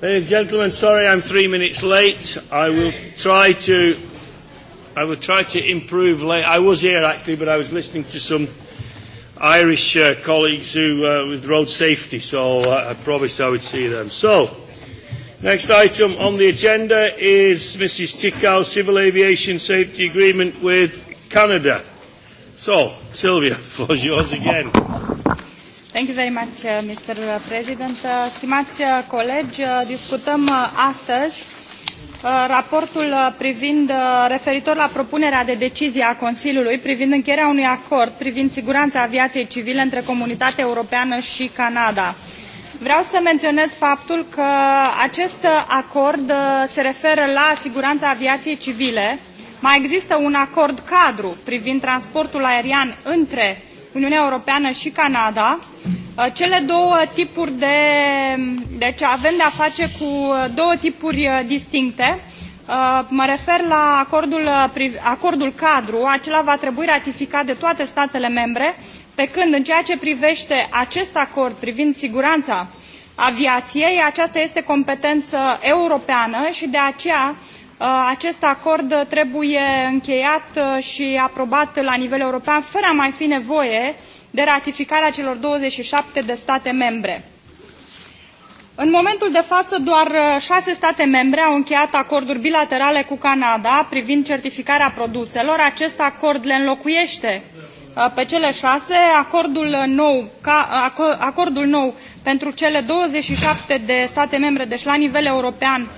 Ladies and gentlemen, sorry I'm three minutes late. I will try to, I will try to improve late. I was here actually, but I was listening to some Irish uh, colleagues who uh, with road safety, so uh, I promised I would see them. So, next item on the agenda is Mrs. Tickow's Civil Aviation Safety Agreement with Canada. So, Sylvia, the floor's yours again. Thank you very much, uh, Mr. President. Uh, stimați uh, colegi, uh, discutăm uh, astăzi uh, raportul uh, privind uh, referitor la propunerea de decizie a Consiliului privind încheierea unui acord privind siguranța aviației civile între Comunitatea Europeană și Canada. Vreau să menționez faptul că acest acord uh, se referă la siguranța aviației civile. Mai există un acord cadru privind transportul aerian între Uniunea Europeană și Canada. Cele două tipuri de. Deci avem de-a face cu două tipuri distincte. Mă refer la acordul, acordul cadru, acela va trebui ratificat de toate statele membre, pe când în ceea ce privește acest acord privind siguranța aviației, aceasta este competență europeană și de aceea Uh, acest acord trebuie încheiat uh, și aprobat la nivel european fără a mai fi nevoie de ratificarea celor 27 de state membre. În momentul de față, doar uh, șase state membre au încheiat acorduri bilaterale cu Canada privind certificarea produselor. Acest acord le înlocuiește pe cele șase, acordul nou, ca, acordul nou pentru cele 27 de state membre, deci la nivel european,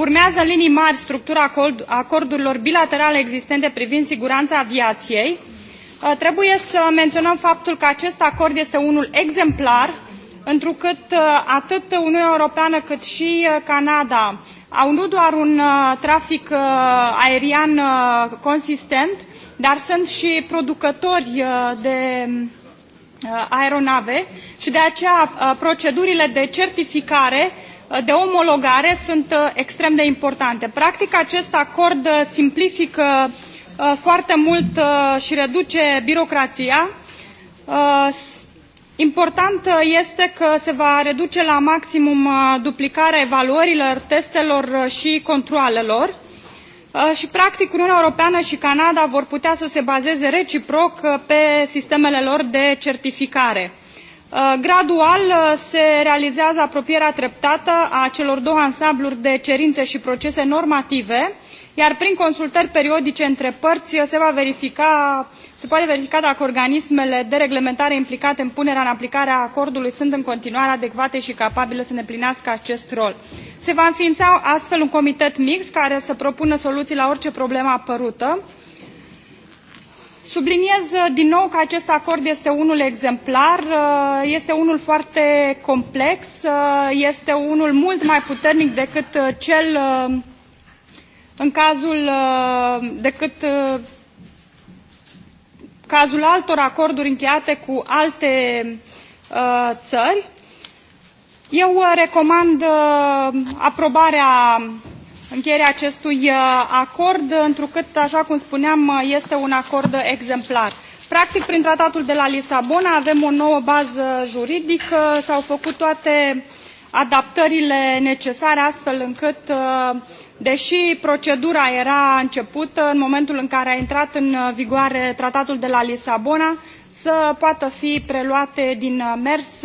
urmează în linii mari structura acordurilor bilaterale existente privind siguranța aviației. Uh, trebuie să menționăm faptul că acest acord este unul exemplar, întrucât uh, atât Uniunea Europeană cât și uh, Canada au nu doar un trafic aerian consistent, dar sunt și producători de aeronave și de aceea procedurile de certificare uh, de omologare sunt uh, extrem de importante. Practic, acest acord uh, simplifică uh, foarte mult și reduce birocrația. Important este că se va reduce la maximum duplicarea evaluărilor, testelor și controalelor și practic Uniunea Europeană și Canada vor putea să se bazeze reciproc pe sistemele lor de certificare. Uh, gradual uh, se realizează apropierea treptată a celor două ansambluri de cerințe și procese normative, iar prin consultări periodice între părți uh, se, va verifica, se poate verifica dacă organismele de reglementare implicate în punerea în aplicare a acordului sunt în continuare adecvate și capabile să îndeplinească acest rol. Se va înființa astfel un comitet mix care să propună soluții la orice problemă apărută, Subliniez uh, din nou că acest acord este unul exemplar, uh, este unul foarte complex, uh, este unul mult mai puternic decât cel în cazul decât cazul altor acorduri încheiate cu alte uh, țări. Eu recomand aprobarea încheierea acestui uh, acord, întrucât, așa cum spuneam, uh, este un acord exemplar. Practic, prin tratatul de la Lisabona avem o nouă bază juridică, s-au făcut toate adaptările necesare astfel încât, uh, deși procedura era începută în momentul în care a intrat în vigoare tratatul de la Lisabona, să poată fi preluate din mers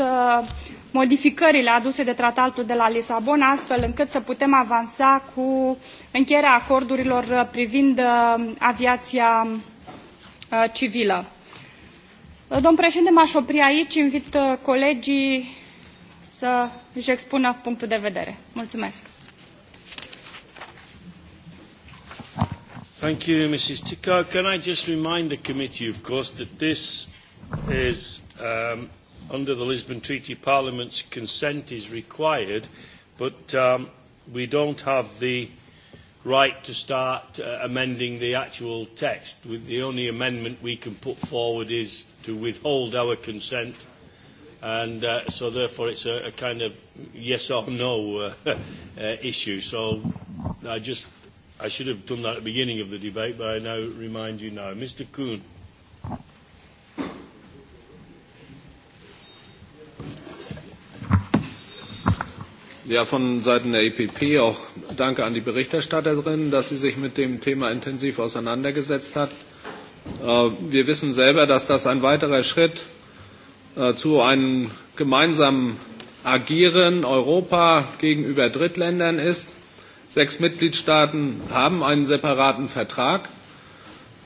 modificările aduse de tratatul de la Lisabona, astfel încât să putem avansa cu încheierea acordurilor privind uh, aviația uh, civilă. Uh, domn președinte, m-aș opri aici, invit colegii să își expună punctul de vedere. Mulțumesc. Thank you, Mrs. Tickau. Can I just remind the committee, of course, that this is um, under the Lisbon Treaty, Parliament's consent is required, but um, we don't have the right to start uh, amending the actual text. With the only amendment we can put forward is to withhold our consent, and uh, so therefore it's a, a kind of yes or no uh, uh, issue. So I just I should have done that at the beginning of the debate, but I now remind you now, Mr. Kuhn. Ja, von Seiten der EPP auch danke an die Berichterstatterin, dass sie sich mit dem Thema intensiv auseinandergesetzt hat. Äh, wir wissen selber, dass das ein weiterer Schritt äh, zu einem gemeinsamen Agieren Europa gegenüber Drittländern ist. Sechs Mitgliedstaaten haben einen separaten Vertrag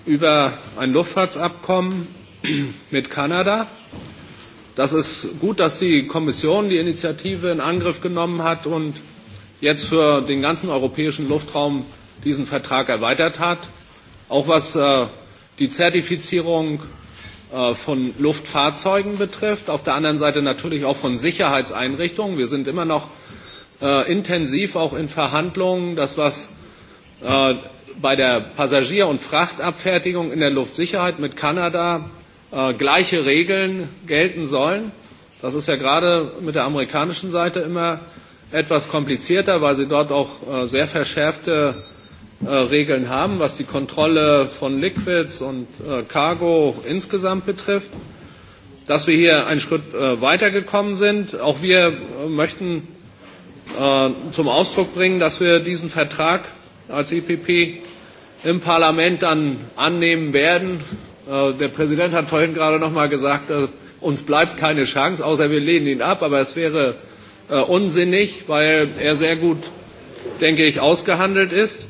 über ein Luftfahrtsabkommen mit Kanada. Das ist gut, dass die Kommission die Initiative in Angriff genommen hat und jetzt für den ganzen europäischen Luftraum diesen Vertrag erweitert hat. Auch was äh, die Zertifizierung äh, von Luftfahrzeugen betrifft, auf der anderen Seite natürlich auch von Sicherheitseinrichtungen. Wir sind immer noch äh, intensiv auch in Verhandlungen, das was äh, bei der Passagier- und Frachtabfertigung in der Luftsicherheit mit Kanada äh, gleiche Regeln gelten sollen. Das ist ja gerade mit der amerikanischen Seite immer etwas komplizierter, weil sie dort auch äh, sehr verschärfte äh, Regeln haben, was die Kontrolle von Liquids und äh, Cargo insgesamt betrifft. Dass wir hier einen Schritt äh, weitergekommen sind. Auch wir äh, möchten äh, zum Ausdruck bringen, dass wir diesen Vertrag als EPP im Parlament dann annehmen werden, Äh, der Präsident hat vorhin gerade noch mal gesagt, äh, uns bleibt keine Chance, außer wir lehnen ihn ab. Aber es wäre äh, unsinnig, weil er sehr gut, denke ich, ausgehandelt ist.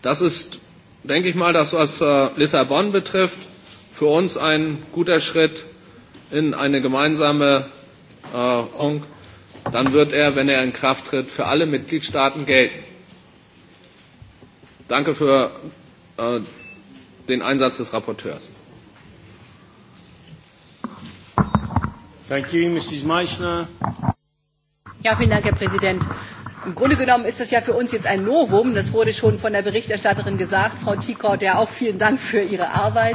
Das ist, denke ich mal, das, was Lissabon betrifft, für uns ein guter Schritt in eine gemeinsame Ordnung. Dann wird er, wenn er in Kraft tritt, für alle Mitgliedstaaten gelten. Danke für den Einsatz des Rapporteurs. Thank you, Mrs. Meissner. Ja, vielen Dank, Herr Präsident. Im Grunde genommen ist das ja für uns jetzt ein Novum. Das wurde schon von der Berichterstatterin gesagt, Frau Tickau, der auch vielen Dank für Ihre Arbeit.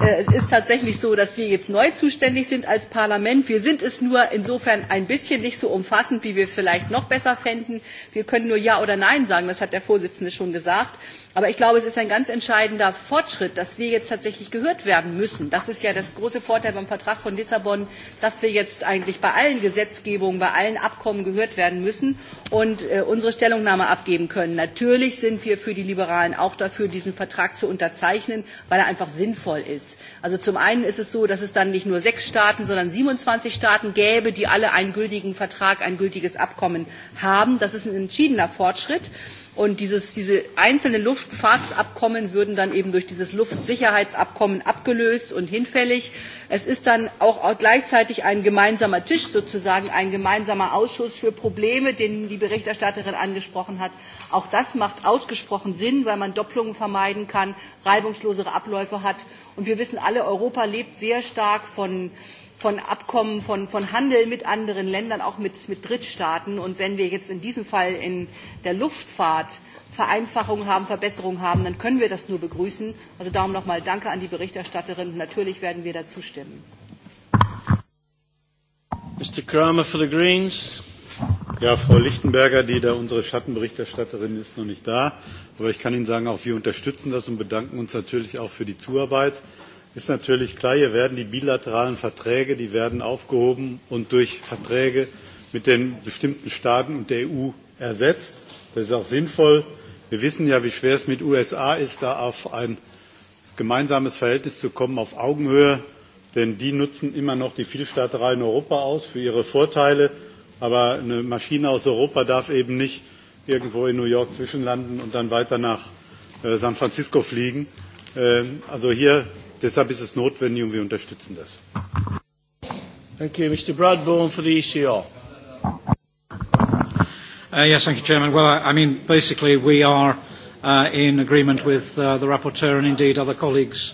Äh, es ist tatsächlich so, dass wir jetzt neu zuständig sind als Parlament. Wir sind es nur insofern ein bisschen nicht so umfassend, wie wir es vielleicht noch besser fänden. Wir können nur Ja oder Nein sagen, das hat der Vorsitzende schon gesagt. Aber ich glaube, es ist ein ganz entscheidender Fortschritt, dass wir jetzt tatsächlich gehört werden müssen. Das ist ja das große Vorteil beim Vertrag von Lissabon, dass wir jetzt eigentlich bei allen Gesetzgebungen, bei allen Abkommen gehört werden müssen und äh, unsere Stellungnahme abgeben können. Natürlich sind wir für die Liberalen auch dafür, diesen Vertrag zu unterzeichnen, weil er einfach sinnvoll ist. Also zum einen ist es so, dass es dann nicht nur sechs Staaten, sondern 27 Staaten gäbe, die alle einen gültigen Vertrag, ein gültiges Abkommen haben. Das ist ein entschiedener Fortschritt. Äh, Und dieses, diese einzelnen Luftfahrtsabkommen würden dann eben durch dieses Luftsicherheitsabkommen abgelöst und hinfällig. Es ist dann auch gleichzeitig ein gemeinsamer Tisch sozusagen, ein gemeinsamer Ausschuss für Probleme, den die Berichterstatterin angesprochen hat. Auch das macht ausgesprochen Sinn, weil man Doppelungen vermeiden kann, reibungslosere Abläufe hat. Und wir wissen alle, Europa lebt sehr stark von von Abkommen, von, von Handel mit anderen Ländern, auch mit, mit Drittstaaten. Und wenn wir jetzt in diesem Fall in der Luftfahrt Vereinfachungen haben, Verbesserungen haben, dann können wir das nur begrüßen. Also darum nochmal Danke an die Berichterstatterin. Natürlich werden wir dazu stimmen. Mr. Kramer für die Greens. Ja, Frau Lichtenberger, die da unsere Schattenberichterstatterin ist, noch nicht da. Aber ich kann Ihnen sagen, auch wir unterstützen das und bedanken uns natürlich auch für die Zuarbeit. Ist natürlich klar, hier werden die bilateralen Verträge, die werden aufgehoben und durch Verträge mit den bestimmten Staaten und der EU ersetzt. Das ist auch sinnvoll. Wir wissen ja, wie schwer es mit USA ist, da auf ein gemeinsames Verhältnis zu kommen auf Augenhöhe, denn die nutzen immer noch die Vielstaaterei in Europa aus für ihre Vorteile, aber eine Maschine aus Europa darf eben nicht irgendwo in New York zwischenlanden und dann weiter nach äh, San Francisco fliegen. Äh, also hier, deshalb ist es notwendig und wir unterstützen das. Thank you, Mr. Bradbourne for the ECR. Uh, yes, thank you, Chairman. Well, I, I mean, basically, we are uh, in agreement with uh, the rapporteur and indeed other colleagues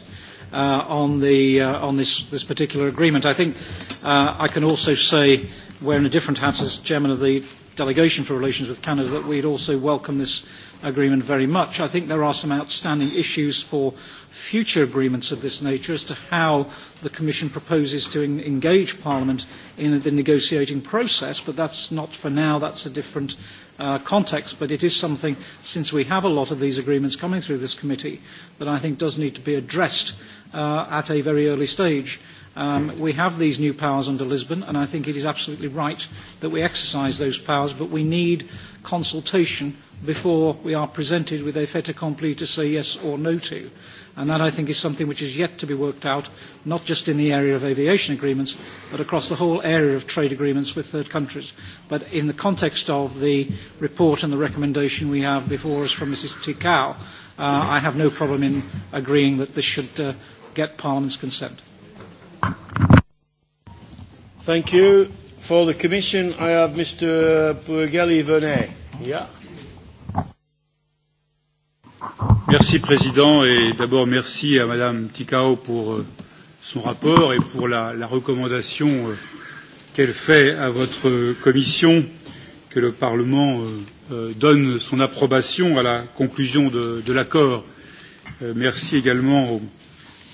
uh, on, the, uh, on this, this particular agreement. I think uh, I can also say wearing a different hat as chairman of the delegation for relations with Canada that we'd also welcome this agreement very much. I think there are some outstanding issues for future agreements of this nature as to how the Commission proposes to en- engage Parliament in the negotiating process, but that's not for now, that's a different uh, context. But it is something, since we have a lot of these agreements coming through this committee, that I think does need to be addressed uh, at a very early stage. Uh, Um, we have these new powers under Lisbon, and I think it is absolutely right that we exercise those powers, but we need consultation before we are presented with a fait accompli to say yes or no to. And that, I think, is something which is yet to be worked out, not just in the area of aviation agreements, but across the whole area of trade agreements with third countries. But in the context of the report and the recommendation we have before us from Mrs. Tikau, uh, I have no problem in agreeing that this should uh, get Parliament's consent. Thank you. For the Commission, I have Mr. Burgeli Vernet. Yeah. Merci, Président, et d'abord merci à Madame Ticao pour euh, son rapport et pour la, la recommandation euh, qu'elle fait à votre Commission, que le Parlement euh, donne son approbation à la conclusion de, de l'accord. Merci également aux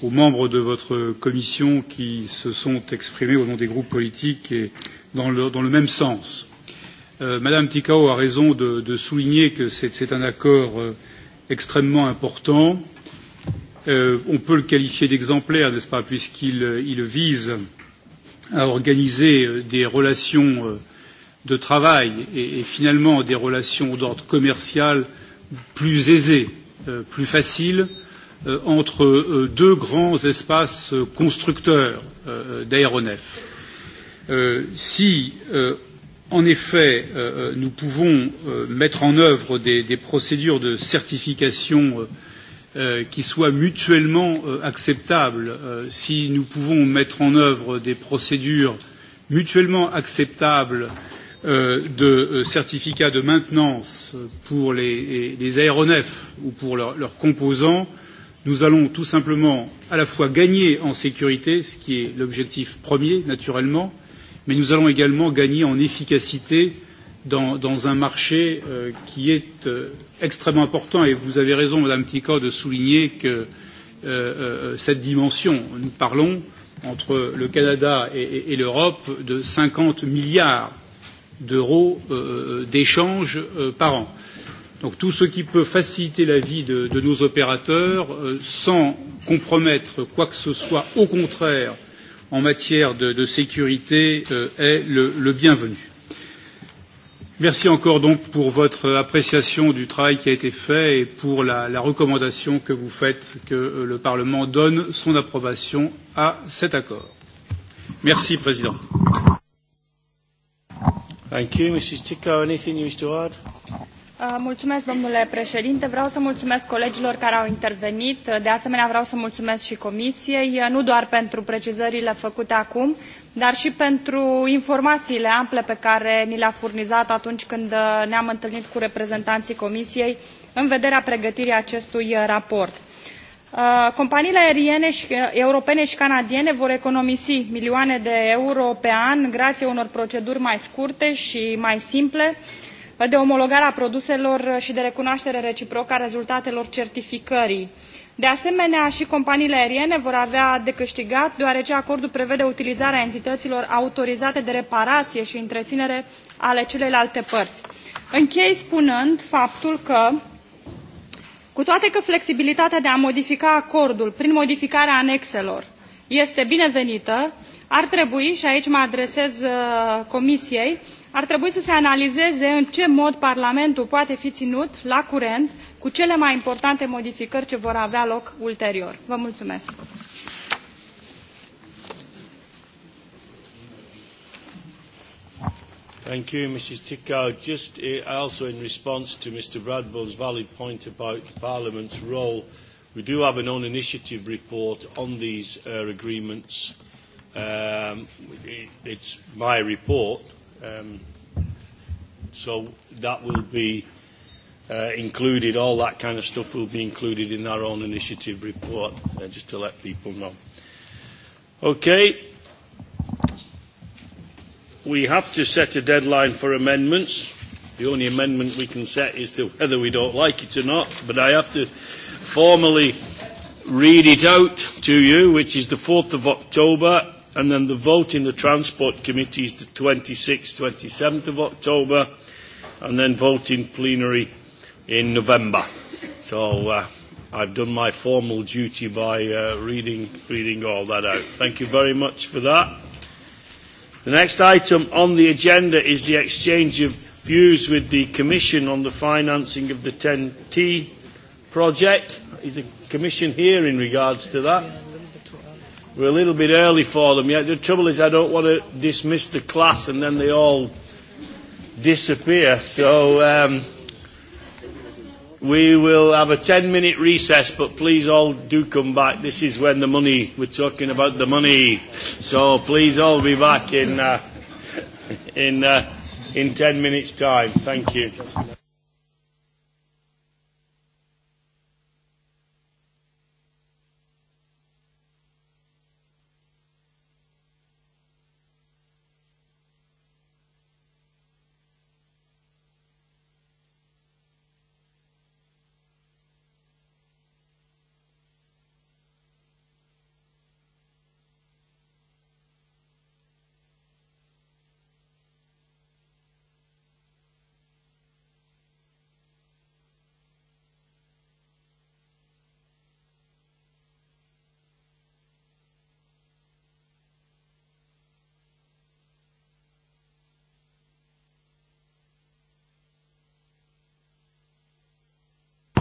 aux membres de votre commission qui se sont exprimés au nom des groupes politiques et dans le, dans le même sens. Euh, Madame Ticao a raison de, de souligner que c'est un accord euh, extrêmement important. Euh, on peut le qualifier d'exemplaire, n'est-ce pas, puisqu'il euh, il vise à organiser euh, des relations euh, de travail et, et finalement des relations d'ordre commercial plus aisées, euh, plus faciles, euh, euh, entre euh, deux grands espaces euh, constructeurs euh, d'aéronefs. Euh, si, euh, en effet, euh, euh, nous pouvons euh, mettre en œuvre des, des procédures de certification euh, euh, qui soient mutuellement euh, acceptables, euh, si nous pouvons mettre en œuvre des procédures mutuellement acceptables euh, de euh, certificats de maintenance euh, pour les, les aéronefs ou pour leurs leur composants, euh, Nous allons tout simplement à la fois gagner en sécurité, ce qui est l'objectif premier, naturellement, mais nous allons également gagner en efficacité dans, dans un marché euh, qui est euh, extrêmement important. Et vous avez raison, Madame Picot, de souligner que euh, euh, cette dimension, nous parlons entre le Canada et, et, et l'Europe de 50 milliards d'euros euh, d'échanges euh, par an. Euh, Donc tout ce qui peut faciliter la vie de, de nos opérateurs euh, sans compromettre quoi que ce soit, au contraire, en matière de, de sécurité euh, est le, le bienvenu. Merci encore donc pour votre appréciation du travail qui a été fait et pour la, la recommandation que vous faites que euh, le Parlement donne son approbation à cet accord. Merci, Président. Thank you. Mrs. Tickow, anything you wish to add? Uh, mulțumesc, domnule președinte. Vreau să mulțumesc colegilor care au intervenit. De asemenea, vreau să mulțumesc și comisiei, uh, nu doar pentru precizările făcute acum, dar și pentru informațiile ample pe care ni le-a furnizat atunci când uh, ne-am întâlnit cu reprezentanții comisiei în vederea pregătirii acestui raport. Companiile aeriene și, europene și canadiene vor economisi milioane de euro pe an grație unor proceduri mai scurte și mai simple, uh, de omologare a produselor și de recunoaștere reciprocă a rezultatelor certificării. De asemenea, și companiile aeriene vor avea de câștigat, deoarece acordul prevede utilizarea entităților autorizate de reparație și întreținere ale celelalte părți. Închei spunând faptul că cu toate că flexibilitatea de a modifica acordul prin modificarea anexelor este binevenită, ar trebui, și aici mă adresez uh, Comisiei, ar trebui să se analizeze în ce mod Parlamentul poate fi ținut la curent cu cele mai importante modificări ce vor avea loc ulterior. Vă mulțumesc! Thank you, Mrs. Tickow. Just uh, also in response to Mr. Bradbull's valid point about Parliament's role, we do have an own initiative report on these uh, agreements. Um, it, it's my report, uh, Um, so that will be uh, included, all that kind of stuff will be included in our own initiative report, uh, just to let people know. Okay. We have to set a deadline for amendments. The only amendment we can set is to whether we don't like it or not, but I have to formally read it out to you, which is the 4th of October and then the vote in the Transport Committee is the 26th, 27th of October, and then vote in plenary in November. So uh, I've done my formal duty by uh, reading, reading all that out. Thank you very much for that. The next item on the agenda is the exchange of views with the Commission on the financing of the 10T project. Is the Commission here in regards to that? Yes. We're a little bit early for them yet. The trouble is I don't want to dismiss the class and then they all disappear. So um, we will have a 10 minute recess, but please all do come back. This is when the money, we're talking about the money. So please all be back in, uh, in, uh, in 10 minutes time. Thank you.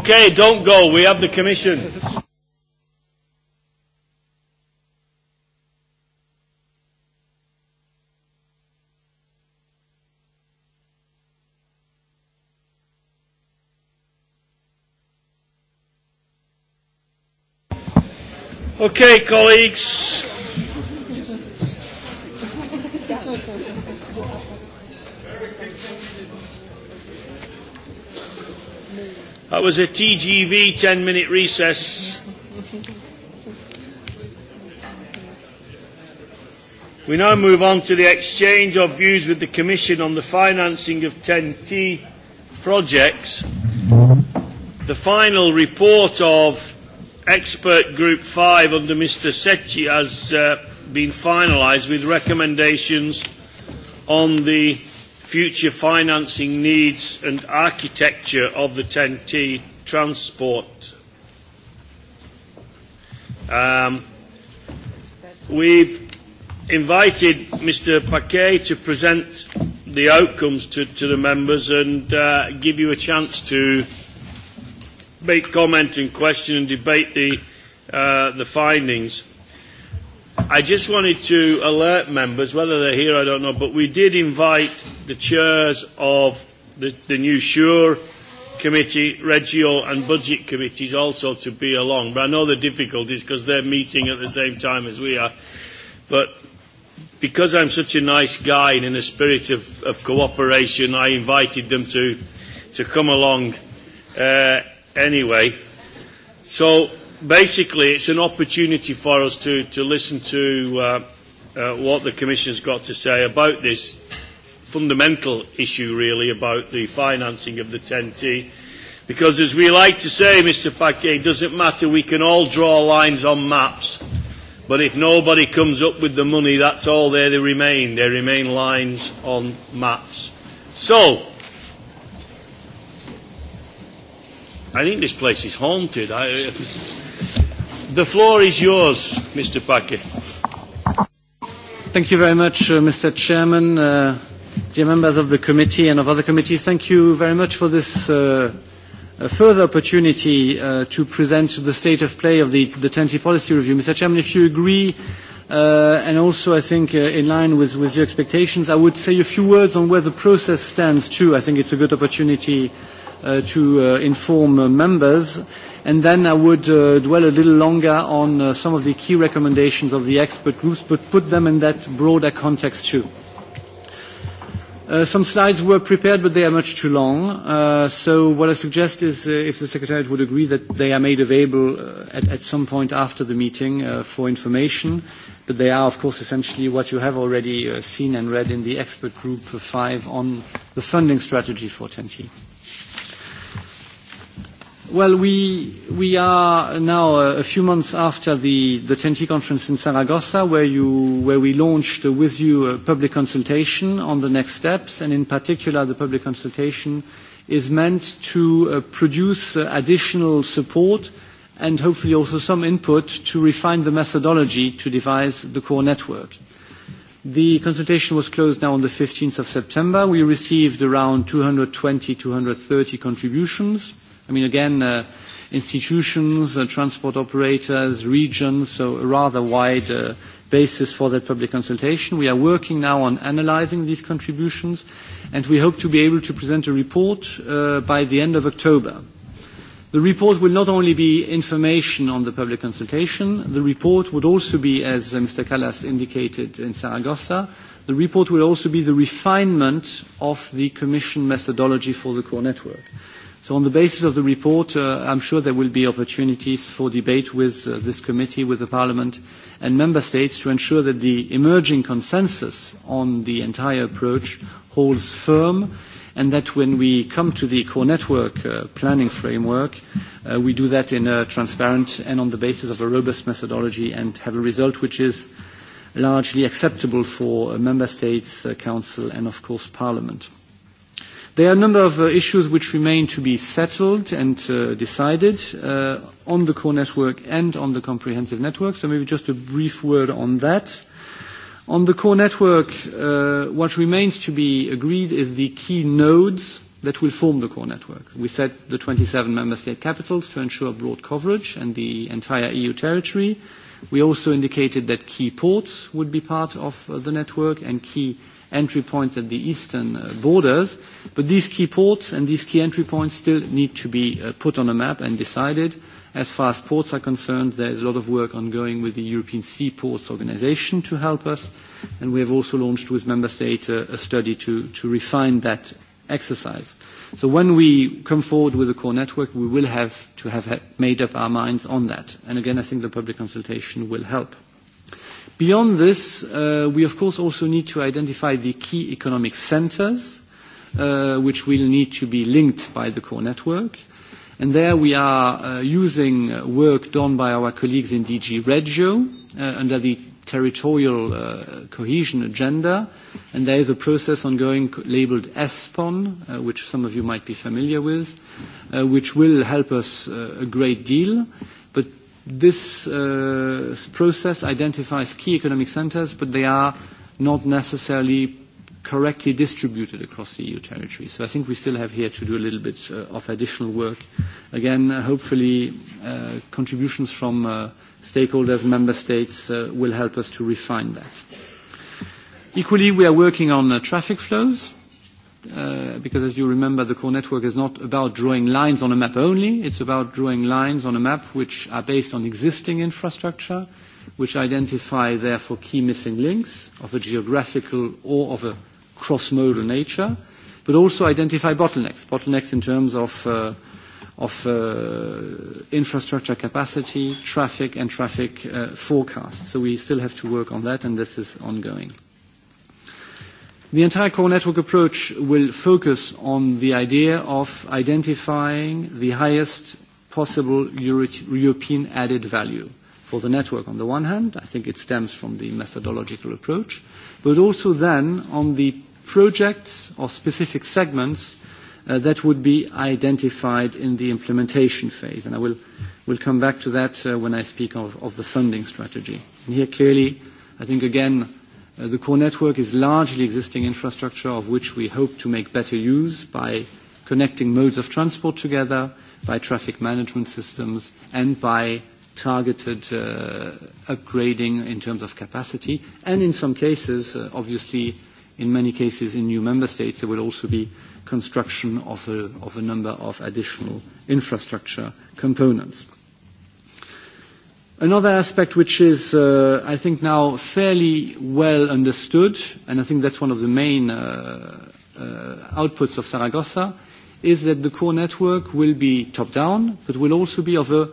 Okay, don't go. We have the commission. Okay, colleagues. That was a TGV 10 minute recess. We now move on to the exchange of views with the Commission on the financing of 10T projects. The final report of Expert Group 5 under Mr. Secchi has uh, been finalised with recommendations on the future financing needs and architecture of the 10T transport. Um, we've invited Mr Paquet to present the outcomes to, to the members and uh, give you a chance to make comment and question and debate the, uh, the findings. I just wanted to alert members, whether they're here, I don't know, but we did invite the chairs of the, the new SURE committee, Regio and budget committees also to be along. But I know the difficulties because they're meeting at the same time as we are. But because I'm such a nice guy and in a spirit of, of cooperation, I invited them to, to come along uh, anyway. So basically, it's an opportunity for us to, to listen to uh, uh, what the Commission's got to say about this fundamental issue, really, about the financing of the 10T. Because, as we like to say, Mr. Paquet, it doesn't matter, we can all draw lines on maps, but if nobody comes up with the money, that's all there they remain. They remain lines on maps. So, I think this place is haunted. I, The floor is yours, Mr. Paquet. Thank you very much, uh, Mr. Chairman, uh, dear members of the committee and of other committees. Thank you very much for this uh, uh further opportunity uh, to present the state of play of the, the 10T policy review. Mr. Chairman, if you agree, uh, and also I think uh, in line with, with your expectations, I would say a few words on where the process stands too. I think it's a good opportunity uh, to uh, inform uh, members. Uh, and then I would uh, dwell a little longer on uh, some of the key recommendations of the expert groups, but put them in that broader context too. Uh, some slides were prepared, but they are much too long. Uh, so what I suggest is, uh, if the Secretariat would agree, that they are made available uh, at, at some point after the meeting uh, for information. But they are, of course, essentially what you have already uh, seen and read in the expert group 5 on the funding strategy for TEN-T. Uh, Well, we, we are now a, uh, a few months after the, the TEN-T conference in Saragossa, where, you, where we launched uh, with you a uh, public consultation on the next steps, and in particular, the public consultation is meant to uh, produce uh, additional support and hopefully also some input to refine the methodology to devise the core network. The consultation was closed now on the 15th of September. We received around 220, 230 contributions. I mean, again, uh, institutions, uh, transport operators, regions, so a rather wide uh, basis for that public consultation. We are working now on analyzing these contributions, and we hope to be able to present a report uh, by the end of October. The report will not only be information on the public consultation, the report would also be, as uh, Mr. Callas indicated in Saragossa, the report will also be the refinement of the Commission methodology for the core network. Uh, So on the basis of the report, uh, I'm sure there will be opportunities for debate with uh, this committee, with the Parliament and Member States to ensure that the emerging consensus on the entire approach holds firm and that when we come to the core network uh, planning framework, uh, we do that in a transparent and on the basis of a robust methodology and have a result which is largely acceptable for uh, Member States, uh, Council and of course Parliament. There are a number of uh, issues which remain to be settled and uh, decided uh, on the core network and on the comprehensive network, so maybe just a brief word on that. On the core network, uh, what remains to be agreed is the key nodes that will form the core network. We set the 27 member state capitals to ensure broad coverage and the entire EU territory. We also indicated that key ports would be part of uh, the network and key uh, entry points at the eastern uh, borders. But these key ports and these key entry points still need to be uh, put on a map and decided. As far as ports are concerned, there is a lot of work ongoing with the European Seaports Organization to help us, and we have also launched with Member State uh, a study to, to refine that exercise. So when we come forward with a core network, we will have to have made up our minds on that. And again, I think the public consultation will help. Beyond this, uh, we of course also need to identify the key economic centers, uh, which will need to be linked by the core network. And there we are uh, using uh, work done by our colleagues in DG Regio uh, under the territorial uh, cohesion agenda, and there is a process ongoing labeled ESPON, uh, which some of you might be familiar with, uh, which will help us uh, a great deal. This uh, process identifies key economic centers, but they are not necessarily correctly distributed across the EU territory. So I think we still have here to do a little bit uh, of additional work. Again, uh, hopefully, uh, contributions from uh, stakeholders, member states, uh, will help us to refine that. Equally, we are working on uh, traffic flows uh, because as you remember, the core network is not about drawing lines on a map only. It's about drawing lines on a map which are based on existing infrastructure, which identify therefore key missing links of a geographical or of a cross-modal nature, but also identify bottlenecks, bottlenecks in terms of, uh, of uh, infrastructure capacity, traffic, and traffic uh, forecasts. So we still have to work on that, and this is ongoing. The entire core network approach will focus on the idea of identifying the highest possible Euro- European added value for the network on the one hand. I think it stems from the methodological approach, but also then on the projects or specific segments uh, that would be identified in the implementation phase. And I will will come back to that uh, when I speak of, of the funding strategy. And here clearly, I think again, Uh, the core network is largely existing infrastructure of which we hope to make better use by connecting modes of transport together, by traffic management systems, and by targeted uh, upgrading in terms of capacity. And in some cases, uh, obviously, in many cases in new member states, there will also be construction of a, of a number of additional infrastructure components. Uh, Another aspect which is, uh, I think, now fairly well understood, and I think that's one of the main uh, uh, outputs of Saragossa, is that the core network will be top-down, but will also be of a,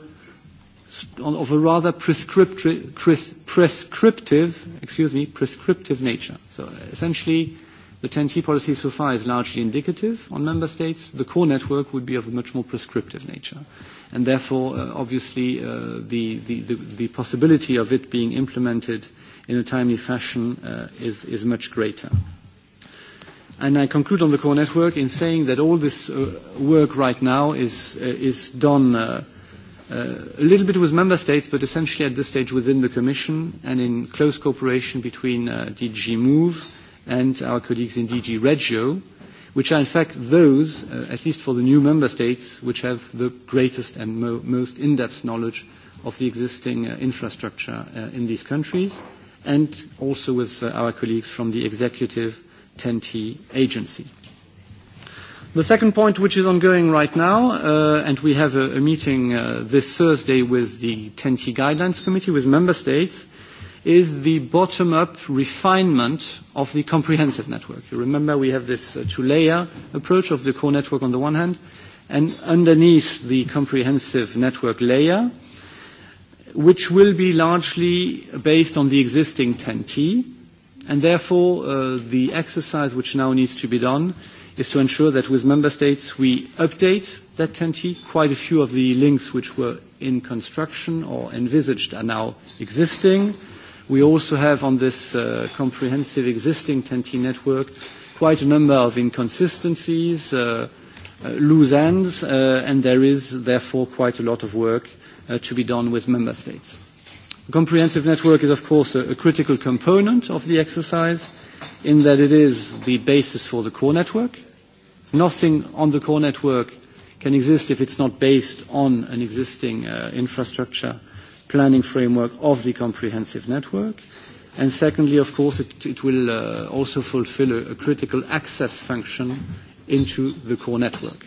of a rather prescriptive, prescriptive, excuse me, prescriptive nature. So essentially, uh, The 10C policy so far is largely indicative on member states. The core network would be of a much more prescriptive nature. And therefore, uh, obviously, uh, the, the, the, the possibility of it being implemented in a timely fashion uh, is, is much greater. And I conclude on the core network in saying that all this uh, work right now is, uh, is done uh, uh, a little bit with member states, but essentially at this stage within the Commission and in close cooperation between uh, DG Move, and our colleagues in DG Regio, which are in fact those, uh, at least for the new member states, which have the greatest and mo- most in-depth knowledge of the existing uh, infrastructure uh, in these countries, and also with uh, our colleagues from the executive 10T agency. The second point, which is ongoing right now, uh, and we have a, a meeting uh, this Thursday with the 10T Guidelines Committee, with member states, uh, is the bottom-up refinement of the comprehensive network. You remember we have this uh, two-layer approach of the core network on the one hand, and underneath the comprehensive network layer, which will be largely based on the existing 10T, and therefore uh, the exercise which now needs to be done is to ensure that with member states we update that 10T. Quite a few of the links which were in construction or envisaged are now existing. We also have on this uh, comprehensive existing TEN-T network quite a number of inconsistencies, uh, uh, loose ends, uh, and there is therefore quite a lot of work uh, to be done with member states. The comprehensive network is of course a, a critical component of the exercise in that it is the basis for the core network. Nothing on the core network can exist if it's not based on an existing uh, infrastructure uh, planning framework of the comprehensive network. And secondly, of course, it, it will uh, also fulfill a, a critical access function into the core network.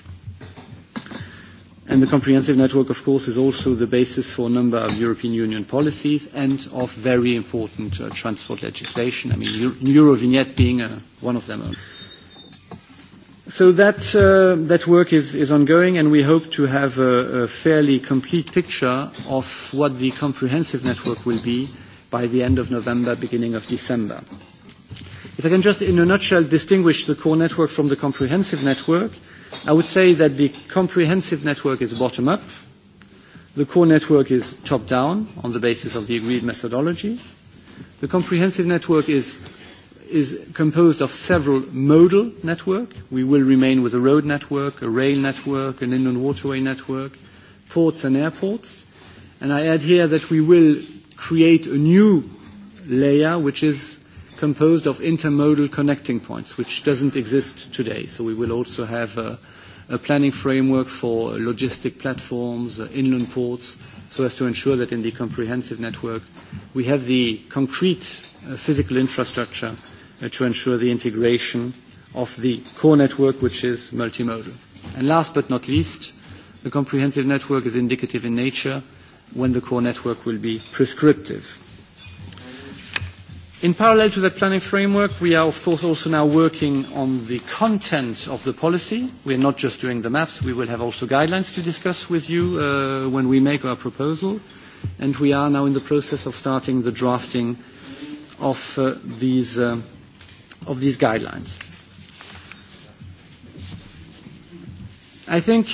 And the comprehensive network, of course, is also the basis for a number of European Union policies and of very important uh, transport legislation. I mean, Euro- Eurovignette being uh, one of them. Only. So that, uh, that work is, is ongoing, and we hope to have a, a fairly complete picture of what the comprehensive network will be by the end of November, beginning of December. If I can just, in a nutshell, distinguish the core network from the comprehensive network, I would say that the comprehensive network is bottom-up. The core network is top-down on the basis of the agreed methodology. The comprehensive network is is composed of several modal network. We will remain with a road network, a rail network, an inland waterway network, ports and airports. And I add here that we will create a new layer, which is composed of intermodal connecting points, which doesn't exist today. So we will also have a, a planning framework for logistic platforms, uh, inland ports, so as to ensure that in the comprehensive network, we have the concrete uh, physical infrastructure uh, to ensure the integration of the core network, which is multimodal. And last but not least, the comprehensive network is indicative in nature when the core network will be prescriptive. In parallel to that planning framework, we are of course also now working on the content of the policy. We are not just doing the maps. We will have also guidelines to discuss with you uh, when we make our proposal. And we are now in the process of starting the drafting of uh, these um, of these guidelines. I think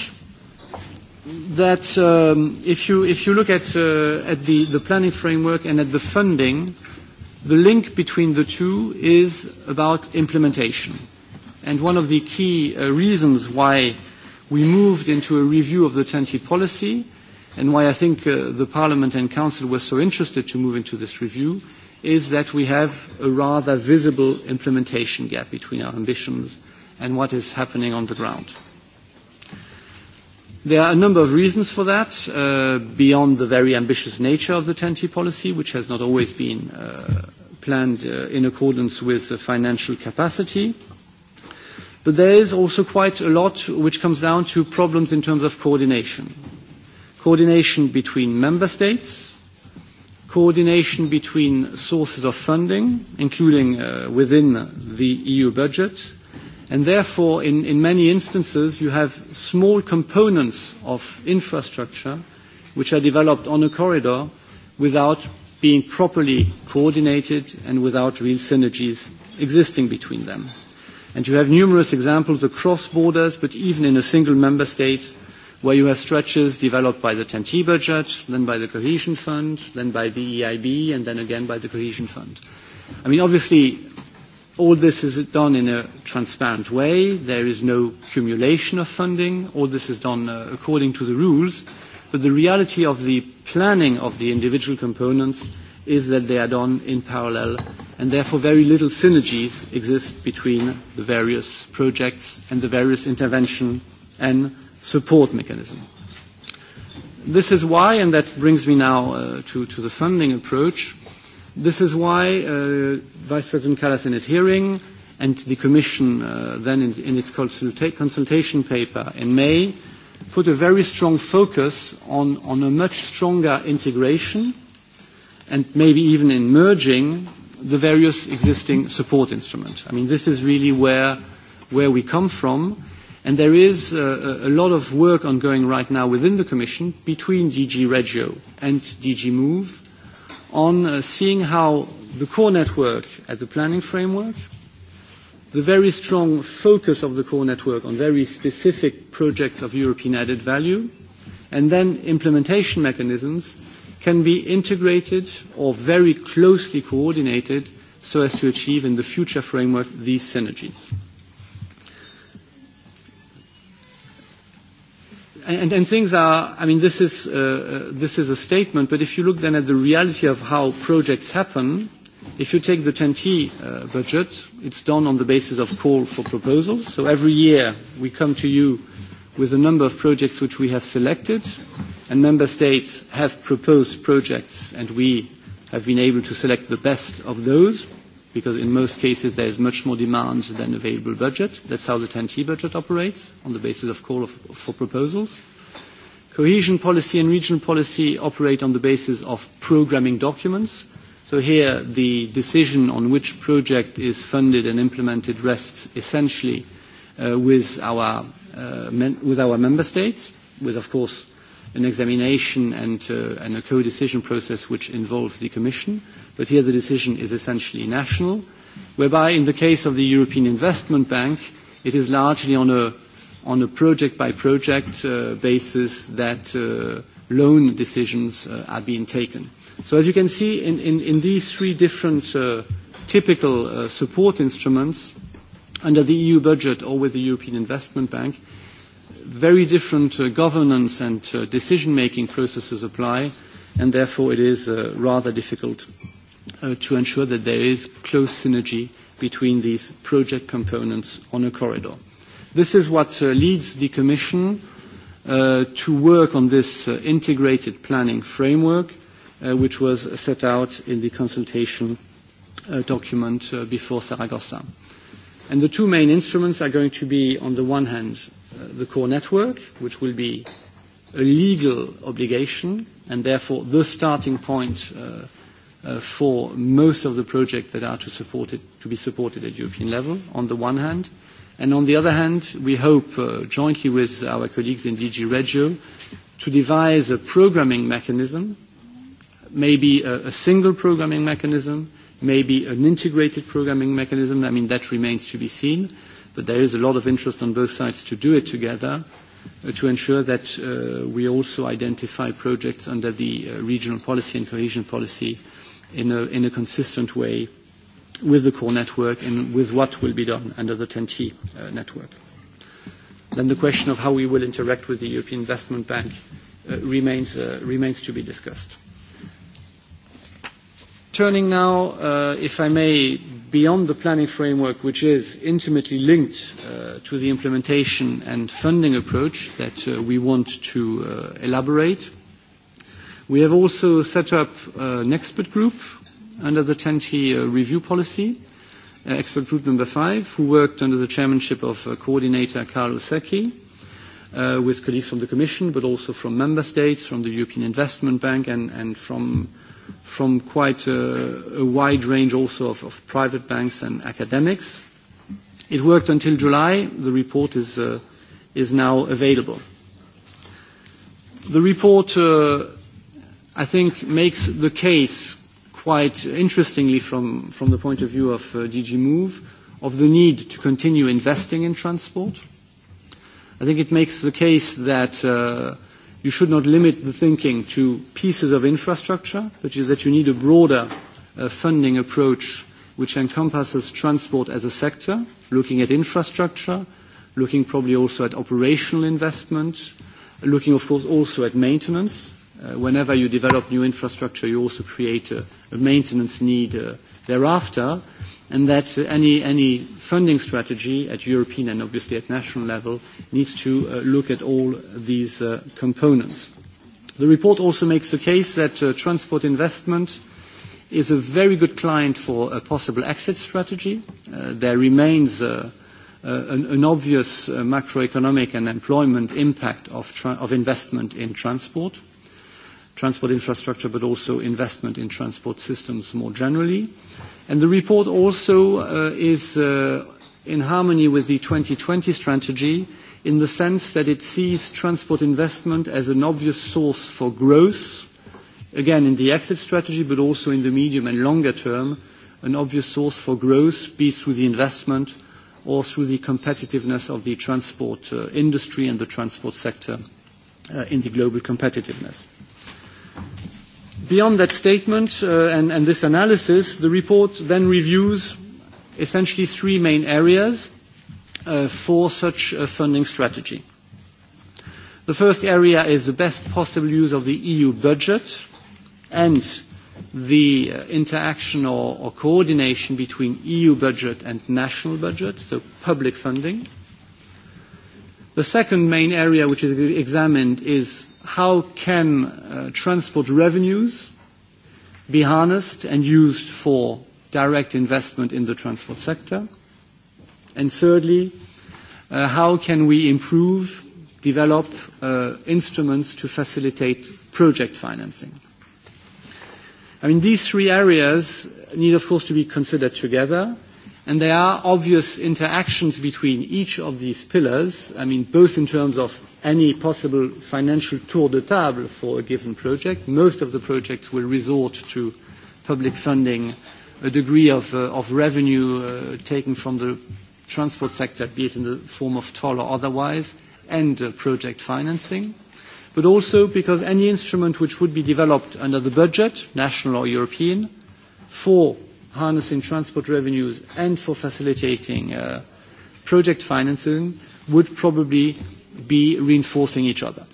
that um, if, you, if you look at, uh, at the, the planning framework and at the funding, the link between the two is about implementation. And one of the key uh, reasons why we moved into a review of the 10T policy and why I think uh, the Parliament and Council were so interested to move into this review is that we have a rather visible implementation gap between our ambitions and what is happening on the ground. There are a number of reasons for that, uh, beyond the very ambitious nature of the 10T e e policy, which has not always been uh, planned uh, in accordance with the financial capacity. But there is also quite a lot which comes down to problems in terms of coordination. Coordination between member states, coordination between sources of funding, including uh, within the EU budget, and therefore, in, in many instances, you have small components of infrastructure which are developed on a corridor without being properly coordinated and without real synergies existing between them. And you have numerous examples across borders, but even in a single member state, where you have stretches developed by the TEN-T budget, then by the cohesion fund, then by the EIB, and then again by the cohesion fund. I mean, obviously, all this is done in a transparent way. There is no cumulation of funding. All this is done uh, according to the rules. But the reality of the planning of the individual components is that they are done in parallel, and therefore very little synergies exist between the various projects and the various intervention and support mechanism. This is why, and that brings me now uh, to, to the funding approach, this is why uh, Vice President Callas in his hearing and the Commission uh, then in, in its consulta- consultation paper in May put a very strong focus on, on a much stronger integration and maybe even in merging the various existing support instruments. I mean, this is really where, where we come from And there is uh, a lot of work ongoing right now within the Commission between DG Regio and DG Move on uh, seeing how the core network at the planning framework, the very strong focus of the core network on very specific projects of European added value, and then implementation mechanisms can be integrated or very closely coordinated so as to achieve in the future framework these synergies. and, and things are, I mean, this is, uh, uh, this is a statement, but if you look then at the reality of how projects happen, if you take the 10T uh, budget, it's done on the basis of call for proposals. So every year we come to you with a number of projects which we have selected, and member states have proposed projects, and we have been able to select the best of those because in most cases there is much more demand than available budget. That's how the TNT budget operates, on the basis of call of, for proposals. Cohesion policy and regional policy operate on the basis of programming documents. So here the decision on which project is funded and implemented rests essentially uh, with, our, uh, men- with our member states, with of course an examination and, uh, and a co-decision process which involves the Commission but here the decision is essentially national, whereby in the case of the European Investment Bank, it is largely on a, on a project-by-project uh, basis that uh, loan decisions uh, are being taken. So as you can see, in, in, in these three different uh, typical uh, support instruments, under the EU budget or with the European Investment Bank, very different uh, governance and uh, decision-making processes apply, and therefore it is uh, rather difficult uh, to ensure that there is close synergy between these project components on a corridor. This is what uh, leads the Commission uh, to work on this uh, integrated planning framework, uh, which was set out in the consultation uh, document uh, before Saragossa. And the two main instruments are going to be, on the one hand, uh, the core network, which will be a legal obligation and therefore the starting point uh, uh, for most of the projects that are to, support it, to be supported at European level, on the one hand. And on the other hand, we hope, uh, jointly with our colleagues in DG Regio, to devise a programming mechanism, maybe a, a single programming mechanism, maybe an integrated programming mechanism. I mean, that remains to be seen, but there is a lot of interest on both sides to do it together uh, to ensure that uh, we also identify projects under the uh, regional policy and cohesion policy uh, in a, in a consistent way with the core network and with what will be done under the TEN-T uh, network. Then the question of how we will interact with the European Investment Bank uh, remains, uh, remains to be discussed. Turning now, uh, if I may, beyond the planning framework, which is intimately linked uh, to the implementation and funding approach that uh, we want to uh, elaborate, We have also set up uh, an expert group under the 10T uh, review policy, uh, expert group number five, who worked under the chairmanship of uh, coordinator Carlo Secchi, uh, with colleagues from the Commission, but also from member states, from the European Investment Bank, and, and from, from quite a, a wide range also of, of private banks and academics. It worked until July. The report is, uh, is now available. The report uh, I think makes the case quite interestingly from, from the point of view of uh, DG Move of the need to continue investing in transport. I think it makes the case that uh, you should not limit the thinking to pieces of infrastructure, but you, that you need a broader uh, funding approach which encompasses transport as a sector, looking at infrastructure, looking probably also at operational investment, looking of course also at maintenance, uh, whenever you develop new infrastructure, you also create a, a maintenance need uh, thereafter, and that uh, any, any funding strategy at European and obviously at national level needs to uh, look at all these uh, components. The report also makes the case that uh, transport investment is a very good client for a possible exit strategy. Uh, there remains uh, uh, an, an obvious uh, macroeconomic and employment impact of, tra- of investment in transport transport infrastructure, but also investment in transport systems more generally. And the report also uh, is uh, in harmony with the 2020 strategy in the sense that it sees transport investment as an obvious source for growth, again, in the exit strategy, but also in the medium and longer term, an obvious source for growth, be it through the investment or through the competitiveness of the transport uh, industry and the transport sector uh, in the global competitiveness. Beyond that statement uh, and, and this analysis, the report then reviews essentially three main areas uh, for such a funding strategy. The first area is the best possible use of the EU budget and the uh, interaction or, or coordination between EU budget and national budget, so public funding. The second main area which is examined is how can uh, transport revenues be harnessed and used for direct investment in the transport sector? And thirdly, uh, how can we improve, develop uh, instruments to facilitate project financing? I mean, these three areas need, of course, to be considered together. And there are obvious interactions between each of these pillars, I mean, both in terms of any possible financial tour de table for a given project. Most of the projects will resort to public funding, a degree of, uh, of revenue uh, taken from the transport sector, be it in the form of toll or otherwise, and uh, project financing. But also because any instrument which would be developed under the budget, national or European, for harnessing transport revenues and for facilitating uh, project financing would probably be reinforcing each other.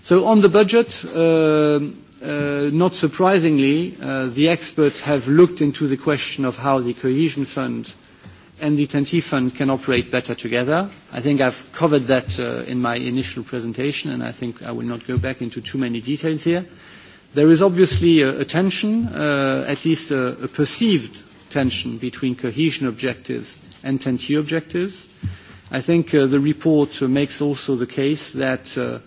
So on the budget, uh, uh, not surprisingly, uh, the experts have looked into the question of how the cohesion fund and the TEN-T fund can operate better together. I think I've covered that uh, in my initial presentation, and I think I will not go back into too many details here. Uh, There is obviously a, a tension, uh, at least a, a perceived tension between cohesion objectives and 10T objectives. I think uh, the report uh, makes also the case that uh,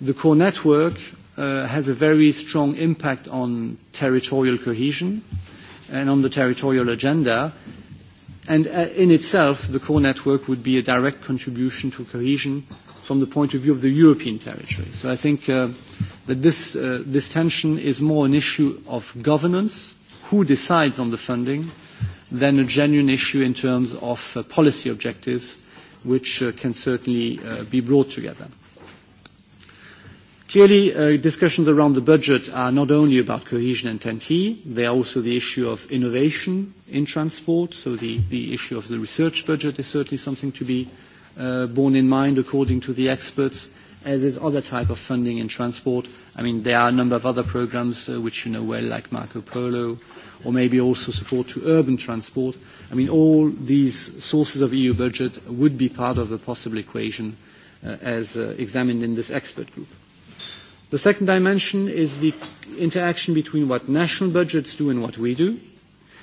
the core network uh, has a very strong impact on territorial cohesion and on the territorial agenda. And uh, in itself, the core network would be a direct contribution to cohesion from the point of view of the European territory. So I think uh, that this, uh, this tension is more an issue of governance, who decides on the funding, than a genuine issue in terms of uh, policy objectives, which uh, can certainly uh, be brought together. Clearly, uh, discussions around the budget are not only about cohesion and TEN-T, they are also the issue of innovation in transport, so the, the issue of the research budget is certainly something to be uh, uh, borne in mind according to the experts, as is other type of funding in transport. I mean, there are a number of other programs uh, which you know well, like Marco Polo, or maybe also support to urban transport. I mean, all these sources of EU budget would be part of the possible equation uh, as uh, examined in this expert group. The second dimension is the interaction between what national budgets do and what we do.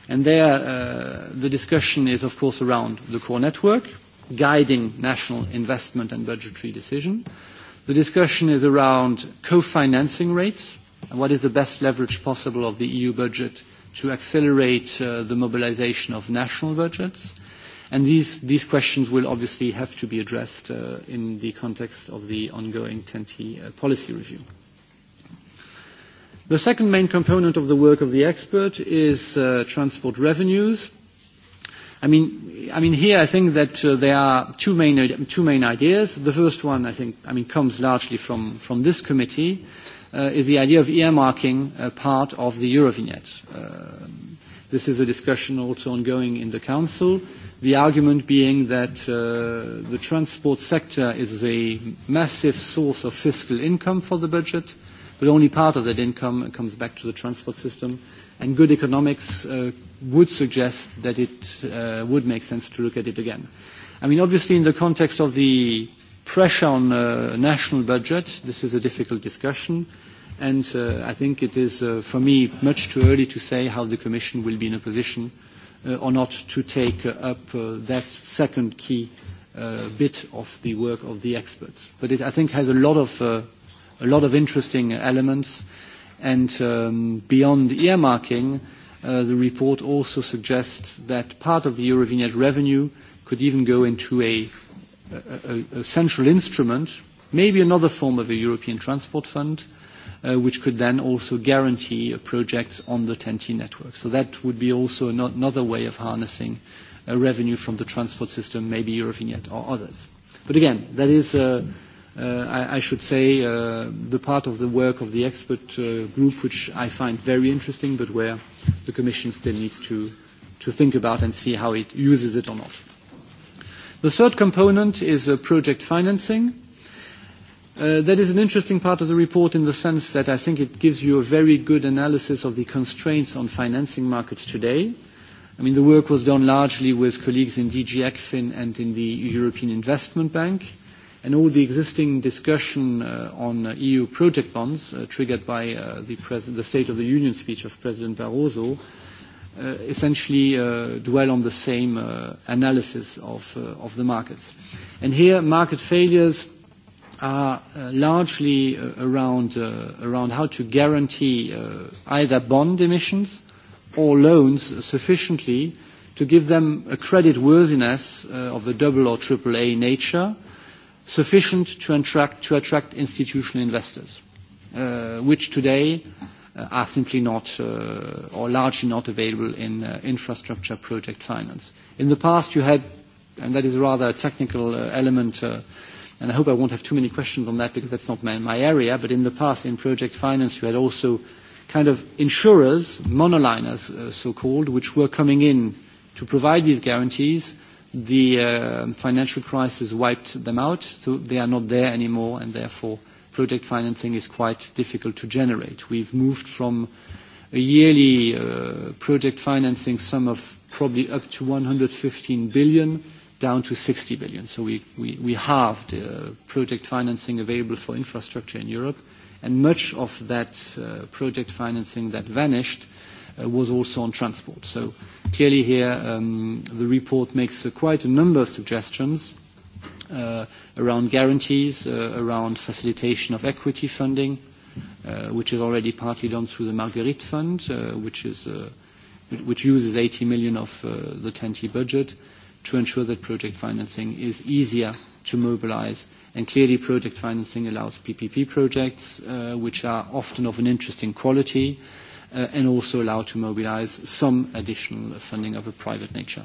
And there, uh, the discussion is, of course, around the core network, uh, guiding national investment and budgetary decision. The discussion is around co-financing rates and what is the best leverage possible of the EU budget to accelerate uh, the mobilization of national budgets. And these, these questions will obviously have to be addressed uh, in the context of the ongoing 10T uh, policy review. The second main component of the work of the expert is uh, transport revenues. I mean, I mean here I think that uh, there are two main, two main ideas. The first one, I think, I mean, comes largely from, from this committee, uh, is the idea of earmarking uh, part of the Eurovignette. Uh, this is a discussion also ongoing in the Council. The argument being that uh, the transport sector is a massive source of fiscal income for the budget, but only part of that income comes back to the transport system. And good economics uh, would suggest that it uh, would make sense to look at it again. I mean, obviously, in the context of the pressure on uh, national budget, this is a difficult discussion, and uh, I think it is, uh, for me, much too early to say how the Commission will be in a position uh, or not to take uh, up uh, that second key uh, bit of the work of the experts. But it, I think, has a lot of, uh, a lot of interesting elements, and um, beyond earmarking, uh, Uh, the report also suggests that part of the Eurovignette revenue could even go into a, a, a, a central instrument, maybe another form of a European Transport Fund, uh, which could then also guarantee projects on the TEN-T network. So that would be also an- another way of harnessing uh, revenue from the transport system, maybe Eurovignette or others. But again, that is... Uh, mm-hmm uh, I, I should say, uh, the part of the work of the expert uh, group which I find very interesting, but where the Commission still needs to, to think about and see how it uses it or not. The third component is uh, project financing. Uh, that is an interesting part of the report in the sense that I think it gives you a very good analysis of the constraints on financing markets today. I mean, the work was done largely with colleagues in DG ECFIN and in the European Investment Bank. Uh, and all the existing discussion uh, on uh, EU project bonds, uh, triggered by uh, the, pres- the State of the Union speech of President Barroso, uh, essentially uh, dwell on the same uh, analysis of, uh, of the markets. And here, market failures are uh, largely uh, around, uh, around how to guarantee uh, either bond emissions or loans sufficiently to give them a credit worthiness uh, of the double or triple A nature, sufficient to attract, to attract institutional investors, uh, which today uh, are simply not uh, or largely not available in uh, infrastructure project finance. In the past, you had, and that is rather a technical uh, element, uh, and I hope I won't have too many questions on that because that's not my, my area, but in the past, in project finance, you had also kind of insurers, monoliners, uh, so-called, which were coming in to provide these guarantees – the uh, financial crisis wiped them out, so they are not there anymore, and therefore project financing is quite difficult to generate. We've moved from a yearly uh, project financing sum of probably up to 115 billion down to 60 billion. So we, we, we halved uh, project financing available for infrastructure in Europe, and much of that uh, project financing that vanished uh, was also on transport. So clearly here um, the report makes uh, quite a number of suggestions uh, around guarantees, uh, around facilitation of equity funding, uh, which is already partly done through the Marguerite Fund, uh, which, is, uh, which uses 80 million of uh, the 10T budget to ensure that project financing is easier to mobilize. And clearly, project financing allows PPP projects, uh, which are often of an interesting quality, uh, uh, and also allowed to mobilize some additional funding of a private nature.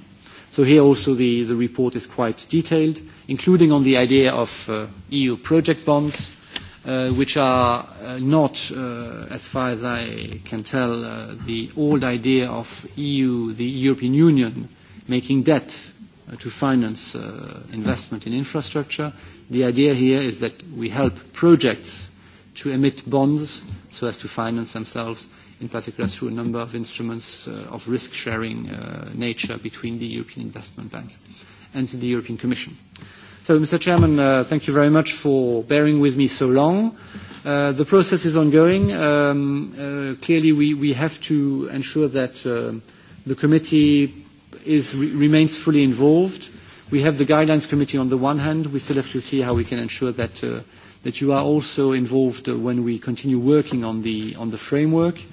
So here also the, the report is quite detailed, including on the idea of uh, EU project bonds, uh, which are uh, not, uh, as far as I can tell, uh, the old idea of EU, the European Union, making debt uh, to finance uh, investment in infrastructure. The idea here is that we help projects to emit bonds so as to finance themselves in particular through a number of instruments uh, of risk-sharing uh, nature between the European Investment Bank and the European Commission. So, Mr. Chairman, uh, thank you very much for bearing with me so long. Uh, the process is ongoing. Um, uh, clearly, we, we have to ensure that uh, the committee is, re- remains fully involved. We have the guidelines committee on the one hand. We still have to see how we can ensure that, uh, that you are also involved uh, when we continue working on the, on the framework. Uh,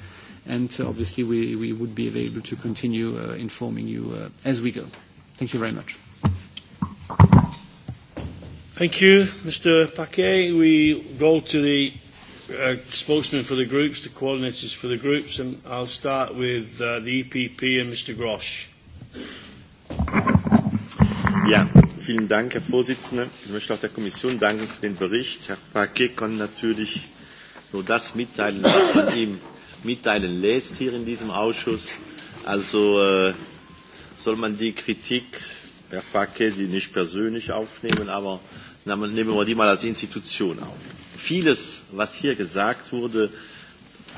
and uh, obviously we, we would be available to continue uh, informing you uh, as we go. Thank you very much. Thank you, Mr. Paquet. We go to the uh, spokesman for the groups, the coordinators for the groups, and I'll start with uh, the EPP and Mr. Grosch. Ja, vielen Dank, Herr Vorsitzender. Ich möchte auch der Kommission danken für den Bericht. Herr Paquet kann natürlich nur das mitteilen, was man ihm mitteilen lässt hier in diesem Ausschuss. Also äh, soll man die Kritik, Herr Facke, die nicht persönlich aufnehmen, aber nehmen wir die mal als Institution auf. Vieles, was hier gesagt wurde,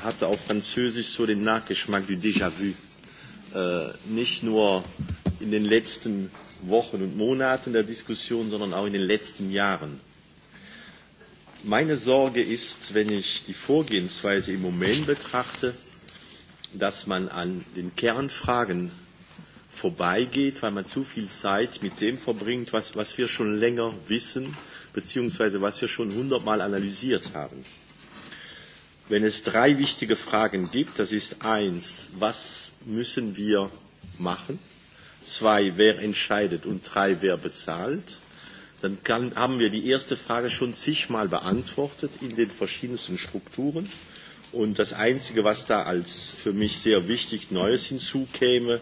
hatte auf Französisch so den Nachgeschmack du Déjà-vu. Äh, nicht nur in den letzten Wochen und Monaten der Diskussion, sondern auch in den letzten Jahren. Meine Sorge ist, wenn ich die Vorgehensweise im Moment betrachte, dass man an den Kernfragen vorbeigeht, weil man zu viel Zeit mit dem verbringt, was, was wir schon länger wissen, beziehungsweise was wir schon hundertmal analysiert haben. Wenn es drei wichtige Fragen gibt, das ist eins, was müssen wir machen? Zwei, wer entscheidet? Und drei, wer bezahlt? dann kann, haben wir die erste Frage schon zigmal beantwortet in den verschiedensten Strukturen. Und das Einzige, was da als für mich sehr wichtig Neues hinzukäme,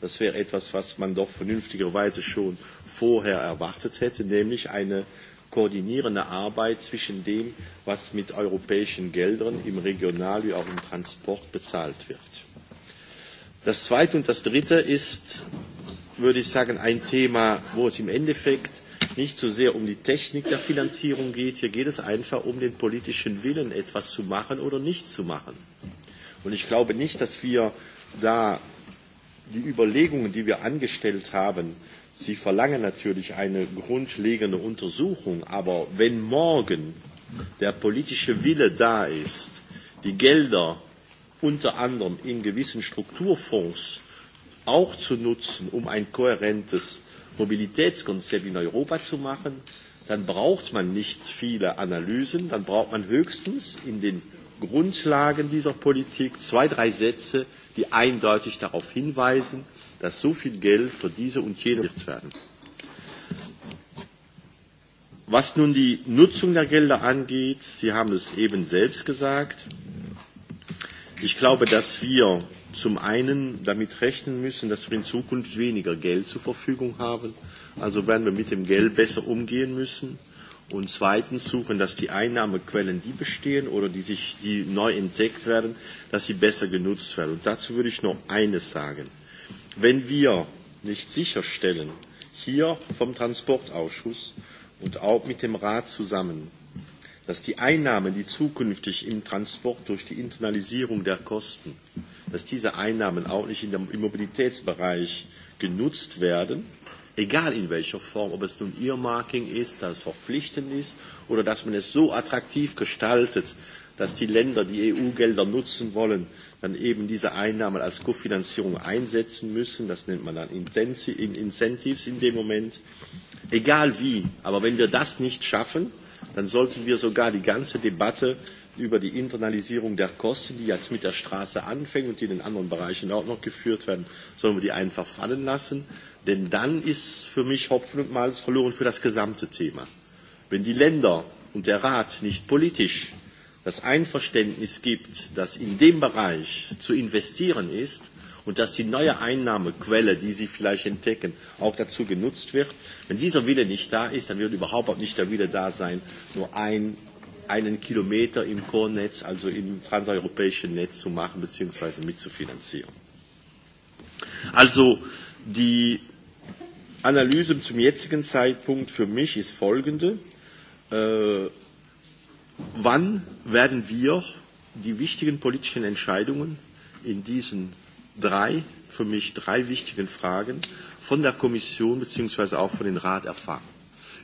das wäre etwas, was man doch vernünftigerweise schon vorher erwartet hätte, nämlich eine koordinierende Arbeit zwischen dem, was mit europäischen Geldern im Regional- wie auch im Transport bezahlt wird. Das Zweite und das Dritte ist, würde ich sagen, ein Thema, wo es im Endeffekt es nicht so sehr um die Technik der Finanzierung geht, hier geht es einfach um den politischen Willen, etwas zu machen oder nicht zu machen. Und ich glaube nicht, dass wir da die Überlegungen, die wir angestellt haben, Sie verlangen natürlich eine grundlegende Untersuchung, aber wenn morgen der politische Wille da ist, die Gelder unter anderem in gewissen Strukturfonds auch zu nutzen, um ein kohärentes Mobilitätskonzept in Europa zu machen, dann braucht man nicht viele Analysen, dann braucht man höchstens in den Grundlagen dieser Politik zwei, drei Sätze, die eindeutig darauf hinweisen, dass so viel Geld für diese und jene wird werden. Was nun die Nutzung der Gelder angeht, Sie haben es eben selbst gesagt, ich glaube, dass wir zum einen damit rechnen müssen, dass wir in Zukunft weniger Geld zur Verfügung haben. Also werden wir mit dem Geld besser umgehen müssen. Und zweitens suchen, dass die Einnahmequellen, die bestehen oder die, sich, die neu entdeckt werden, dass sie besser genutzt werden. Und dazu würde ich noch eines sagen. Wenn wir nicht sicherstellen, hier vom Transportausschuss und auch mit dem Rat zusammen, dass die Einnahmen, die zukünftig im Transport durch die Internalisierung der Kosten äh, dass diese Einnahmen auch nicht in dem, im Mobilitätsbereich genutzt werden, egal in welcher Form, ob es nun Earmarking ist, dass es verpflichtend ist oder dass man es so attraktiv gestaltet, dass die Länder, die EU-Gelder nutzen wollen, dann eben diese Einnahmen als Kofinanzierung einsetzen müssen. Das nennt man dann Intensi in Incentives in dem Moment. Egal wie, aber wenn wir das nicht schaffen, dann sollten wir sogar die ganze Debatte über die Internalisierung der Kosten, die jetzt mit der Straße anfängt und die in den anderen Bereichen auch noch geführt werden, sollen wir die einfach fallen lassen. Denn dann ist für mich Hopfen und Malz verloren für das gesamte Thema. Wenn die Länder und der Rat nicht politisch das Einverständnis gibt, dass in dem Bereich zu investieren ist und dass die neue Einnahmequelle, die sie vielleicht entdecken, auch dazu genutzt wird. Wenn dieser Wille nicht da ist, dann wird überhaupt auch nicht der Wille da sein, nur ein einen Kilometer im Core-Netz, also im transeuropäischen Netz zu machen bzw. mitzufinanzieren. Also die Analyse zum jetzigen Zeitpunkt für mich ist folgende. Äh, wann werden wir die wichtigen politischen Entscheidungen in diesen drei, für mich drei wichtigen Fragen von der Kommission bzw. auch von den Rat erfahren?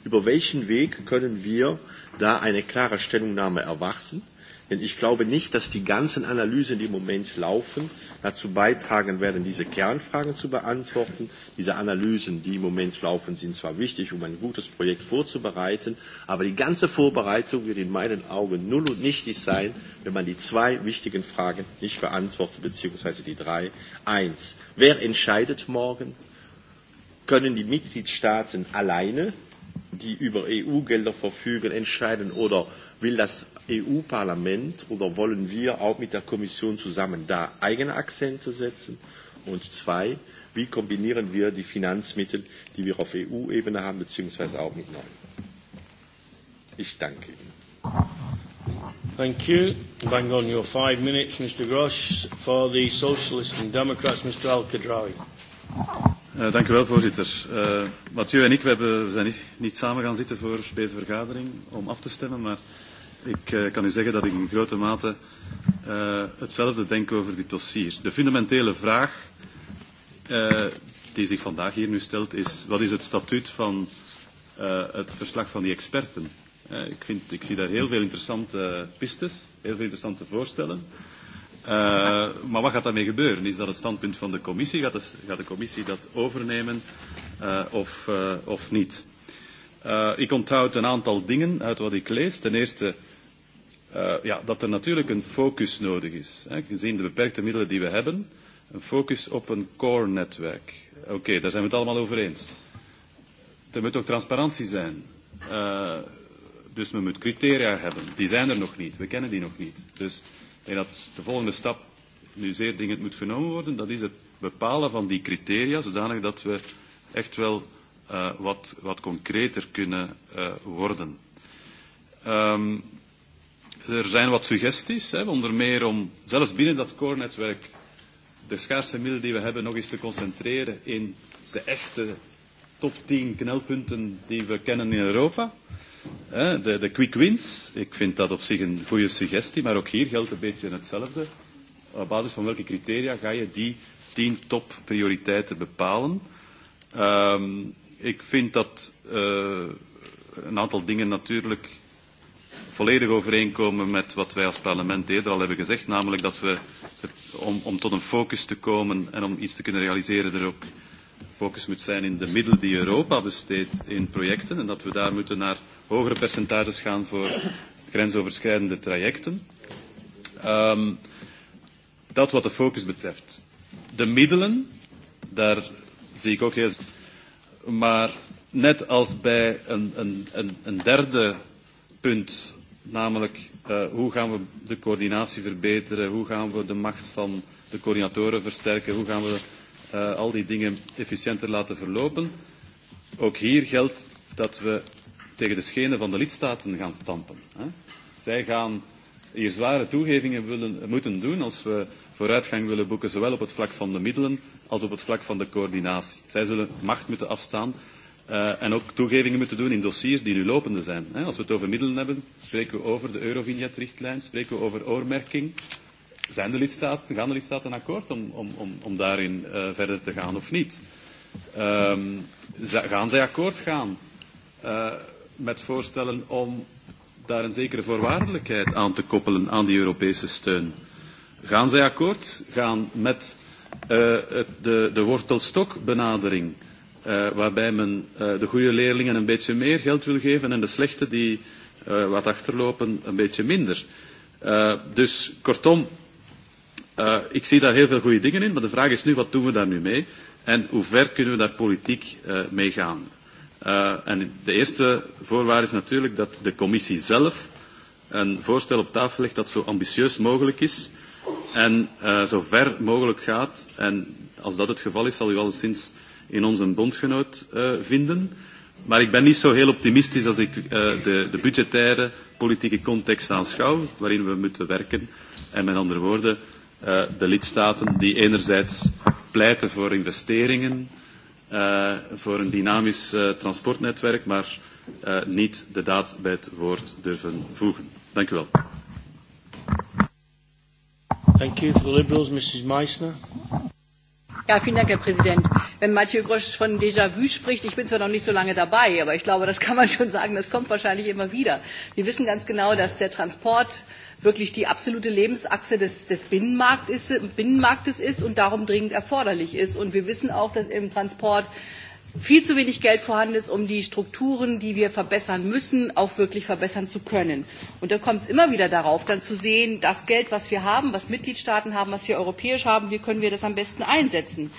Über welchen Weg können wir da eine klare Stellungnahme erwarten. Denn ich glaube nicht, dass die ganzen Analysen, die im Moment laufen, dazu beitragen werden, diese Kernfragen zu beantworten. Diese Analysen, die im Moment laufen, sind zwar wichtig, um ein gutes Projekt vorzubereiten, aber die ganze Vorbereitung wird in meinen Augen null und nichtig sein, wenn man die zwei wichtigen Fragen nicht beantwortet, beziehungsweise die drei. Eins. Wer entscheidet morgen? Können die Mitgliedstaaten alleine die über EU-Gelder verfügen, entscheiden oder will das EU-Parlament oder wollen wir auch mit der Kommission zusammen da eigene Akzente setzen? Und zwei, wie kombinieren wir die Finanzmittel, die wir auf EU-Ebene haben, beziehungsweise auch mit neuen? Ich danke Ihnen. Thank you. Bang on your five minutes, Mr. Grosch. For the Socialists and Democrats, Mr. Al-Khadraoui. Uh, dank u wel, voorzitter. Uh, Mathieu en ik we hebben, we zijn niet, niet samen gaan zitten voor deze vergadering om af te stemmen, maar ik uh, kan u zeggen dat ik in grote mate uh, hetzelfde denk over dit dossier. De fundamentele vraag uh, die zich vandaag hier nu stelt is, wat is het statuut van uh, het verslag van die experten? Uh, ik, vind, ik zie daar heel veel interessante pistes, heel veel interessante voorstellen. Uh, Uh, maar wat gaat daarmee gebeuren? Is dat het standpunt van de commissie? Gaat, het, gaat de commissie dat overnemen uh, of, uh, of niet? Uh, ik onthoud een aantal dingen uit wat ik lees. Ten eerste uh, ja, dat er natuurlijk een focus nodig is. Hè, gezien de beperkte middelen die we hebben, een focus op een core-netwerk. Oké, okay, daar zijn we het allemaal over eens. Er moet ook transparantie zijn. Uh, dus men moet criteria hebben. Die zijn er nog niet. We kennen die nog niet. Dus uh, En dat de volgende stap nu zeer dringend moet genomen worden, dat is het bepalen van die criteria, zodanig dat we echt wel uh, wat, wat concreter kunnen uh, worden. Um, er zijn wat suggesties, hè, onder meer om zelfs binnen dat core-netwerk de schaarse middelen die we hebben nog eens te concentreren in de echte top 10 knelpunten die we kennen in Europa. Uh, Hè, de, de quick wins, ik vind dat op zich een goede suggestie, maar ook hier geldt een beetje hetzelfde. Op basis van welke criteria ga je die tien topprioriteiten bepalen? Um, ik vind dat uh, een aantal dingen natuurlijk volledig overeenkomen met wat wij als parlement eerder al hebben gezegd, namelijk dat we om, om tot een focus te komen en om iets te kunnen realiseren er ook uh, focus moet zijn in de middelen die Europa besteedt in projecten en dat we daar moeten naar hogere percentages gaan voor grensoverschrijdende trajecten. Um, dat wat de focus betreft. De middelen, daar zie ik ook heel. Maar net als bij een, een, een, een derde punt, namelijk uh, hoe gaan we de coördinatie verbeteren, hoe gaan we de macht van de coördinatoren versterken, hoe gaan we uh, al die dingen efficiënter laten verlopen. Ook hier geldt dat we tegen de schenen van de lidstaten gaan stampen. Hè. Zij gaan hier zware toegevingen willen, moeten doen als we vooruitgang willen boeken, zowel op het vlak van de middelen als op het vlak van de coördinatie. Zij zullen macht moeten afstaan uh, en ook toegevingen moeten doen in dossiers die nu lopende zijn. Hè. Als we het over middelen hebben, spreken we over de Eurovignet-richtlijn, spreken we over oormerking. Uh, zijn de er lidstaten, gaan de er lidstaten akkoord om, om, om, om daarin uh, verder te gaan of niet? Um, gaan zij akkoord gaan uh, met voorstellen om daar een zekere voorwaardelijkheid aan te koppelen aan die Europese steun? Gaan zij akkoord gaan met uh, het, de, de wortelstokbenadering, uh, waarbij men uh, de goede leerlingen een beetje meer geld wil geven en de slechte die uh, wat achterlopen een beetje minder? Uh, dus kortom, Uh, ik zie daar heel veel goede dingen in, maar de vraag is nu, wat doen we daar nu mee? En hoe ver kunnen we daar politiek uh, mee gaan? Uh, en de eerste voorwaarde is natuurlijk dat de commissie zelf een voorstel op tafel legt dat zo ambitieus mogelijk is en uh, zo ver mogelijk gaat. En als dat het geval is, zal u alleszins in ons een bondgenoot uh, vinden. Maar ik ben niet zo heel optimistisch als ik uh, de, de budgettaire politieke context aanschouw, waarin we moeten werken. En met andere woorden, uh, de lidstaten die enerzijds pleiten voor investeringen, uh, voor een dynamisch uh, transportnetwerk, maar uh, niet de daad bij het woord durven voegen. Dank u wel. Thank you for the Liberals, Mrs. Meissner. Ja, vielen Dank, Herr Präsident. Wenn Mathieu Grosch von Déjà-vu spricht, ich bin zwar noch nicht so lange dabei, aber ich glaube, das kann man schon sagen, das kommt wahrscheinlich immer wieder. Wir wissen ganz genau, dass der Transport wirklich die absolute Lebensachse des, des Binnenmarktes, ist, Binnenmarktes ist und darum dringend erforderlich ist. Und wir wissen auch, dass im Transport viel zu wenig Geld vorhanden ist, um die Strukturen, die wir verbessern müssen, auch wirklich verbessern zu können. Und da kommt es immer wieder darauf, dann zu sehen, das Geld, was wir haben, was Mitgliedstaaten haben, was wir europäisch haben, wie können wir das am besten einsetzen.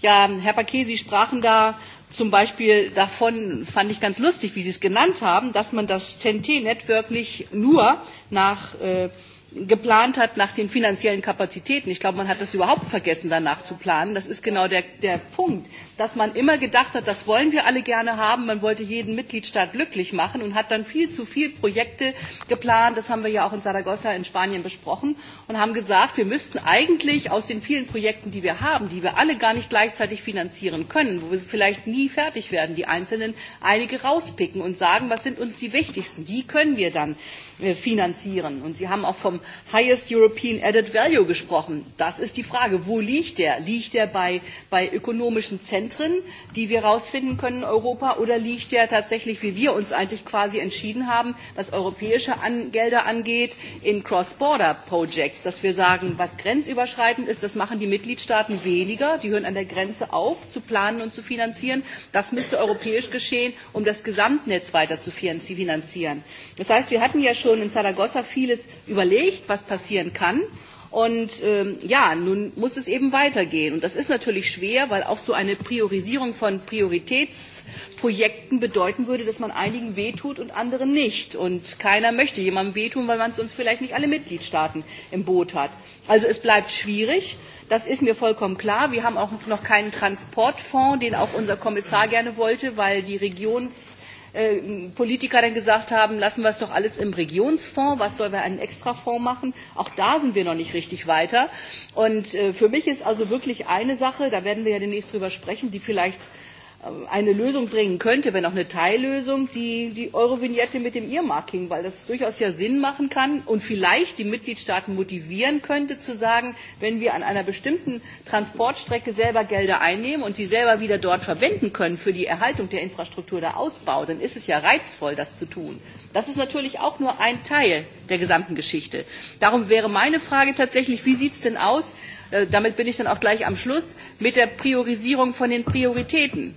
Ja, Herr Paquet, Sie sprachen da zum Beispiel davon fand ich ganz lustig, wie Sie es genannt haben, dass man das TNT-Network nicht nur nach äh, geplant hat nach den finanziellen Kapazitäten. Ich glaube, man hat das überhaupt vergessen, danach zu planen. Das ist genau der, der Punkt, dass man immer gedacht hat, das wollen wir alle gerne haben. Man wollte jeden Mitgliedstaat glücklich machen und hat dann viel zu viel Projekte geplant. Das haben wir ja auch in Saragossa in Spanien besprochen und haben gesagt, wir müssten eigentlich aus den vielen Projekten, die wir haben, die wir alle gar nicht gleichzeitig finanzieren können, wo wir vielleicht nie fertig werden, die einzelnen einige rauspicken und sagen, was sind uns die wichtigsten? Die können wir dann äh, finanzieren. Und Sie haben auch vom highest European added value gesprochen. Das ist die Frage. Wo liegt der? Liegt der bei, bei ökonomischen Zentren, die wir herausfinden können in Europa, oder liegt der tatsächlich, wie wir uns eigentlich quasi entschieden haben, was europäische An Gelder angeht, in Cross-Border-Projects, dass wir sagen, was grenzüberschreitend ist, das machen die Mitgliedstaaten weniger, die hören an der Grenze auf, zu planen und zu finanzieren. Das müsste europäisch geschehen, um das Gesamtnetz weiter zu finanzieren. Das heißt, wir hatten ja schon in Saragossa vieles überlegt, Bericht, was passieren kann. Und ähm, ja, nun muss es eben weitergehen. Und das ist natürlich schwer, weil auch so eine Priorisierung von Prioritätsprojekten bedeuten würde, dass man einigen wehtut und anderen nicht. Und keiner möchte jemandem wehtun, weil man sonst vielleicht nicht alle Mitgliedstaaten im Boot hat. Also es bleibt schwierig. Das ist mir vollkommen klar. Wir haben auch noch keinen Transportfonds, den auch unser Kommissar gerne wollte, weil die Regionen Äh, Politiker dann gesagt haben, lassen wir es doch alles im Regionsfonds, was sollen wir einen Extrafonds machen? Auch da sind wir noch nicht richtig weiter. Und äh, für mich ist also wirklich eine Sache, da werden wir ja demnächst drüber sprechen, die vielleicht äh, Äh, eine Lösung bringen könnte, wenn auch eine Teillösung, die, die Eurovignette mit dem Earmarking, weil das durchaus ja Sinn machen kann und vielleicht die Mitgliedstaaten motivieren könnte, zu sagen, wenn wir an einer bestimmten Transportstrecke selber Gelder einnehmen und die selber wieder dort verwenden können für die Erhaltung der Infrastruktur, der Ausbau, dann ist es ja reizvoll, das zu tun. Das ist natürlich auch nur ein Teil der gesamten Geschichte. Darum wäre meine Frage tatsächlich, wie sieht es denn aus, äh, damit bin ich dann auch gleich am Schluss, mit der Priorisierung von den Prioritäten?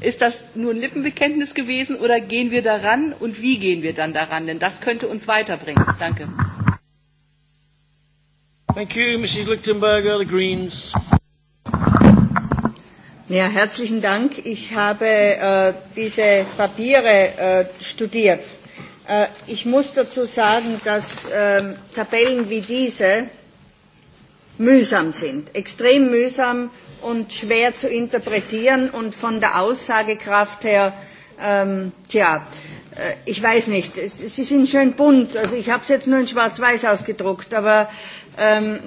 Ist das nur ein Lippenbekenntnis gewesen oder gehen wir daran und wie gehen wir dann daran? Denn das könnte uns weiterbringen. Danke. Thank you, Mrs. Lichtenberger, the Greens. Ja, herzlichen Dank. Ich habe äh, diese Papiere äh, studiert. Äh, ich muss dazu sagen, dass äh, Tabellen wie diese mühsam sind, extrem mühsam und schwer zu interpretieren und von der Aussagekraft her, ähm, tja, äh, ich weiß nicht, es, sie sind schön bunt, also ich habe es jetzt nur in schwarz-weiß ausgedruckt, aber ähm,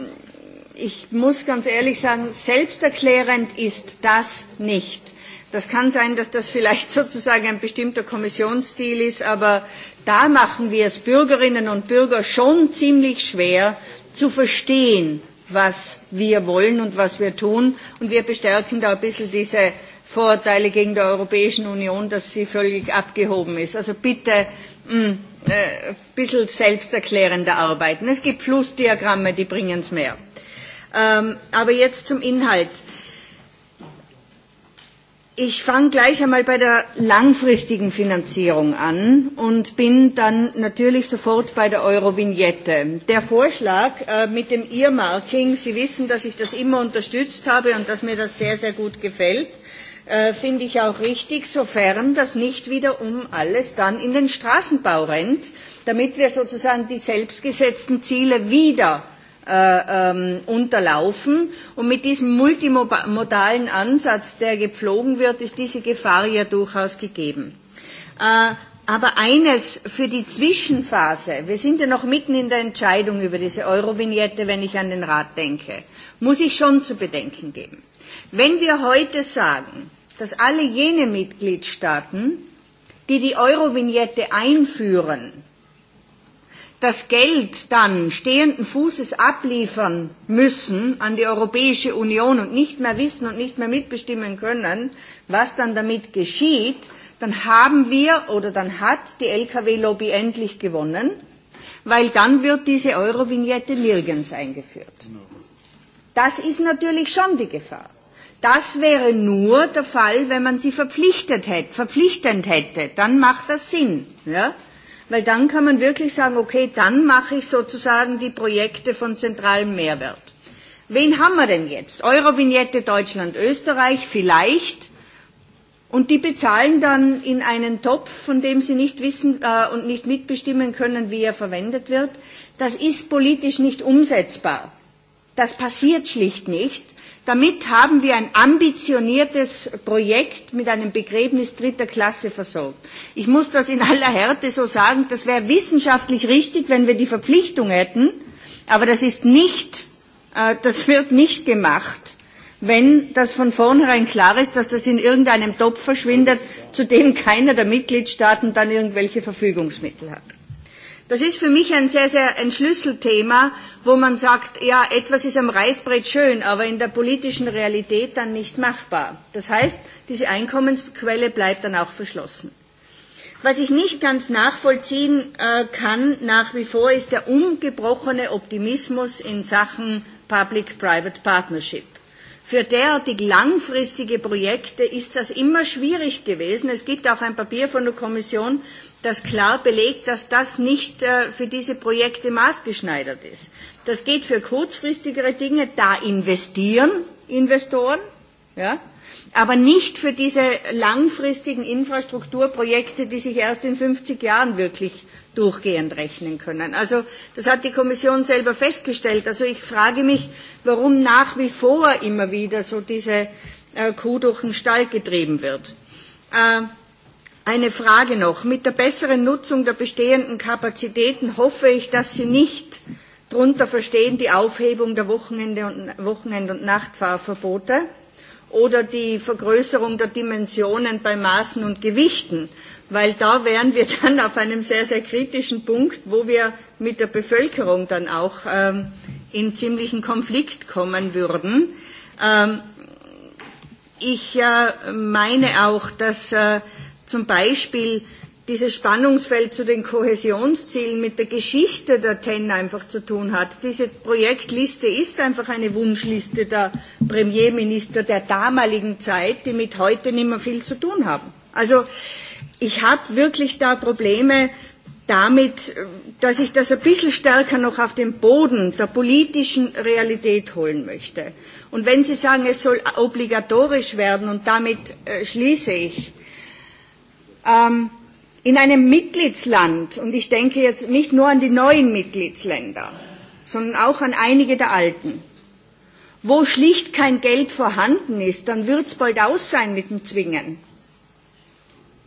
ich muss ganz ehrlich sagen, selbsterklärend ist das nicht. Das kann sein, dass das vielleicht sozusagen ein bestimmter Kommissionsstil ist, aber da machen wir es Bürgerinnen und Bürger schon ziemlich schwer zu verstehen, was wir wollen und was wir tun. Und wir bestärken da ein bisschen diese Vorurteile gegen die Europäische Union, dass sie völlig abgehoben ist. Also bitte mh, mm, äh, ein bisschen selbsterklärender arbeiten. Es gibt Flussdiagramme, die bringen es mehr. Ähm, aber jetzt zum Inhalt. Äh, Ich fange gleich einmal bei der langfristigen Finanzierung an und bin dann natürlich sofort bei der Eurovignette. Der Vorschlag äh, mit dem Earmarking, Sie wissen, dass ich das immer unterstützt habe und dass mir das sehr, sehr gut gefällt, äh, finde ich auch richtig, sofern das nicht wiederum alles dann in den Straßenbau rennt, damit wir sozusagen die selbstgesetzten Ziele wieder Äh, ähm, unterlaufen. Und mit diesem multimodalen Ansatz, der gepflogen wird, ist diese Gefahr ja durchaus gegeben. Äh, aber eines für die Zwischenphase, wir sind ja noch mitten in der Entscheidung über diese Eurovignette, wenn ich an den Rat denke, muss ich schon zu bedenken geben. Wenn wir heute sagen, dass alle jene Mitgliedstaaten, die die Eurovignette einführen, das Geld dann stehenden Fußes abliefern müssen an die Europäische Union und nicht mehr wissen und nicht mehr mitbestimmen können, was dann damit geschieht, dann haben wir oder dann hat die Lkw-Lobby endlich gewonnen, weil dann wird diese Eurovignette nirgends eingeführt. Das ist natürlich schon die Gefahr. Das wäre nur der Fall, wenn man sie verpflichtet hätte, verpflichtend hätte. Dann macht das Sinn. Ja? weil dann kann man wirklich sagen, okay, dann mache ich sozusagen die Projekte von zentralem Mehrwert. Wen haben wir denn jetzt? Eurovignette Deutschland, Österreich vielleicht. Und die bezahlen dann in einen Topf, von dem sie nicht wissen äh, und nicht mitbestimmen können, wie er verwendet wird. Das ist politisch nicht umsetzbar. Das passiert schlicht nicht. Damit haben wir ein ambitioniertes Projekt mit einem Begräbnis dritter Klasse versorgt. Ich muss das in aller Härte so sagen, das wäre wissenschaftlich richtig, wenn wir die Verpflichtung hätten, aber das ist nicht, äh, das wird nicht gemacht wenn das von vornherein klar ist, dass das in irgendeinem Topf verschwindet, zu dem keiner der Mitgliedstaaten dann irgendwelche Verfügungsmittel hat. Das ist für mich ein sehr, sehr ein Schlüsselthema, wo man sagt, ja, etwas ist am Reißbrett schön, aber in der politischen Realität dann nicht machbar. Das heißt, diese Einkommensquelle bleibt dann auch verschlossen. Was ich nicht ganz nachvollziehen äh, kann nach wie vor ist der ungebrochene Optimismus in Sachen Public-Private Partnership. Für derartig langfristige Projekte ist das immer schwierig gewesen. Es gibt auch ein Papier von der Kommission, das klar belegt, dass das nicht äh, für diese Projekte maßgeschneidert ist. Das geht für kurzfristigere Dinge, da investieren Investoren, ja, aber nicht für diese langfristigen Infrastrukturprojekte, die sich erst in 50 Jahren wirklich durchgehend rechnen können. Also das hat die Kommission selber festgestellt. Also ich frage mich, warum nach wie vor immer wieder so diese äh, Kuh durch den Stall getrieben wird. Äh, eine Frage noch. Mit der besseren Nutzung der bestehenden Kapazitäten hoffe ich, dass Sie nicht darunter verstehen die Aufhebung der Wochenende und, Wochenend- und Nachtfahrverbote oder die Vergrößerung der Dimensionen bei Maßen und Gewichten, weil da wären wir dann auf einem sehr, sehr kritischen Punkt, wo wir mit der Bevölkerung dann auch ähm, in ziemlichen Konflikt kommen würden. Ähm, ich äh, meine auch, dass äh, zum Beispiel dieses Spannungsfeld zu den Kohäsionszielen mit der Geschichte der TEN einfach zu tun hat. Diese Projektliste ist einfach eine Wunschliste der Premierminister der damaligen Zeit, die mit heute nicht mehr viel zu tun haben. Also ich habe wirklich da Probleme damit, dass ich das ein bisschen stärker noch auf den Boden der politischen Realität holen möchte. Und wenn Sie sagen, es soll obligatorisch werden, und damit äh, schließe ich, ähm, in einem Mitgliedsland, und ich denke jetzt nicht nur an die neuen Mitgliedsländer, sondern auch an einige der alten, wo schlicht kein Geld vorhanden ist, dann wird es bald aus sein mit dem Zwingen.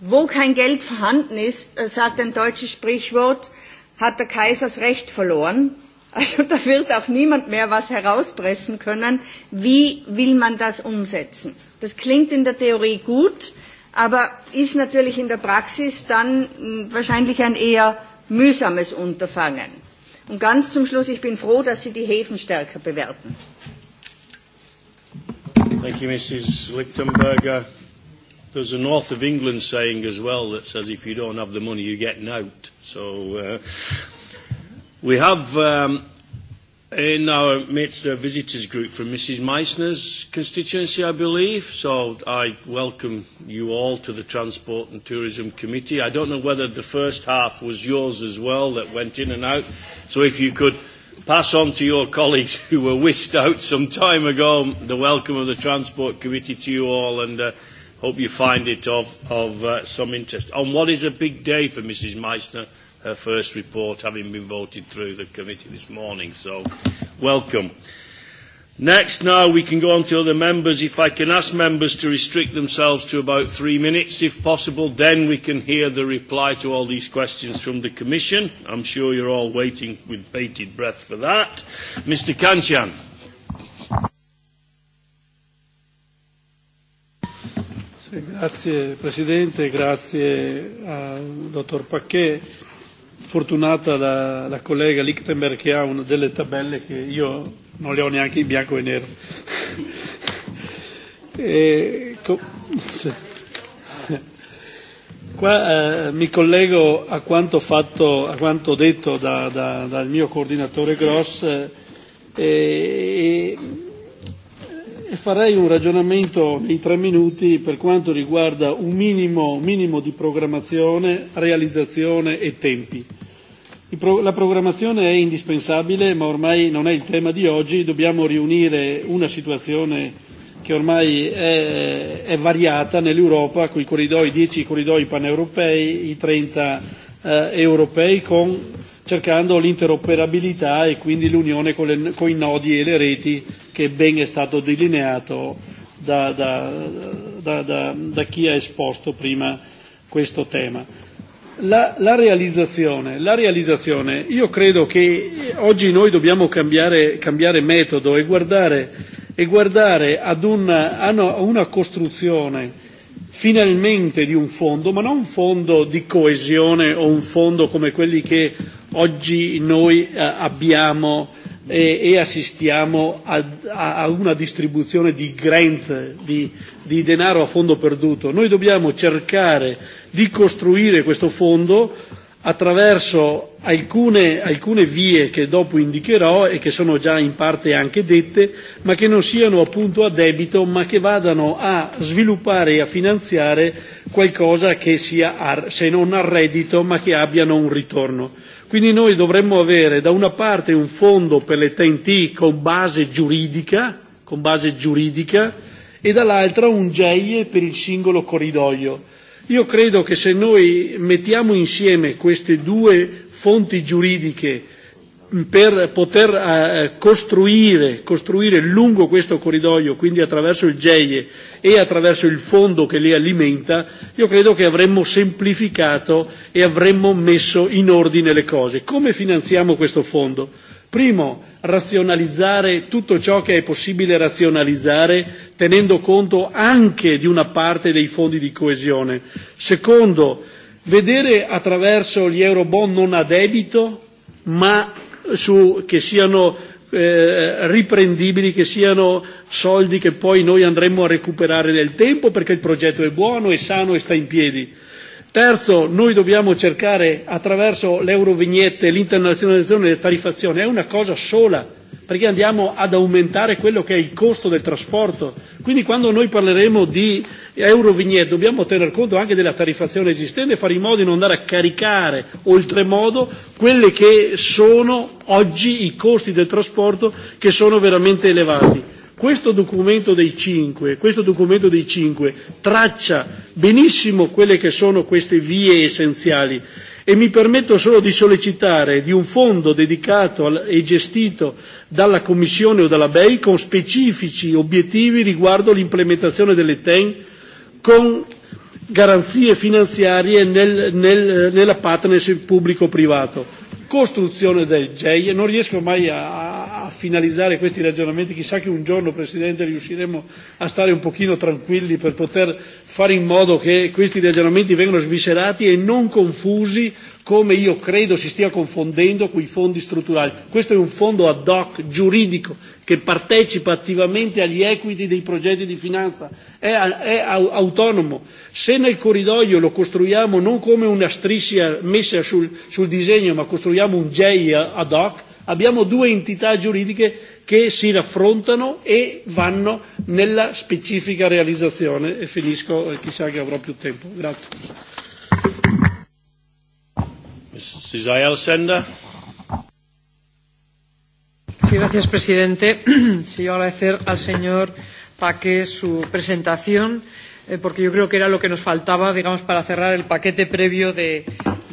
Wo kein Geld vorhanden ist, äh, sagt ein deutsches Sprichwort, hat der Kaiser das Recht verloren. Also da wird auch niemand mehr was herauspressen können. Wie will man das umsetzen? Das klingt in der Theorie gut, aber ist natürlich in der Praxis dann hm, wahrscheinlich ein eher mühsames Unterfangen. Und ganz zum Schluss, ich bin froh, dass Sie die Häfen stärker bewerten. Thank you, Mrs. Lichtenberger. There's a North of England saying as well that says if you don't have the money, you get out. So uh, we have um, in our midst a visitors group from Mrs Meissner's constituency, I believe. So I welcome you all to the Transport and Tourism Committee. I don't know whether the first half was yours as well that went in and out. So if you could pass on to your colleagues who were whisked out some time ago the welcome of the Transport Committee to you all and uh, hope you find it of, of uh, some interest. On what is a big day for Mrs Meissner uh, first report having been voted through the committee this morning. So, welcome. Next, now we can go on to other members. If I can ask members to restrict themselves to about three minutes, if possible, then we can hear the reply to all these questions from the Commission. I'm sure you're all waiting with bated breath for that. Mr. Kanchan. Sì, grazie Presidente, grazie al eh, Dottor Paquet fortunata la, la collega Lichtenberg che ha una delle tabelle che io non le ho neanche in bianco e nero. e, co- se. Qua eh, mi collego a quanto, fatto, a quanto detto da, da, dal mio coordinatore Gross eh, e, e farei un ragionamento nei tre minuti per quanto riguarda un minimo, minimo di programmazione, realizzazione e tempi. Pro, la programmazione è indispensabile, ma ormai non è il tema di oggi, dobbiamo riunire una situazione che ormai è, è variata nell'Europa, con i corridoi, 10 corridoi paneuropei, i 30 eh, europei, con cercando l'interoperabilità e quindi l'unione con, le, con i nodi e le reti che ben è stato delineato da, da, da, da, da chi ha esposto prima questo tema. La, la, realizzazione, la realizzazione, io credo che oggi noi dobbiamo cambiare, cambiare metodo e guardare, e guardare ad una, a una costruzione finalmente di un fondo, ma non un fondo di coesione o un fondo come quelli che oggi noi eh, abbiamo e, e assistiamo a, a una distribuzione di grant, di, di denaro a fondo perduto. Noi dobbiamo cercare di costruire questo fondo attraverso alcune, alcune vie che dopo indicherò e che sono già in parte anche dette, ma che non siano appunto a debito, ma che vadano a sviluppare e a finanziare qualcosa che sia, a, se non a reddito, ma che abbiano un ritorno. Quindi noi dovremmo avere da una parte un fondo per le TNT con base giuridica, con base giuridica e dall'altra un GEIE per il singolo corridoio. Io credo che se noi mettiamo insieme queste due fonti giuridiche per poter eh, costruire, costruire lungo questo corridoio, quindi attraverso il GEIE e attraverso il fondo che li alimenta, io credo che avremmo semplificato e avremmo messo in ordine le cose. Come finanziamo questo fondo? Primo, razionalizzare tutto ciò che è possibile razionalizzare tenendo conto anche di una parte dei fondi di coesione. Secondo, vedere attraverso gli Eurobond non a debito ma su, che siano eh, riprendibili, che siano soldi che poi noi andremo a recuperare nel tempo perché il progetto è buono, è sano e sta in piedi. Terzo, noi dobbiamo cercare attraverso l'eurovignette e l'internazionalizzazione delle tariffazioni, è una cosa sola perché andiamo ad aumentare quello che è il costo del trasporto. Quindi quando noi parleremo di Eurovignette dobbiamo tener conto anche della tariffazione esistente e fare in modo di non andare a caricare oltremodo quelli che sono oggi i costi del trasporto che sono veramente elevati. Questo documento dei cinque, questo documento dei cinque traccia benissimo quelle che sono queste vie essenziali e mi permetto solo di sollecitare di un fondo dedicato al, e gestito dalla Commissione o dalla BEI con specifici obiettivi riguardo l'implementazione delle TEN con garanzie finanziarie nel, nel, nella partnership pubblico-privato. Costruzione del GEI, non riesco mai a, a finalizzare questi ragionamenti, chissà che un giorno, Presidente, riusciremo a stare un pochino tranquilli per poter fare in modo che questi ragionamenti vengano sviscerati e non confusi come io credo si stia confondendo con i fondi strutturali. Questo è un fondo ad hoc giuridico che partecipa attivamente agli equiti dei progetti di finanza, è, è autonomo. Se nel corridoio lo costruiamo non come una striscia messa sul, sul disegno, ma costruiamo un J ad hoc, abbiamo due entità giuridiche che si raffrontano e vanno nella specifica realizzazione. E finisco, eh, chissà che avrò più tempo. Grazie. Mrs. Ayala Sender. Sí, gracias, presidente. Sí, yo agradecer al señor Paque su presentación, eh, porque yo creo que era lo que nos faltaba, digamos, para cerrar el paquete previo de,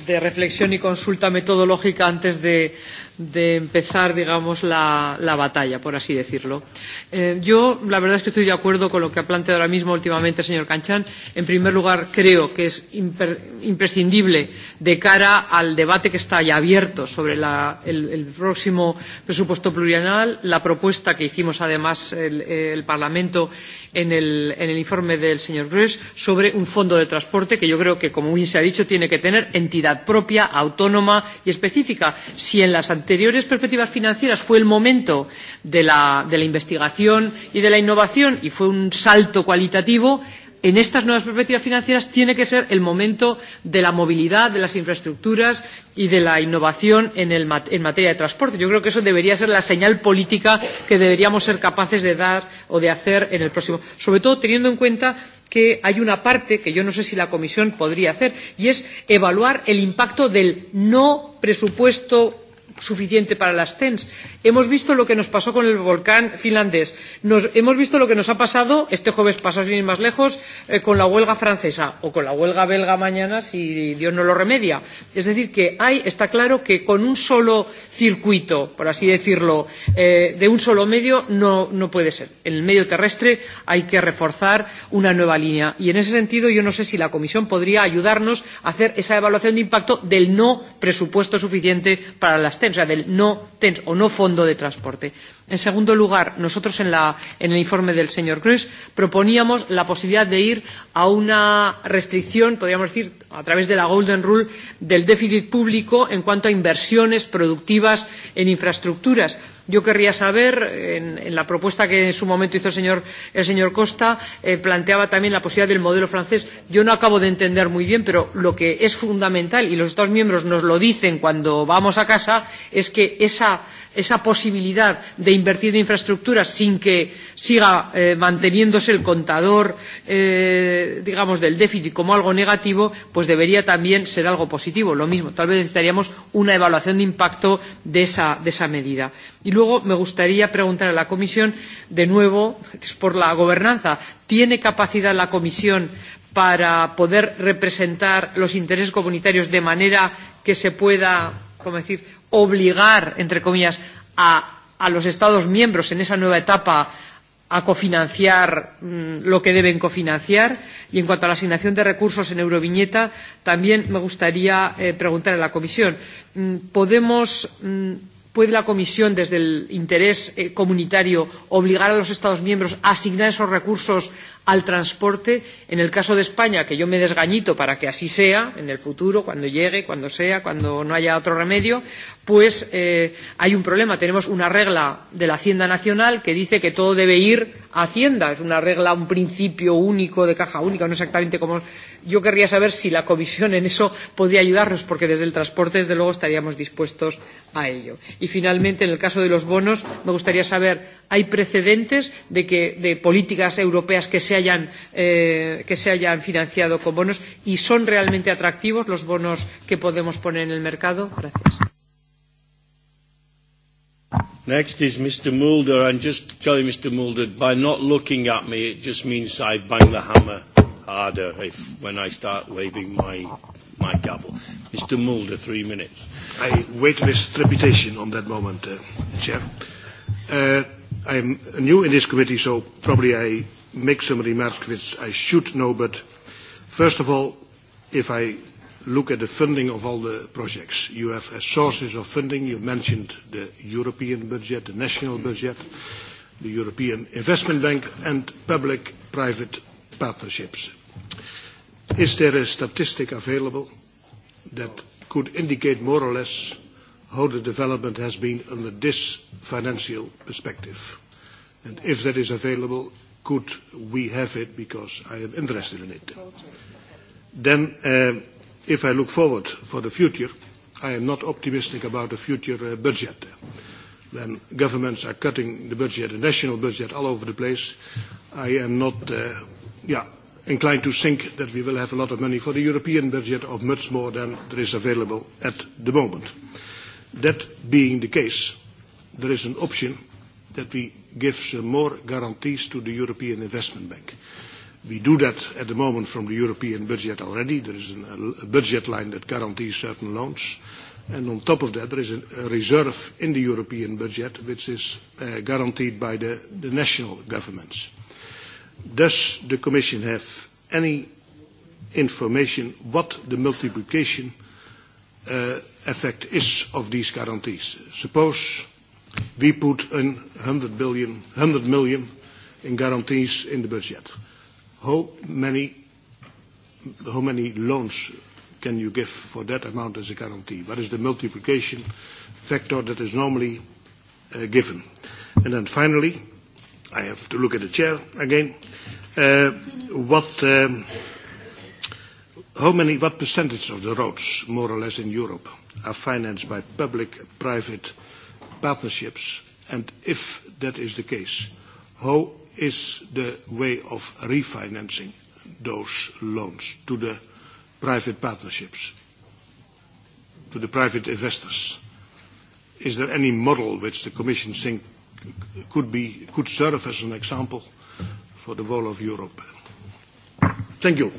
de reflexión y consulta metodológica antes de, de empezar, digamos, la, la batalla, por así decirlo. Eh, yo, la verdad es que estoy de acuerdo con lo que ha planteado ahora mismo últimamente el señor Canchán. En primer lugar, creo que es imper, imprescindible de cara al debate que está ya abierto sobre la, el, el próximo presupuesto plurianual, la propuesta que hicimos además el, el Parlamento en el, en el informe del señor Grosch sobre un fondo de transporte que yo creo que, como bien se ha dicho, tiene que tener entidad propia, autónoma y específica. Si en las anteriores perspectivas financieras fue el momento de la, de la investigación y de la innovación y fue un salto cualitativo, en estas nuevas perspectivas financieras tiene que ser el momento de la movilidad, de las infraestructuras y de la innovación en, el, en materia de transporte. Yo creo que eso debería ser la señal política que deberíamos ser capaces de dar o de hacer en el próximo, sobre todo teniendo en cuenta que hay una parte que yo no sé si la Comisión podría hacer, y es evaluar el impacto del no presupuesto suficiente para las TEN. Hemos visto lo que nos pasó con el volcán finlandés. Nos, hemos visto lo que nos ha pasado este jueves pasado, sin ir más lejos, eh, con la huelga francesa o con la huelga belga mañana, si Dios no lo remedia. Es decir, que hay, está claro que con un solo circuito, por así decirlo, eh, de un solo medio, no, no puede ser. En el medio terrestre hay que reforzar una nueva línea. Y en ese sentido, yo no sé si la Comisión podría ayudarnos a hacer esa evaluación de impacto del no presupuesto suficiente para las TENS, o sea, del no TENS o no fondo de transporte. En segundo lugar, nosotros en, la, en el informe del señor Cruz proponíamos la posibilidad de ir a una restricción, podríamos decir, a través de la Golden Rule, del déficit público en cuanto a inversiones productivas en infraestructuras Yo querría saber, en, en la propuesta que en su momento hizo el señor, el señor Costa, eh, planteaba también la posibilidad del modelo francés. Yo no acabo de entender muy bien, pero lo que es fundamental, y los Estados miembros nos lo dicen cuando vamos a casa, es que esa esa posibilidad de invertir en infraestructuras sin que siga eh, manteniéndose el contador, eh, digamos, del déficit como algo negativo, pues debería también ser algo positivo. Lo mismo, tal vez necesitaríamos una evaluación de impacto de esa, de esa medida. Y luego me gustaría preguntar a la Comisión, de nuevo, por la gobernanza. ¿Tiene capacidad la Comisión para poder representar los intereses comunitarios de manera que se pueda, como decir, obligar, entre comillas, a, a los Estados miembros en esa nueva etapa a cofinanciar mmm, lo que deben cofinanciar. Y en cuanto a la asignación de recursos en Euroviñeta, también me gustaría eh, preguntar a la Comisión. Mm, ¿Podemos mmm, ¿Puede la Comisión, desde el interés eh, comunitario, obligar a los Estados miembros a asignar esos recursos al transporte. En el caso de España, que yo me desgañito para que así sea en el futuro, cuando llegue, cuando sea, cuando no haya otro remedio, pues eh, hay un problema. Tenemos una regla de la Hacienda Nacional que dice que todo debe ir a Hacienda. Es una regla, un principio único de caja única, no exactamente como. Yo querría saber si la Comisión en eso podría ayudarnos, porque desde el transporte, desde luego, estaríamos dispuestos a ello. Y finalmente, en el caso de los bonos, me gustaría saber hay precedentes de, que, de políticas europeas que se, hayan, eh, que se hayan financiado con bonos y son realmente atractivos los bonos que podemos poner en el mercado. Gracias. Next is Mr. Mulder. I'm just telling Mr. Mulder, by not looking at me, it just means I bang the hammer harder if, when I start waving my, my gavel. Mr. Mulder, three minutes. I wait with trepidation on that moment, uh, Chair. Uh, I'm new in this committee, so probably I make some remarks which I should know. But first of all, if I look at the funding of all the projects, you have as sources of funding, you mentioned the European budget, the national budget, the European Investment Bank, and public-private partnerships. Is there a statistic available that could indicate more or less how the development has been under this financial perspective. And if that is available, could we have it? Because I am interested in it. Then, uh, if I look forward for the future, I am not optimistic about the future uh, budget. When governments are cutting the budget, the national budget, all over the place, I am not, uh, yeah, inclined to think that we will have a lot of money for the European budget or much more than there is available at the moment. Uh, That being the case, there is an option that we give some more guarantees to the European Investment Bank. We do that at the moment from the European budget already. There is an, a budget line that guarantees certain loans. And on top of that, there is a, a reserve in the European budget, which is uh, guaranteed by the, the national governments. Does the Commission have any information what the multiplication uh, uh, effect is of these guarantees. Suppose we put in 100, billion, 100 million in guarantees in the budget. How many, how many loans can you give for that amount as a guarantee? What is the multiplication factor that is normally uh, given? And then finally, I have to look at the chair again. Uh, what... Um, How many, what percentage of the roads, more or less in Europe, are financed by public-private partnerships? And if that is the case, how is the way of refinancing those loans to the private partnerships, to the private investors? Is there any model which the Commission think could, be, could serve as an example for the whole of Europe? Thank you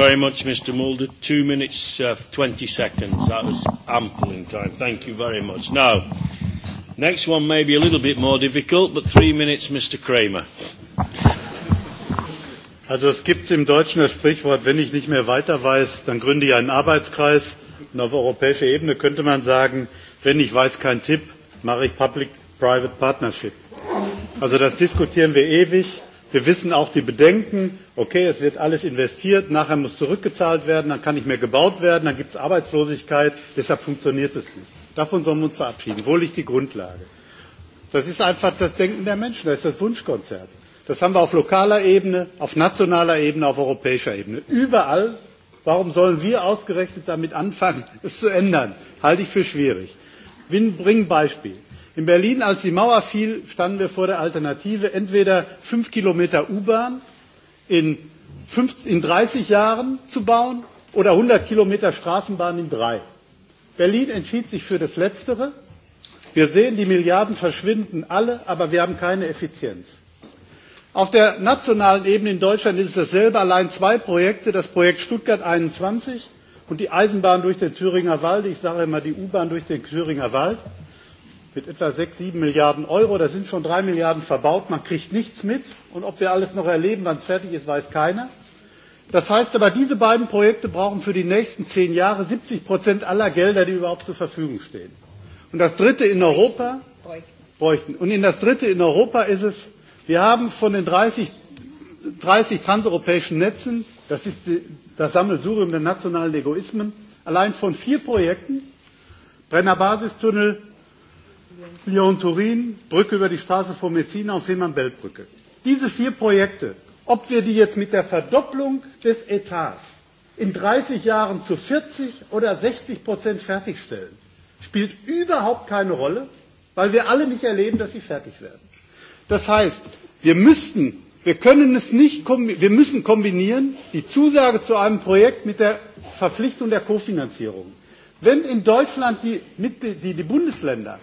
very much, Mr. Mulder. Two minutes, uh, 20 seconds. That was ample in time. Thank you very much. Now, next one may be a little bit more difficult, but three minutes, Mr. Kramer. Also es gibt im Deutschen das Sprichwort, wenn ich nicht mehr weiter weiß, dann gründe ich einen Arbeitskreis. Und auf europäischer Ebene könnte man sagen, wenn ich weiß kein Tipp, mache ich Public-Private Partnership. Also das diskutieren wir ewig Wir wissen auch die Bedenken, okay, es wird alles investiert, nachher muss zurückgezahlt werden, dann kann nicht mehr gebaut werden, dann gibt es Arbeitslosigkeit, deshalb funktioniert es nicht. Davon sollen wir uns verabschieden. Wo liegt die Grundlage? Das ist einfach das Denken der Menschen, das ist das Wunschkonzert. Das haben wir auf lokaler Ebene, auf nationaler Ebene, auf europäischer Ebene. Überall. Warum sollen wir ausgerechnet damit anfangen, es zu ändern? Halte ich für schwierig. Ich bringe ein Beispiel. In Berlin, als die Mauer fiel, standen wir vor der Alternative, entweder fünf Kilometer U-Bahn in, fünf, in 30 Jahren zu bauen oder 100 Kilometer Straßenbahn in drei. Berlin entschied sich für das Letztere. Wir sehen, die Milliarden verschwinden alle, aber wir haben keine Effizienz. Auf der nationalen Ebene in Deutschland ist es dasselbe, allein zwei Projekte, das Projekt Stuttgart 21 und die Eisenbahn durch den Thüringer Wald, ich sage immer die U-Bahn durch den Thüringer Wald mit etwa sechs, sieben Milliarden Euro. Da sind schon drei Milliarden verbaut. Man kriegt nichts mit. Und ob wir alles noch erleben, wann es fertig ist, weiß keiner. Das heißt aber, diese beiden Projekte brauchen für die nächsten zehn Jahre 70 Prozent aller Gelder, die überhaupt zur Verfügung stehen. Und das dritte in Europa bräuchten. Und in das dritte in Europa ist es, wir haben von den 30, 30 transeuropäischen Netzen, das ist die, das Sammelsurium der nationalen Egoismen, allein von vier Projekten, Brennerbasistunnel, Lyon-Turin, Brücke über die Straße vor Messina und Fehmarn-Belt-Brücke. Diese vier Projekte, ob wir die jetzt mit der Verdopplung des Etats in 30 Jahren zu 40 oder 60 Prozent fertigstellen, spielt überhaupt keine Rolle, weil wir alle nicht erleben, dass sie fertig werden. Das heißt, wir müssten, wir können es nicht, wir müssen kombinieren die Zusage zu einem Projekt mit der Verpflichtung der Kofinanzierung. Wenn in Deutschland die, die, die Bundesländer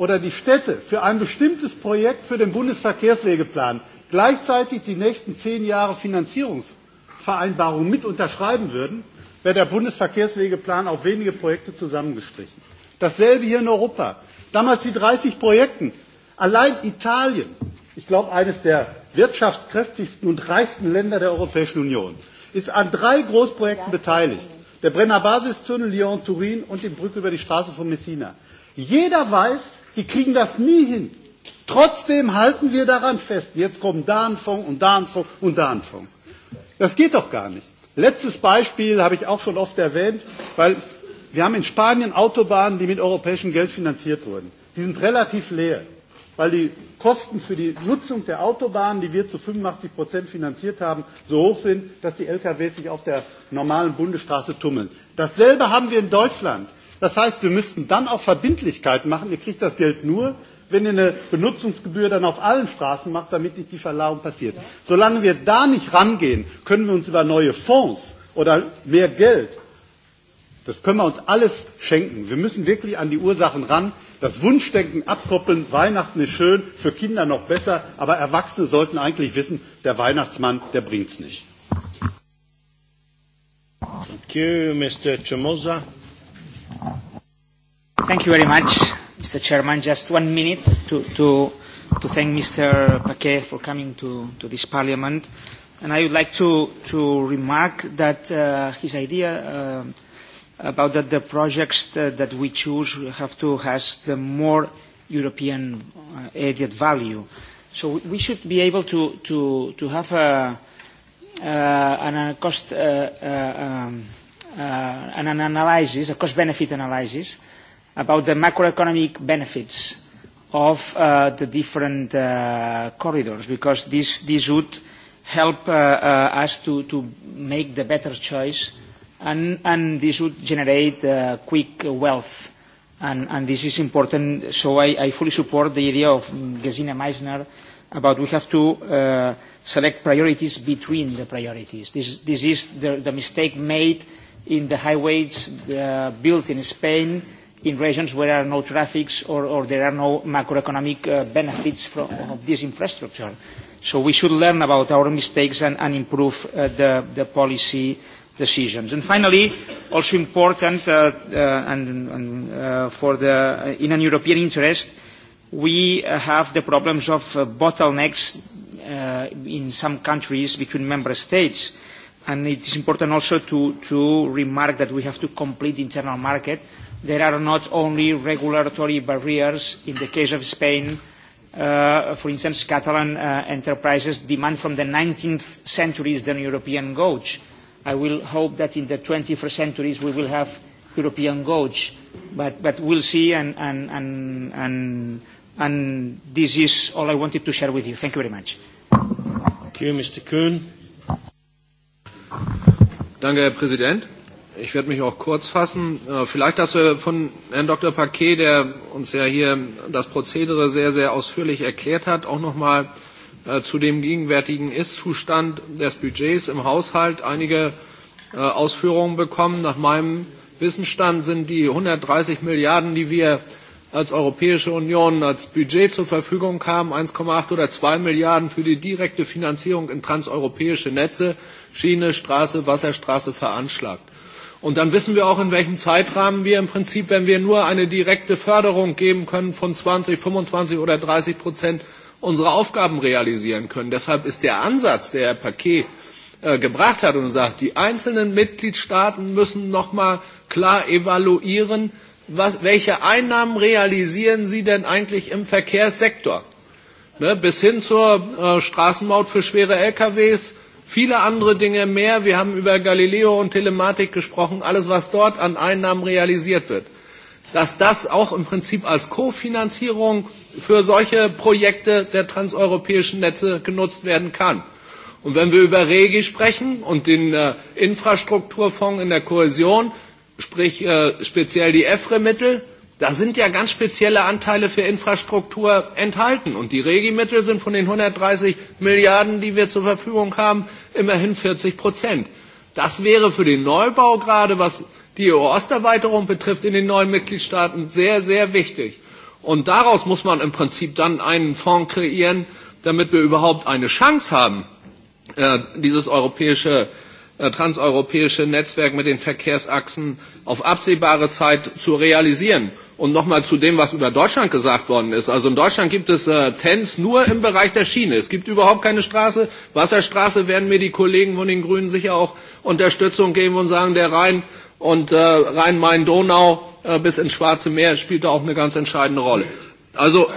oder die Städte für ein bestimmtes Projekt für den Bundesverkehrswegeplan gleichzeitig die nächsten zehn Jahre Finanzierungsvereinbarung mit unterschreiben würden, wäre der Bundesverkehrswegeplan auf wenige Projekte zusammengestrichen. Dasselbe hier in Europa. Damals die 30 Projekten. Allein Italien, ich glaube eines der wirtschaftskräftigsten und reichsten Länder der Europäischen Union, ist an drei Großprojekten beteiligt. Der Brennerbasistunnel Lyon-Turin und die Brücke über die Straße von Messina. Jeder weiß, Die kriegen das nie hin. Trotzdem halten wir daran fest. Jetzt kommen da ein Fonds und da ein Fonds und da ein Fonds. Das geht doch gar nicht. Letztes Beispiel habe ich auch schon oft erwähnt, weil wir haben in Spanien Autobahnen, die mit europäischem Geld finanziert wurden. Die sind relativ leer, weil die Kosten für die Nutzung der Autobahnen, die wir zu 85 Prozent finanziert haben, so hoch sind, dass die LKW sich auf der normalen Bundesstraße tummeln. Dasselbe haben wir in Deutschland. Das heißt, wir müssten dann auch Verbindlichkeiten machen. Ihr kriegt das Geld nur, wenn ihr eine Benutzungsgebühr dann auf allen Straßen macht, damit nicht die Verlagerung passiert. Solange wir da nicht rangehen, können wir uns über neue Fonds oder mehr Geld, das können wir uns alles schenken. Wir müssen wirklich an die Ursachen ran, das Wunschdenken abkoppeln. Weihnachten ist schön, für Kinder noch besser, aber Erwachsene sollten eigentlich wissen, der Weihnachtsmann, der bringt's nicht. Thank you, Mr. Tremosa. Thank you very much, Mr. Chairman. Just one minute to, to, to thank Mr. Paquet for coming to, to this Parliament. And I would like to, to remark that uh, his idea uh, about that the projects that, uh, that we choose have to has the more European uh, added value. So we should be able to, to, to have a, uh, an, a cost uh, uh, um, uh, and an analysis, a cost-benefit analysis, about the macroeconomic benefits of uh, the different uh, corridors, because this, this would help uh, uh, us to, to make the better choice, and, and this would generate uh, quick wealth. And, and this is important, so I, I fully support the idea of Gesine Meissner about we have to uh, select priorities between the priorities. This, this is the, the mistake made uh, in the highways uh, built in Spain in regions where there are no traffics or, or there are no macroeconomic uh, benefits from, of this infrastructure. So we should learn about our mistakes and, and improve uh, the, the policy decisions. And finally, also important uh, uh, and, and, uh, for the, uh, in an European interest, we uh, have the problems of uh, bottlenecks uh, in some countries between member states. Uh, And it is important also to, to remark that we have to complete the internal market. There are not only regulatory barriers. In the case of Spain, uh, for instance, Catalan uh, enterprises demand from the 19th century Eastern European gauge. I will hope that in the 21st centuries we will have European gauge, but, but we'll see, and, and, and, and, and this is all I wanted to share with you. Thank you very much. Thank you, Mr. Kuhn. Danke, Herr Präsident. Ich werde mich auch kurz fassen. Äh, vielleicht, dass wir von Herrn Dr. Paquet, der uns ja hier das Prozedere sehr, sehr ausführlich erklärt hat, auch noch mal äh, zu dem gegenwärtigen Ist-Zustand des Budgets im Haushalt einige äh, Ausführungen bekommen. Nach meinem Wissensstand sind die 130 Milliarden, die wir als Europäische Union als Budget zur Verfügung haben, 1,8 oder 2 Milliarden für die direkte Finanzierung in transeuropäische Netze, Schiene, Straße, Wasserstraße veranschlagt. Und dann wissen wir auch, in welchem Zeitrahmen wir im Prinzip, wenn wir nur eine direkte Förderung geben können von 20, 25 oder 30 Prozent, unsere Aufgaben realisieren können. Deshalb ist der Ansatz, der Herr Paket äh, gebracht hat und sagt, die einzelnen Mitgliedstaaten müssen nochmal klar evaluieren, was, welche Einnahmen realisieren sie denn eigentlich im Verkehrssektor? Ne, bis hin zur äh, Straßenmaut für schwere LKWs, viele andere Dinge mehr. Wir haben über Galileo und Telematik gesprochen, alles, was dort an Einnahmen realisiert wird. Dass das auch im Prinzip als Kofinanzierung für solche Projekte der transeuropäischen Netze genutzt werden kann. Und wenn wir über REGI sprechen und den äh, Infrastrukturfonds in der Kohäsion, sprich äh, speziell die EFRE-Mittel, Da sind ja ganz spezielle Anteile für Infrastruktur enthalten. Und die Regimittel sind von den 130 Milliarden, die wir zur Verfügung haben, immerhin 40 Prozent. Das wäre für den Neubau gerade, was die EU-Osterweiterung betrifft, in den neuen Mitgliedstaaten sehr, sehr wichtig. Und daraus muss man im Prinzip dann einen Fonds kreieren, damit wir überhaupt eine Chance haben, äh, dieses europäische, äh, transeuropäische Netzwerk mit den Verkehrsachsen auf absehbare Zeit zu realisieren. Und nochmal zu dem, was über Deutschland gesagt worden ist. Also in Deutschland gibt es äh, TENS nur im Bereich der Schiene. Es gibt überhaupt keine Straße. Wasserstraße werden mir die Kollegen von den Grünen sicher auch Unterstützung geben und sagen, der Rhein und äh, Rhein-Main-Donau äh, bis ins Schwarze Meer spielt da auch eine ganz entscheidende Rolle. Also,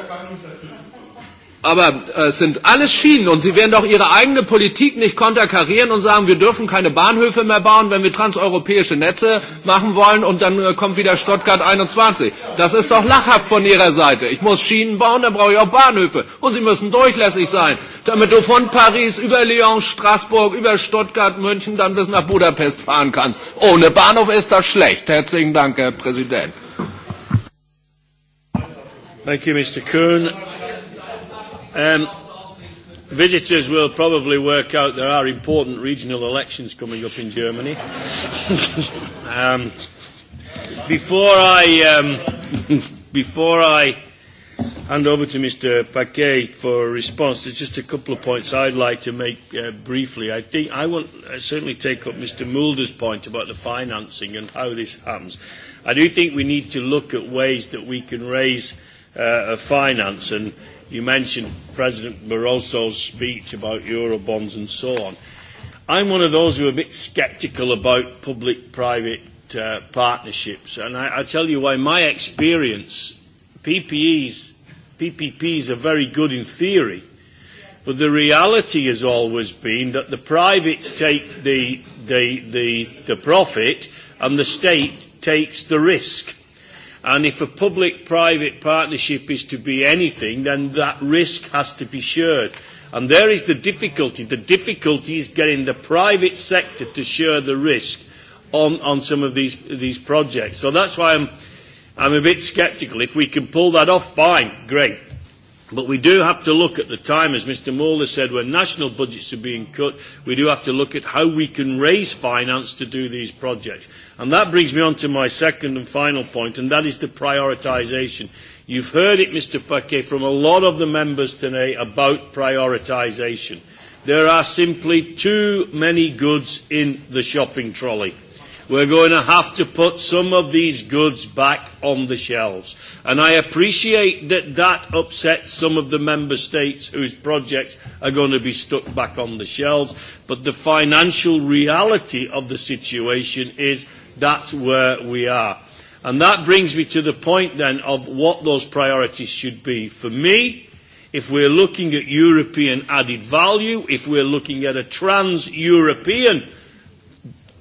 Aber es äh, sind alles Schienen und sie werden doch ihre eigene Politik nicht konterkarieren und sagen, wir dürfen keine Bahnhöfe mehr bauen, wenn wir transeuropäische Netze machen wollen und dann äh, kommt wieder Stuttgart 21. Das ist doch lachhaft von ihrer Seite. Ich muss Schienen bauen, dann brauche ich auch Bahnhöfe. Und sie müssen durchlässig sein, damit du von Paris über Lyon, Straßburg, über Stuttgart, München dann bis nach Budapest fahren kannst. Ohne Bahnhof ist das schlecht. Herzlichen Dank, Herr Präsident. Thank you, Mr. Kuhn. Um, visitors will probably work out there are important regional elections coming up in Germany. um, before I, um, before I hand over to Mr. Paquet for a response, there's just a couple of points I'd like to make uh, briefly. I think I will uh, certainly take up Mr. Mulder's point about the financing and how this happens. I do think we need to look at ways that we can raise uh, finance and You mentioned President Barroso's speech about Eurobonds and so on. I'm one of those who are a bit sceptical about public-private uh, partnerships, and I, I tell you why. My experience, PPEs, PPPs are very good in theory, but the reality has always been that the private take the, the, the, the profit and the state takes the risk. And if a public-private partnership is to be anything, then that risk has to be shared. And there is the difficulty. The difficulty is getting the private sector to share the risk on, on some of these, these projects. So that's why I'm, I'm a bit sceptical. If we can pull that off, fine, great. But we do have to look at the time, as Mr Moeller said, when national budgets are being cut, we do have to look at how we can raise finance to do these projects. And that brings me on to my second and final point, and that is the prioritisation. You've heard it, Mr Paquet, from a lot of the members today about prioritisation. There are simply too many goods in the shopping trolley. We're going to have to put some of these goods back on the shelves. And I appreciate that that upsets some of the member states whose projects are going to be stuck back on the shelves. But the financial reality of the situation is that's where we are. And that brings me to the point then of what those priorities should be. For me, if we're looking at European added value, if we're looking at a trans-European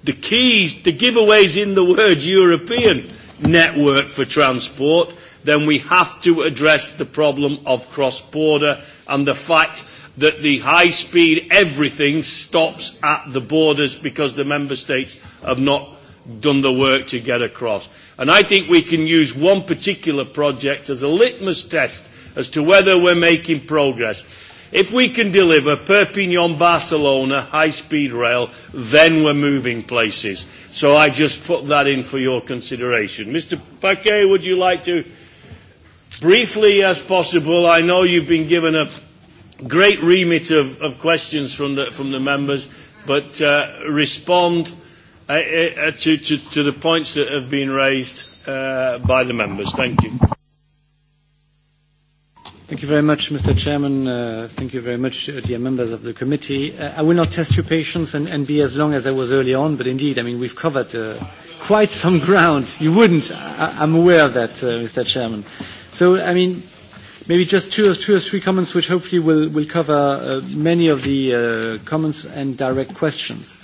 The keys, the giveaways in the words European network for transport, then we have to address the problem of cross-border and the fact that the high speed everything stops at the borders because the member states have not done the work to get across. And I think we can use one particular project as a litmus test as to whether we're making progress. If we can deliver Perpignan Barcelona high speed rail, then we're moving places. So I just put that in for your consideration. Mr. Paquet, would you like to, briefly as possible, I know you've been given a great remit of, of questions from the, from the members, but uh, respond uh, uh, to, to, to the points that have been raised uh, by the members. Thank you. Thank you very much, Mr. Chairman. Uh, thank you very much, uh, dear members of the committee. Uh, I will not test your patience and, and be as long as I was earlier on, but indeed, I mean, we've covered uh, quite some ground. You wouldn't. I, I'm aware of that, uh, Mr. Chairman. So, I mean, maybe just two or, two or three comments which hopefully will, will cover uh, many of the uh, comments and direct questions.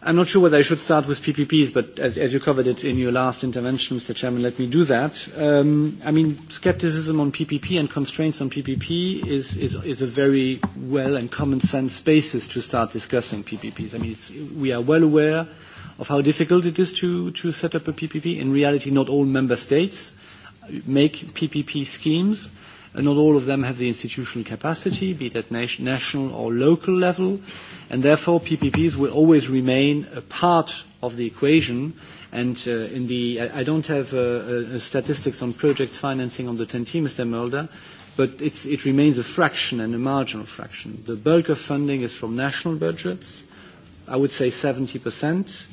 I'm not sure whether I should start with PPPs, but as, as you covered it in your last intervention, Mr. Chairman, let me do that. Um, I mean, skepticism on PPP and constraints on PPP is, is, is a very well and common sense basis to start discussing PPPs. I mean, it's, we are well aware of how difficult it is to, to set up a PPP. In reality, not all member states make PPP schemes. Uh, Uh, not all of them have the institutional capacity, be it at nation, national or local level, and therefore PPPs will always remain a part of the equation. And uh, in the, I, I don't have uh, uh, uh statistics on project financing on the 10T, Mr. Mulder, but it's, it remains a fraction and a marginal fraction. The bulk of funding is from national budgets, I would say 70%.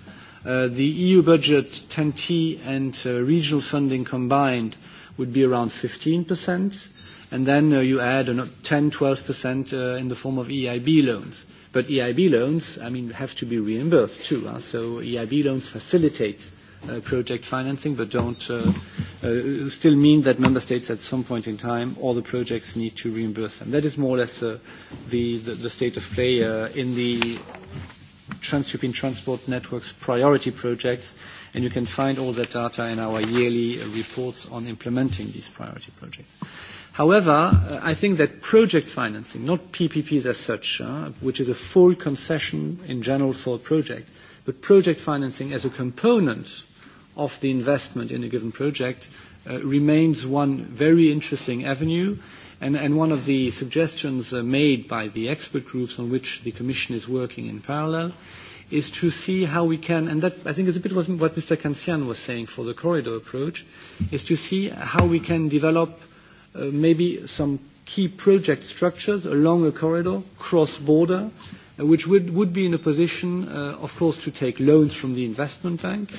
Uh, the EU budget, 10T, and uh, regional funding combined would be around 15% and then uh, you add uh, 10, 12% uh, in the form of EIB loans. But EIB loans, I mean, have to be reimbursed too. Huh? So EIB loans facilitate uh, project financing, but don't uh, uh, still mean that member states at some point in time, all the projects need to reimburse them. That is more or less uh, the, the, the state of play uh, in the Trans-European Transport Network's priority projects, and you can find all that data in our yearly uh, reports on implementing these priority projects. Uh, However, uh, I think that project financing, not PPPs as such, uh, which is a full concession in general for a project, but project financing as a component of the investment in a given project uh, remains one very interesting avenue. And, and one of the suggestions uh, made by the expert groups on which the Commission is working in parallel is to see how we can, and that I think is a bit what Mr. Kansian was saying for the corridor approach, is to see how we can develop uh, maybe some key project structures along a corridor, cross-border, uh, which would, would be in a position, uh, of course, to take loans from the investment bank,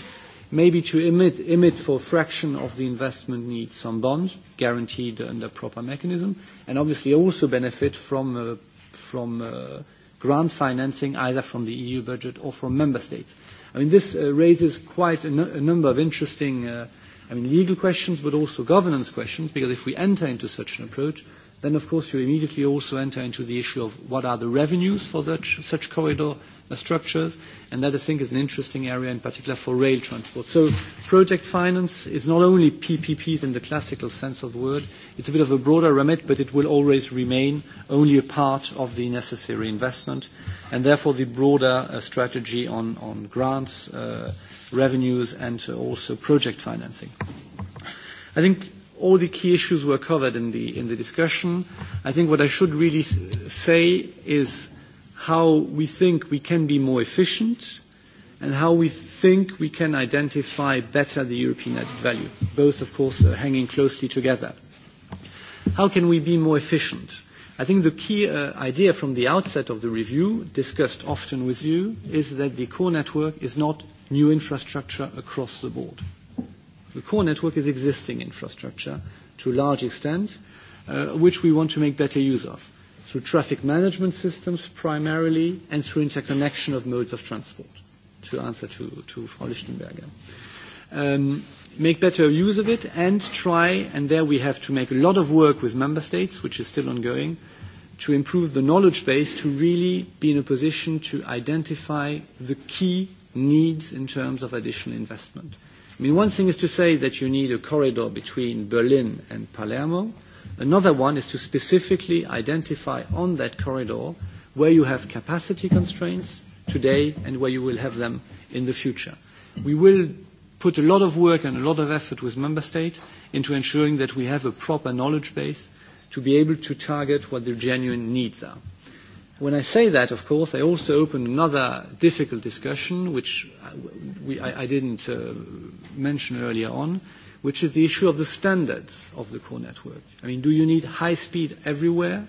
maybe to emit, emit for a fraction of the investment needs some bonds, guaranteed under proper mechanism, and obviously also benefit from, uh, from uh, grant financing either from the EU budget or from member states. I mean, this uh, raises quite a, no- nu-, a number of interesting uh, I mean, legal questions, but also governance questions, because if we enter into such an approach, then of course you immediately also enter into the issue of what are the revenues for such, such corridor uh, structures, and that I think is an interesting area in particular for rail transport. So project finance is not only PPPs in the classical sense of the word, it's a bit of a broader remit, but it will always remain only a part of the necessary investment, and therefore the broader uh, strategy on, on grants, uh, revenues and also project financing. I think all the key issues were covered in the, in the discussion. I think what I should really say is how we think we can be more efficient and how we think we can identify better the European added value. Both, of course, are uh, hanging closely together. How can we be more efficient? I think the key uh, idea from the outset of the review, discussed often with you, is that the core network is not new infrastructure across the board. The core network is existing infrastructure to a large extent, uh, which we want to make better use of through traffic management systems primarily and through interconnection of modes of transport, to answer to, to Frau Lichtenberger. Um, make better use of it and try, and there we have to make a lot of work with member states, which is still ongoing, to improve the knowledge base to really be in a position to identify the key needs in terms of additional investment. I mean, one thing is to say that you need a corridor between Berlin and Palermo. Another one is to specifically identify on that corridor where you have capacity constraints today and where you will have them in the future. We will put a lot of work and a lot of effort with member states into ensuring that we have a proper knowledge base to be able to target what the genuine needs are. When I say that, of course, I also open another difficult discussion, which we, I, I didn't uh, mention earlier on, which is the issue of the standards of the core network. I mean, do you need high speed everywhere?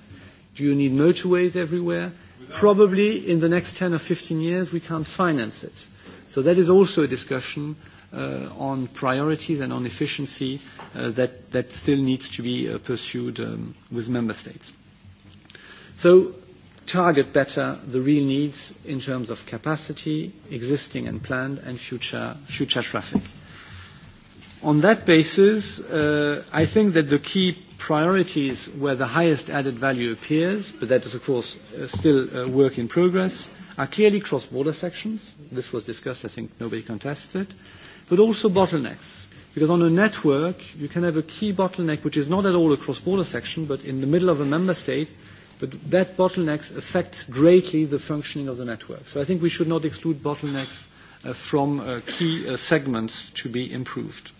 Do you need motorways everywhere? Without Probably in the next 10 or 15 years, we can't finance it. So that is also a discussion uh, on priorities and on efficiency uh, that, that still needs to be uh, pursued um, with member states. So target better the real needs in terms of capacity, existing and planned, and future, future traffic. On that basis, uh, I think that the key priorities where the highest added value appears, but that is, of course, uh, still uh, work in progress, are clearly cross-border sections. This was discussed, I think nobody contests it, but also bottlenecks. Because on a network, you can have a key bottleneck, which is not at all a cross-border section, but in the middle of a member state, But that bottlenecks affects greatly the functioning of the network. So I think we should not exclude bottlenecks uh, from uh, key uh, segments to be improved.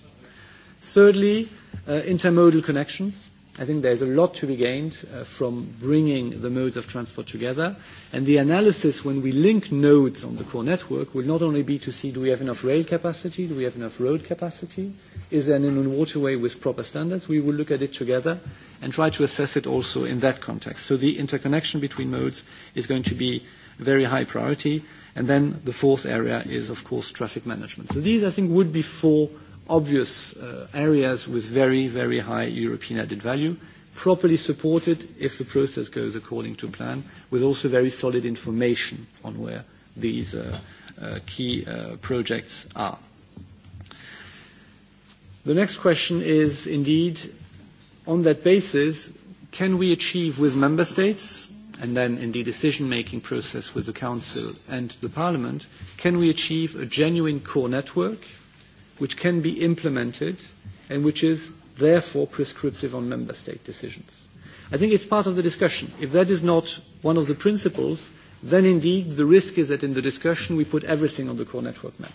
Thirdly, uh, intermodal connections. I think there's a lot to be gained uh, from bringing the modes of transport together. And the analysis when we link nodes on the core network will not only be to see do we have enough rail capacity, do we have enough road capacity, is there an inland waterway with proper standards. We will look at it together and try to assess it also in that context. So the interconnection between modes is going to be a very high priority. And then the fourth area is, of course, traffic management. So these, I think, would be four obvious uh, areas with very, very high European added value, properly supported if the process goes according to plan, with also very solid information on where these uh, uh, key uh, projects are. The next question is indeed, on that basis, can we achieve with member states, and then in the decision-making process with the Council and the Parliament, can we achieve a genuine core network – which can be implemented and which is therefore prescriptive on member state decisions. I think it's part of the discussion. If that is not one of the principles, then indeed the risk is that in the discussion we put everything on the core network map.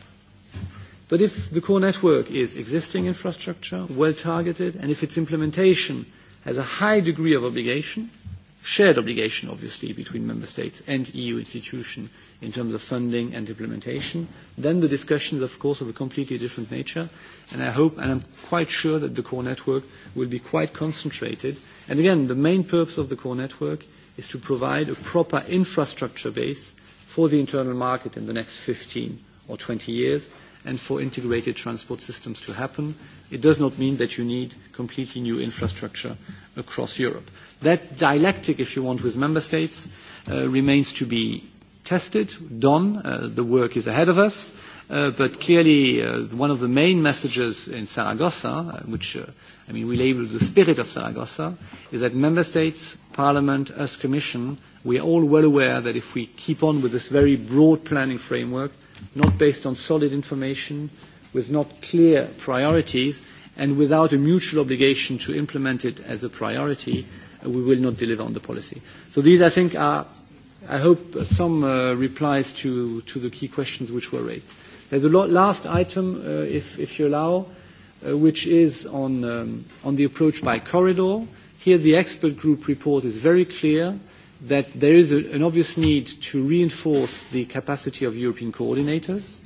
But if the core network is existing infrastructure, well targeted, and if its implementation has a high degree of obligation, shared obligation, obviously, between member states and EU institution in terms of funding and implementation. Then the discussion is, of course, of a completely different nature, and I hope and I'm quite sure that the core network will be quite concentrated. And again, the main purpose of the core network is to provide a proper infrastructure base for the internal market in the next 15 or 20 years, and for integrated transport systems to happen. It does not mean that you need completely new infrastructure across Europe. That dialectic, if you want, with member states uh, remains to be tested, done. Uh, the work is ahead of us. Uh, but clearly, uh, one of the main messages in Saragossa, uh, which uh, I mean, we label the spirit of Saragossa, is that member states, parliament, us, commission, we are all well aware that if we keep on with this very broad planning framework, not based on solid information, with not clear priorities, and without a mutual obligation to implement it as a priority, we will not deliver on the policy. So these, I think, are, I hope, some uh, replies to, to the key questions which were raised. There's a lot, last item, uh, if, if you allow, uh, which is on, um, on the approach by corridor. Here, the expert group report is very clear that there is a, an obvious need to reinforce the capacity of European coordinators,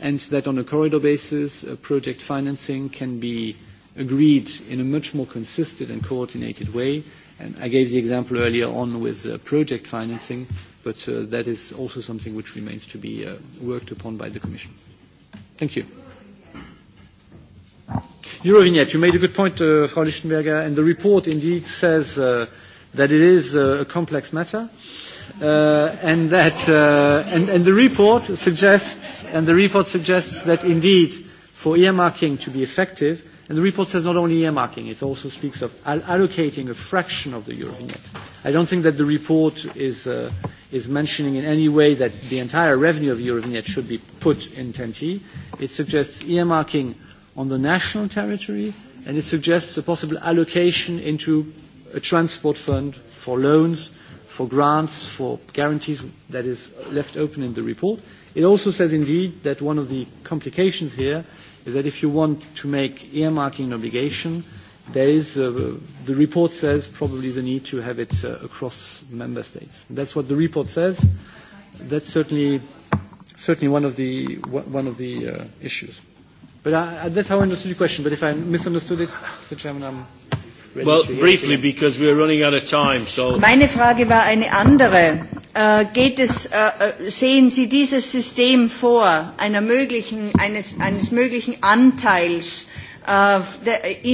and that on a corridor basis, uh, project financing can be uh, agreed in a much more consistent and coordinated way. And I gave the example earlier on with uh, project financing, but uh, that is also something which remains to be uh, worked upon by the Commission. Thank you. Eurovignette, you made a good point, uh, Frau Lichtenberger, and the report indeed says uh, that it is uh, a complex matter, uh, and that uh, and, and the report suggests and the report suggests that indeed, for earmarking to be effective, And the report says not only earmarking, it also speaks of al- allocating a fraction of the Eurovignette. I don't think that the report is, uh, is mentioning in any way that the entire revenue of Eurovignette should be put in 10T. It suggests earmarking on the national territory, and it suggests a possible allocation into a transport fund for loans, for grants, for guarantees that is left open in the report. It also says indeed that one of the complications here that if you want to make earmarking an obligation, there is, uh, the report says, probably the need to have it uh, across member states. That's what the report says. That's certainly, certainly one of the, one of the uh, issues. But I, that's how I understood your question. But if I misunderstood it, Mr. Chairman, I'm ready well, to Well, briefly, because we're running out of time, so... Meine Frage war eine andere. Äh, geht es, äh, äh, sehen Sie dieses System vor, einer möglichen, eines, eines möglichen Anteils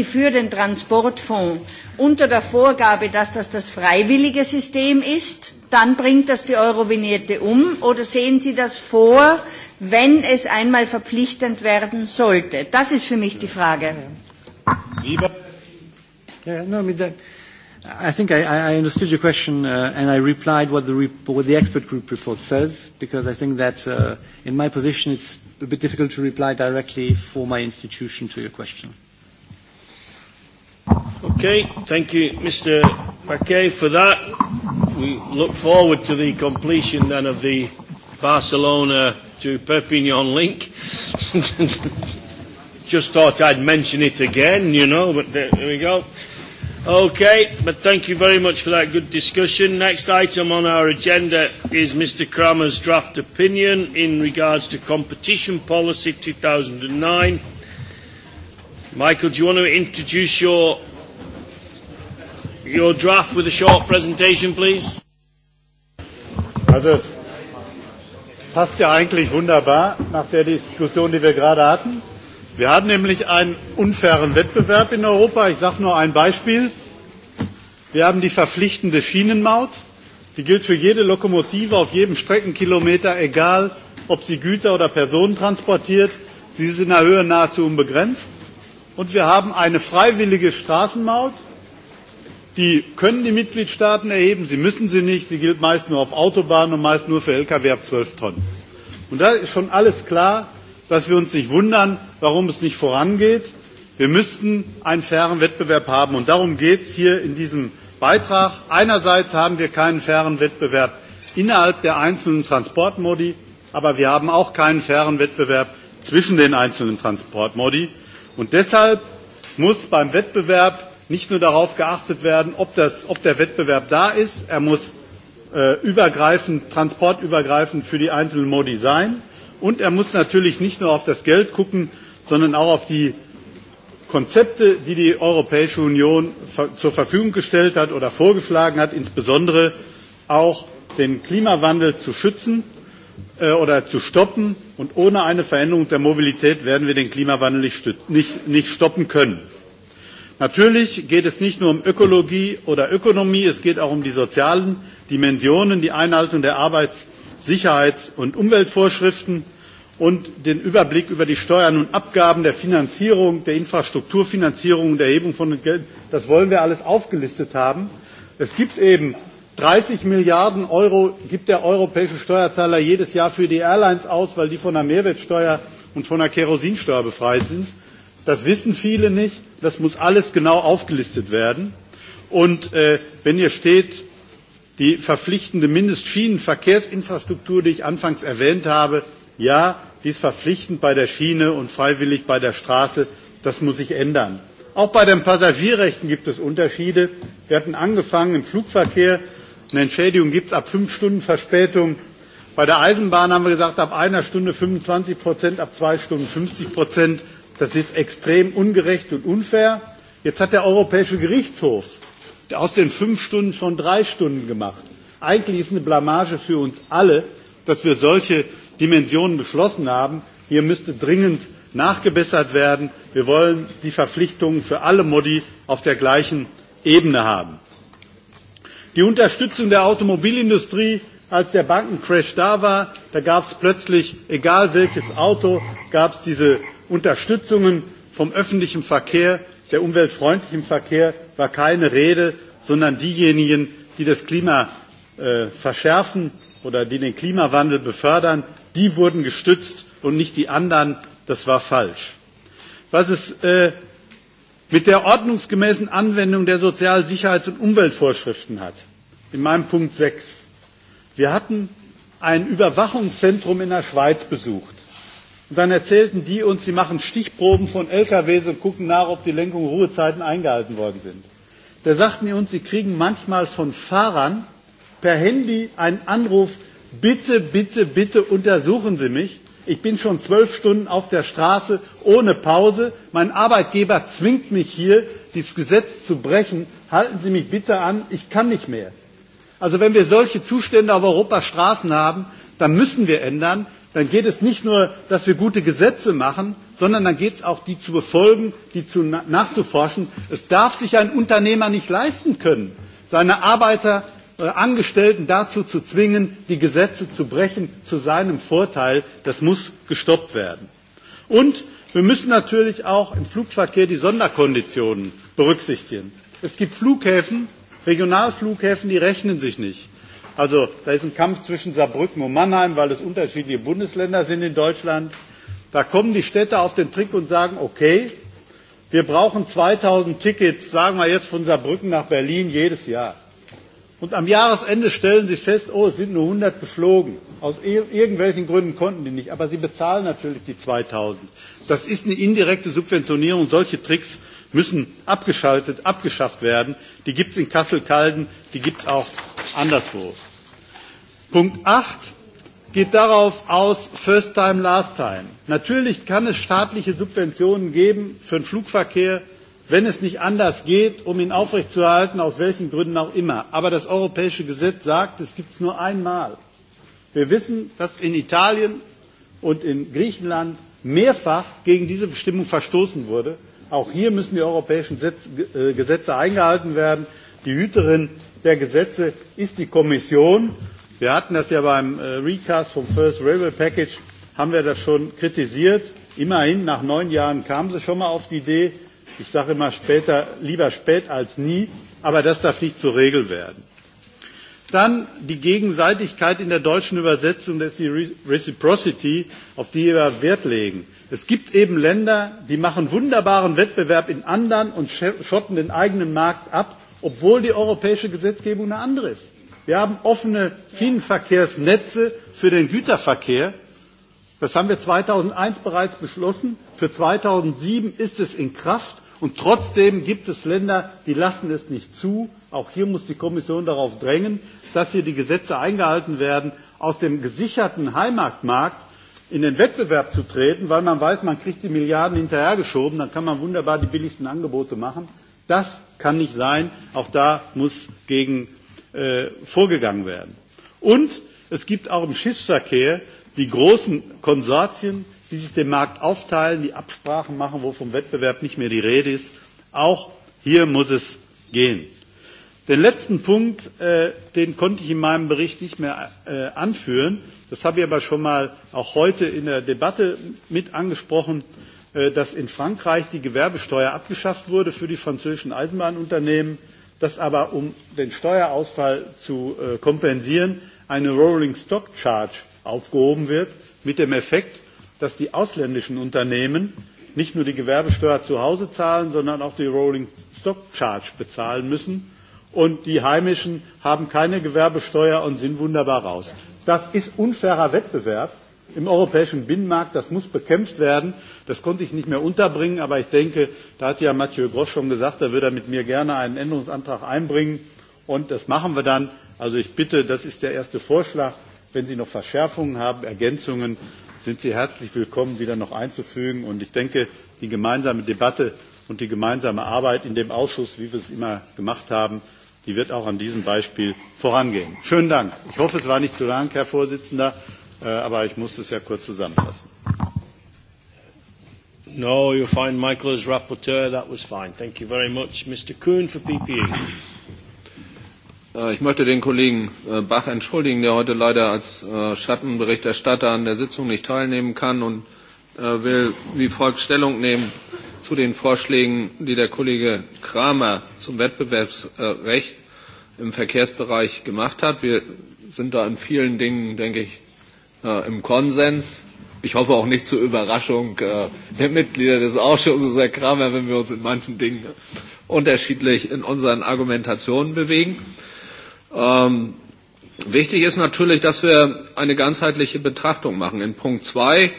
für den Transportfonds unter der Vorgabe, dass das das freiwillige System ist? dann bringt das die Eurovignette um oder sehen Sie das vor, wenn es einmal verpflichtend werden sollte? Das ist für mich die Frage. Lieber, ja, nur mit der I think I, I understood your question, uh, and I replied what the, rep- what the expert group report says, because I think that uh, in my position it's a bit difficult to reply directly for my institution to your question. Okay, thank you, Mr. Paquet, for that. We look forward to the completion then of the Barcelona to Perpignan link. Just thought I'd mention it again, you know, but there, there we go. Okay, but thank you very much for that good discussion. Next item on our agenda is Mr. Kramer's draft opinion in regards to competition policy 2009. Michael, do you want to introduce your, your draft with a short presentation, please? Also, es passt ja eigentlich wunderbar nach der Diskussion, die wir gerade hatten. Wir haben nämlich einen unfairen Wettbewerb in Europa. Ich sage nur ein Beispiel. Wir haben die verpflichtende Schienenmaut. Die gilt für jede Lokomotive auf jedem Streckenkilometer, egal ob sie Güter oder Personen transportiert. Sie ist in der Höhe nahezu unbegrenzt. Und wir haben eine freiwillige Straßenmaut. Die können die Mitgliedstaaten erheben, sie müssen sie nicht. Sie gilt meist nur auf Autobahnen und meist nur für Lkw ab 12 Tonnen. Und da ist schon alles klar dass wir uns nicht wundern, warum es nicht vorangeht. Wir müssten einen fairen Wettbewerb haben. Und darum geht es hier in diesem Beitrag. Einerseits haben wir keinen fairen Wettbewerb innerhalb der einzelnen Transportmodi, aber wir haben auch keinen fairen Wettbewerb zwischen den einzelnen Transportmodi. Und deshalb muss beim Wettbewerb nicht nur darauf geachtet werden, ob, das, ob der Wettbewerb da ist, er muss äh, übergreifend, transportübergreifend für die einzelnen Modi sein, Und er muss natürlich nicht nur auf das Geld gucken, sondern auch auf die Konzepte, die die Europäische Union zur Verfügung gestellt hat oder vorgeschlagen hat, insbesondere auch den Klimawandel zu schützen äh, oder zu stoppen. Und ohne eine Veränderung der Mobilität werden wir den Klimawandel nicht, nicht, nicht stoppen können. Natürlich geht es nicht nur um Ökologie oder Ökonomie, es geht auch um die sozialen Dimensionen, die Einhaltung der Arbeits- Sicherheits- und Umweltvorschriften und den Überblick über die Steuern und Abgaben der Finanzierung, der Infrastrukturfinanzierung und der Erhebung von Geld. Das wollen wir alles aufgelistet haben. Es gibt eben 30 Milliarden Euro gibt der europäische Steuerzahler jedes Jahr für die Airlines aus, weil die von der Mehrwertsteuer und von der Kerosinsteuer befreit sind. Das wissen viele nicht. Das muss alles genau aufgelistet werden. Und äh, wenn hier steht, die verpflichtende Mindestschienenverkehrsinfrastruktur, die ich anfangs erwähnt habe, ja, die ist verpflichtend bei der Schiene und freiwillig bei der Straße. Das muss sich ändern. Auch bei den Passagierrechten gibt es Unterschiede. Wir hatten angefangen im Flugverkehr. Eine Entschädigung gibt es ab fünf Stunden Verspätung. Bei der Eisenbahn haben wir gesagt, ab einer Stunde 25 Prozent, ab zwei Stunden 50 Prozent. Das ist extrem ungerecht und unfair. Jetzt hat der Europäische Gerichtshof aus den fünf Stunden schon drei Stunden gemacht. Eigentlich ist eine Blamage für uns alle, dass wir solche Dimensionen beschlossen haben. Hier müsste dringend nachgebessert werden. Wir wollen die Verpflichtungen für alle Modi auf der gleichen Ebene haben. Die Unterstützung der Automobilindustrie, als der Bankencrash da war, da gab es plötzlich, egal welches Auto, gab es diese Unterstützungen vom öffentlichen Verkehr der umweltfreundlichen Verkehr war keine Rede, sondern diejenigen, die das Klima äh, verschärfen oder die den Klimawandel befördern, die wurden gestützt und nicht die anderen. Das war falsch. Was ist äh, mit der ordnungsgemäßen Anwendung der Sozialsicherheits- und Umweltvorschriften hat. In meinem Punkt 6. Wir hatten ein Überwachungszentrum in der Schweiz besucht. Und dann erzählten die uns, sie machen Stichproben von LKWs und gucken nach, ob die Lenkung und Ruhezeiten eingehalten worden sind. Da sagten die uns, sie kriegen manchmal von Fahrern per Handy einen Anruf, bitte, bitte, bitte untersuchen Sie mich. Ich bin schon zwölf Stunden auf der Straße ohne Pause. Mein Arbeitgeber zwingt mich hier, dieses Gesetz zu brechen. Halten Sie mich bitte an, ich kann nicht mehr. Also wenn wir solche Zustände auf Europas Straßen haben, dann müssen wir ändern dann geht es nicht nur, dass wir gute Gesetze machen, sondern dann geht es auch, die zu befolgen, die zu, nachzuforschen. Es darf sich ein Unternehmer nicht leisten können, seine Arbeiter, äh, Angestellten dazu zu zwingen, die Gesetze zu brechen zu seinem Vorteil. Das muss gestoppt werden. Und wir müssen natürlich auch im Flugverkehr die Sonderkonditionen berücksichtigen. Es gibt Flughäfen, Regionalflughäfen, die rechnen sich nicht. Also da ist ein Kampf zwischen Saarbrücken und Mannheim, weil es unterschiedliche Bundesländer sind in Deutschland. Da kommen die Städte auf den Trick und sagen, okay, wir brauchen 2000 Tickets, sagen wir jetzt von Saarbrücken nach Berlin jedes Jahr. Und am Jahresende stellen sie fest, oh, es sind nur 100 geflogen. Aus irgendwelchen Gründen konnten die nicht. Aber sie bezahlen natürlich die 2000. Das ist eine indirekte Subventionierung. Solche Tricks müssen abgeschaltet, abgeschafft werden. Die gibt es in Kassel-Calden, die gibt es auch anderswo. Punkt 8 geht darauf aus, first time, last time. Natürlich kann es staatliche Subventionen geben für den Flugverkehr, wenn es nicht anders geht, um ihn aufrechtzuerhalten, aus welchen Gründen auch immer. Aber das europäische Gesetz sagt, es gibt es nur einmal. Wir wissen, dass in Italien und in Griechenland mehrfach gegen diese Bestimmung verstoßen wurde. Auch hier müssen die europäischen äh, Gesetze eingehalten werden. Die Hüterin der Gesetze ist die Kommission. Wir hatten das ja beim äh, Recast vom First Railway Package, haben wir das schon kritisiert. Immerhin, nach neun Jahren kamen sie schon mal auf die Idee. Ich sage immer später, lieber spät als nie. Aber das darf nicht zur Regel werden. Dann die Gegenseitigkeit in der deutschen Übersetzung, das ist die Reciprocity, auf die wir Wert legen. Es gibt eben Länder, die machen wunderbaren Wettbewerb in anderen und schotten den eigenen Markt ab, obwohl die europäische Gesetzgebung eine andere ist. Wir haben offene Schienenverkehrsnetze für den Güterverkehr. Das haben wir 2001 bereits beschlossen. Für 2007 ist es in Kraft. Und trotzdem gibt es Länder, die lassen es nicht zu. Auch hier muss die Kommission darauf drängen dass hier die Gesetze eingehalten werden, aus dem gesicherten Heimatmarkt in den Wettbewerb zu treten, weil man weiß, man kriegt die Milliarden hinterhergeschoben, dann kann man wunderbar die billigsten Angebote machen. Das kann nicht sein. Auch da muss gegen äh, vorgegangen werden. Und es gibt auch im Schiffsverkehr die großen Konsortien, die sich den Markt aufteilen, die Absprachen machen, wo vom Wettbewerb nicht mehr die Rede ist. Auch hier muss es gehen. Den letzten Punkt, äh, den konnte ich in meinem Bericht nicht mehr äh, anführen. Das habe ich aber schon mal auch heute in der Debatte mit angesprochen, äh, dass in Frankreich die Gewerbesteuer abgeschafft wurde für die französischen Eisenbahnunternehmen, dass aber, um den Steuerausfall zu äh, kompensieren, eine Rolling Stock Charge aufgehoben wird, mit dem Effekt, dass die ausländischen Unternehmen nicht nur die Gewerbesteuer zu Hause zahlen, sondern auch die Rolling Stock Charge bezahlen müssen und die Heimischen haben keine Gewerbesteuer und sind wunderbar raus. Das ist unfairer Wettbewerb im europäischen Binnenmarkt, das muss bekämpft werden. Das konnte ich nicht mehr unterbringen, aber ich denke, da hat ja Mathieu Grosch schon gesagt, da würde er mit mir gerne einen Änderungsantrag einbringen und das machen wir dann. Also ich bitte, das ist der erste Vorschlag. Wenn Sie noch Verschärfungen haben, Ergänzungen, sind Sie herzlich willkommen, die dann noch einzufügen. Und ich denke, die gemeinsame Debatte und die gemeinsame Arbeit in dem Ausschuss, wie wir es immer gemacht haben, die wird auch an diesem Beispiel vorangehen. Schönen Dank. Ich hoffe, es war nicht zu lang, Herr Vorsitzender, äh, aber ich musste es ja kurz zusammenfassen. No, you find Michael as rapporteur. That was fine. Thank you very much. Mr. Kuhn for PPE. Äh, ich möchte den Kollegen äh, Bach entschuldigen, der heute leider als Schattenberichterstatter an der Sitzung nicht teilnehmen kann und will wie folgt Stellung nehmen zu den Vorschlägen, die der Kollege Kramer zum Wettbewerbsrecht im Verkehrsbereich gemacht hat. Wir sind da in vielen Dingen, denke ich, äh, im Konsens. Ich hoffe auch nicht zur Überraschung äh, der Mitglieder des Ausschusses, Herr Kramer, wenn wir uns in manchen Dingen unterschiedlich in unseren Argumentationen bewegen. Ähm, wichtig ist natürlich, dass wir eine ganzheitliche Betrachtung machen. In Punkt 2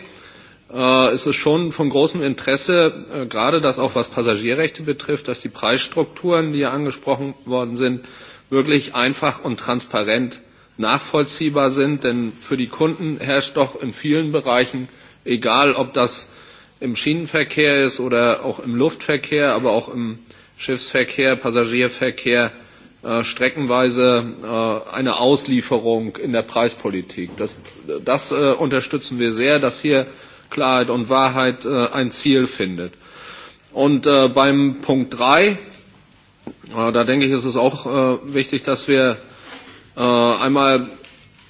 äh, ist es schon von großem Interesse, äh, gerade das auch was Passagierrechte betrifft, dass die Preisstrukturen, die ja angesprochen worden sind, wirklich einfach und transparent nachvollziehbar sind. Denn für die Kunden herrscht doch in vielen Bereichen, egal ob das im Schienenverkehr ist oder auch im Luftverkehr, aber auch im Schiffsverkehr, Passagierverkehr, äh, streckenweise äh, eine Auslieferung in der Preispolitik. Das, das äh, unterstützen wir sehr, dass hier Klarheit und Wahrheit äh, ein Ziel findet. Und äh, beim Punkt 3, äh, da denke ich, ist es auch äh, wichtig, dass wir äh, einmal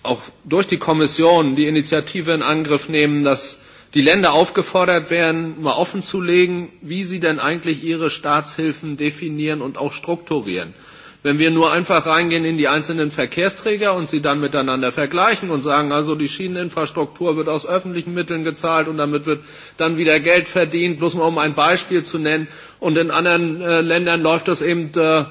auch durch die Kommission die Initiative in Angriff nehmen, dass die Länder aufgefordert werden, mal offenzulegen, wie sie denn eigentlich ihre Staatshilfen definieren und auch strukturieren. Äh, Wenn wir nur einfach reingehen in die einzelnen Verkehrsträger und sie dann miteinander vergleichen und sagen, also die Schieneninfrastruktur wird aus öffentlichen Mitteln gezahlt und damit wird dann wieder Geld verdient, bloß mal um ein Beispiel zu nennen. Und in anderen äh, Ländern läuft das eben, äh,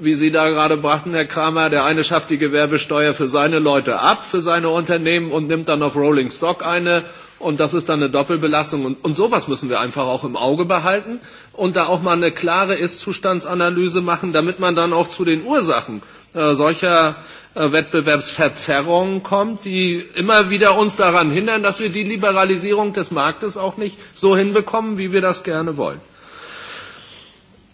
wie Sie da gerade brachten, Herr Kramer, der eine schafft die Gewerbesteuer für seine Leute ab, für seine Unternehmen und nimmt dann auf Rolling Stock eine Und das ist dann eine Doppelbelastung. Und, und sowas müssen wir einfach auch im Auge behalten und da auch mal eine klare Ist-Zustandsanalyse machen, damit man dann auch zu den Ursachen äh, solcher äh, Wettbewerbsverzerrungen kommt, die immer wieder uns daran hindern, dass wir die Liberalisierung des Marktes auch nicht so hinbekommen, wie wir das gerne wollen.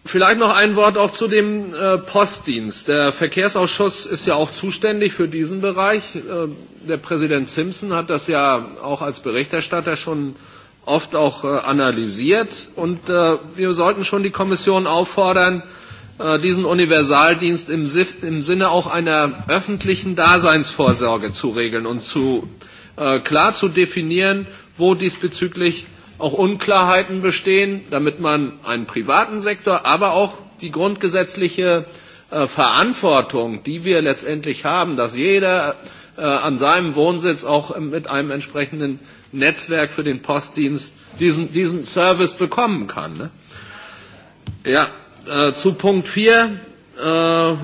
Vielleicht noch ein Wort auch zu dem äh, Postdienst. Der Verkehrsausschuss ist ja auch zuständig für diesen Bereich. Äh, der Präsident Simpson hat das ja auch als Berichterstatter schon oft auch äh, analysiert. Und äh, wir sollten schon die Kommission auffordern, äh, diesen Universaldienst im, im Sinne auch einer öffentlichen Daseinsvorsorge zu regeln und zu, äh, klar zu definieren, wo diesbezüglich auch Unklarheiten bestehen, damit man einen privaten Sektor, aber auch die grundgesetzliche äh, Verantwortung, die wir letztendlich haben, dass jeder äh, an seinem Wohnsitz auch mit einem entsprechenden Netzwerk für den Postdienst diesen, diesen Service bekommen kann. Ne? Ja, äh, zu Punkt 4. Äh,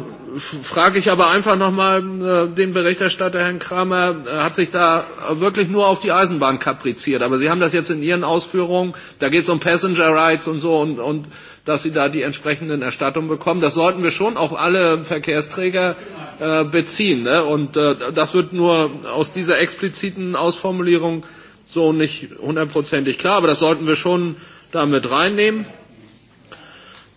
frage ich aber einfach nochmal äh, den Berichterstatter, Herrn Kramer, äh, hat sich da wirklich nur auf die Eisenbahn kapriziert. Aber Sie haben das jetzt in Ihren Ausführungen, da geht es um Passenger Rights und so und, und dass Sie da die entsprechenden Erstattungen bekommen. Das sollten wir schon auf alle Verkehrsträger äh, beziehen. Ne? Und äh, das wird nur aus dieser expliziten Ausformulierung so nicht hundertprozentig klar, aber das sollten wir schon damit reinnehmen. Ja.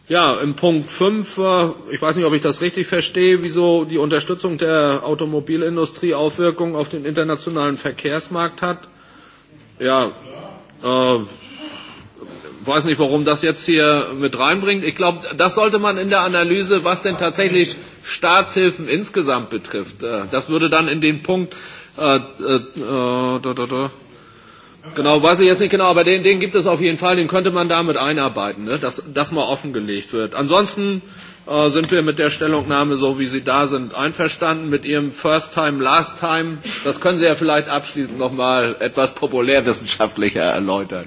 Ja, im Punkt 5, äh, ich weiß nicht, ob ich das richtig verstehe, wieso die Unterstützung der Automobilindustrie Auswirkungen auf den internationalen Verkehrsmarkt hat. Ja, äh, weiß nicht, warum das jetzt hier mit reinbringt. Ich glaube, das sollte man in der Analyse, was denn tatsächlich Staatshilfen insgesamt betrifft. Äh, das würde dann in den Punkt äh, äh, äh Genau, weiß ich jetzt nicht genau, aber den, den gibt es auf jeden Fall, den könnte man damit einarbeiten, ne? dass das mal offengelegt wird. Ansonsten äh, sind wir mit der Stellungnahme, so wie sie da sind, einverstanden mit Ihrem First Time, Last Time. Das können Sie ja vielleicht abschließend nochmal etwas populärwissenschaftlicher erläutern.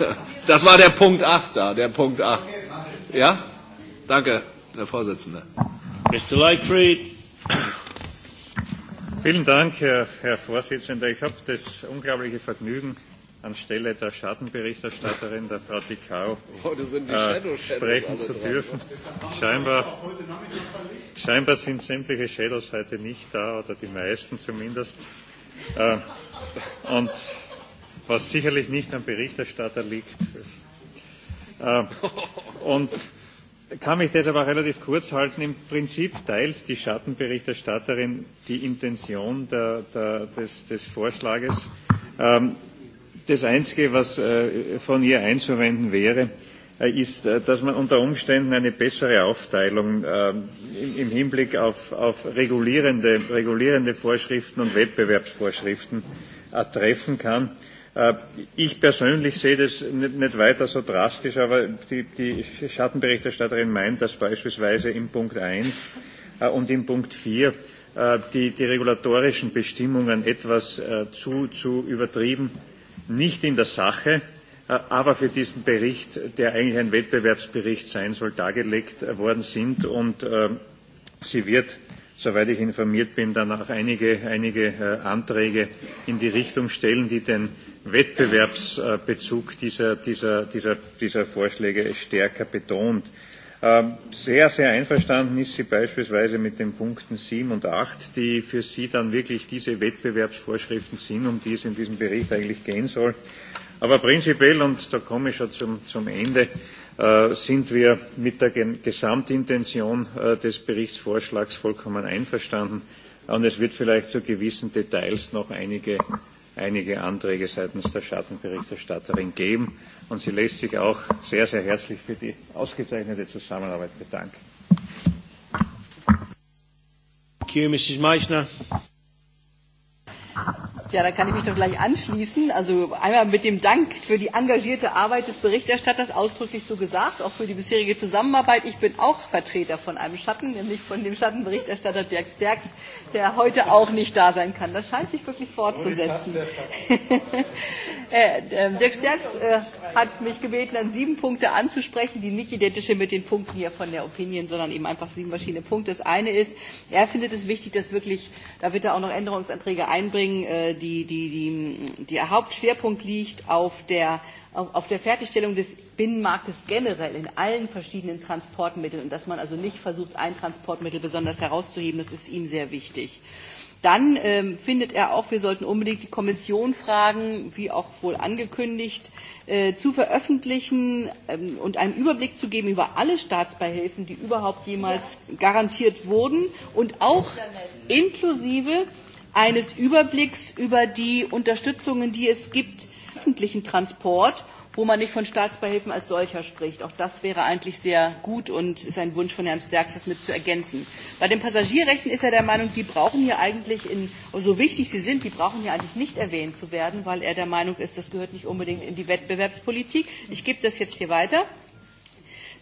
Das war der Punkt 8 da, der Punkt 8. Ja? Danke, Herr Vorsitzender. Mr. Leichfried. Vielen Dank, Herr, Herr Vorsitzender. Ich habe das unglaubliche Vergnügen, anstelle der Schattenberichterstatterin, der Frau Dicau, oh, äh, sprechen zu dürfen. Scheinbar, scheinbar sind sämtliche Shadows heute nicht da, oder die meisten zumindest. Äh, und was sicherlich nicht am Berichterstatter liegt. Äh, und kann mich deshalb auch relativ kurz halten. Im Prinzip teilt die Schattenberichterstatterin die Intention der, der, des, des Vorschlages. Ähm, das Einzige, was äh, von ihr einzuwenden wäre, äh, ist, äh, dass man unter Umständen eine bessere Aufteilung äh, im, im Hinblick auf, auf regulierende, regulierende Vorschriften und Wettbewerbsvorschriften äh, treffen kann. Äh, Äh, ich persönlich sehe das nicht, nicht weiter so drastisch, aber die, die Schattenberichterstatterin meint, dass beispielsweise in Punkt 1 äh, und in Punkt 4 äh, die, die regulatorischen Bestimmungen etwas äh, zu, zu übertrieben, nicht in der Sache, äh, aber für diesen Bericht, der eigentlich ein Wettbewerbsbericht sein soll, dargelegt äh, worden sind. Und äh, sie wird soweit ich informiert bin, dann auch einige, einige äh, Anträge in die Richtung stellen, die den Wettbewerbsbezug dieser, dieser, dieser, dieser Vorschläge stärker betont. Ähm, sehr, sehr einverstanden ist sie beispielsweise mit den Punkten 7 und 8, die für sie dann wirklich diese Wettbewerbsvorschriften sind, um die es in diesem Bericht eigentlich gehen soll. Aber prinzipiell, und da komme ich schon zum, zum Ende, äh, sind wir mit der Gesamtintention äh, des Berichtsvorschlags vollkommen einverstanden. Und es wird vielleicht zu gewissen Details noch einige einige Anträge seitens der Schattenberichterstatterin geben. Und sie lässt sich auch sehr, sehr herzlich für die ausgezeichnete Zusammenarbeit bedanken. Thank you, Mrs. Meissner. Ja, da kann ich mich doch gleich anschließen. Also einmal mit dem Dank für die engagierte Arbeit des Berichterstatters ausdrücklich so gesagt, auch für die bisherige Zusammenarbeit. Ich bin auch Vertreter von einem Schatten, nämlich von dem Schattenberichterstatter Dirk Sterks, der heute auch nicht da sein kann. Das scheint sich wirklich fortzusetzen. Äh, äh, Dirk Sterks äh, hat mich gebeten, an sieben Punkte anzusprechen, die nicht identisch sind mit den Punkten hier von der Opinion, sondern eben einfach sieben verschiedene Punkte. Das eine ist, er findet es wichtig, dass wirklich, da wird er auch noch Änderungsanträge einbringen, die, die, die, der Hauptschwerpunkt liegt auf der, auf, auf der Fertigstellung des Binnenmarktes generell in allen verschiedenen Transportmitteln und dass man also nicht versucht, ein Transportmittel besonders herauszuheben, das ist ihm sehr wichtig. Dann ähm, findet er auch, wir sollten unbedingt die Kommission fragen, wie auch wohl angekündigt, äh, zu veröffentlichen ähm, und einen Überblick zu geben über alle Staatsbeihilfen, die überhaupt jemals garantiert wurden und auch inklusive eines Überblicks über die Unterstützungen, die es gibt, öffentlichen Transport, wo man nicht von Staatsbeihilfen als solcher spricht. Auch das wäre eigentlich sehr gut und ist ein Wunsch von Herrn Sterks, das mit zu ergänzen. Bei den Passagierrechten ist er der Meinung, die brauchen hier eigentlich, in, so wichtig sie sind, die brauchen hier eigentlich nicht erwähnt zu werden, weil er der Meinung ist, das gehört nicht unbedingt in die Wettbewerbspolitik. Ich gebe das jetzt hier weiter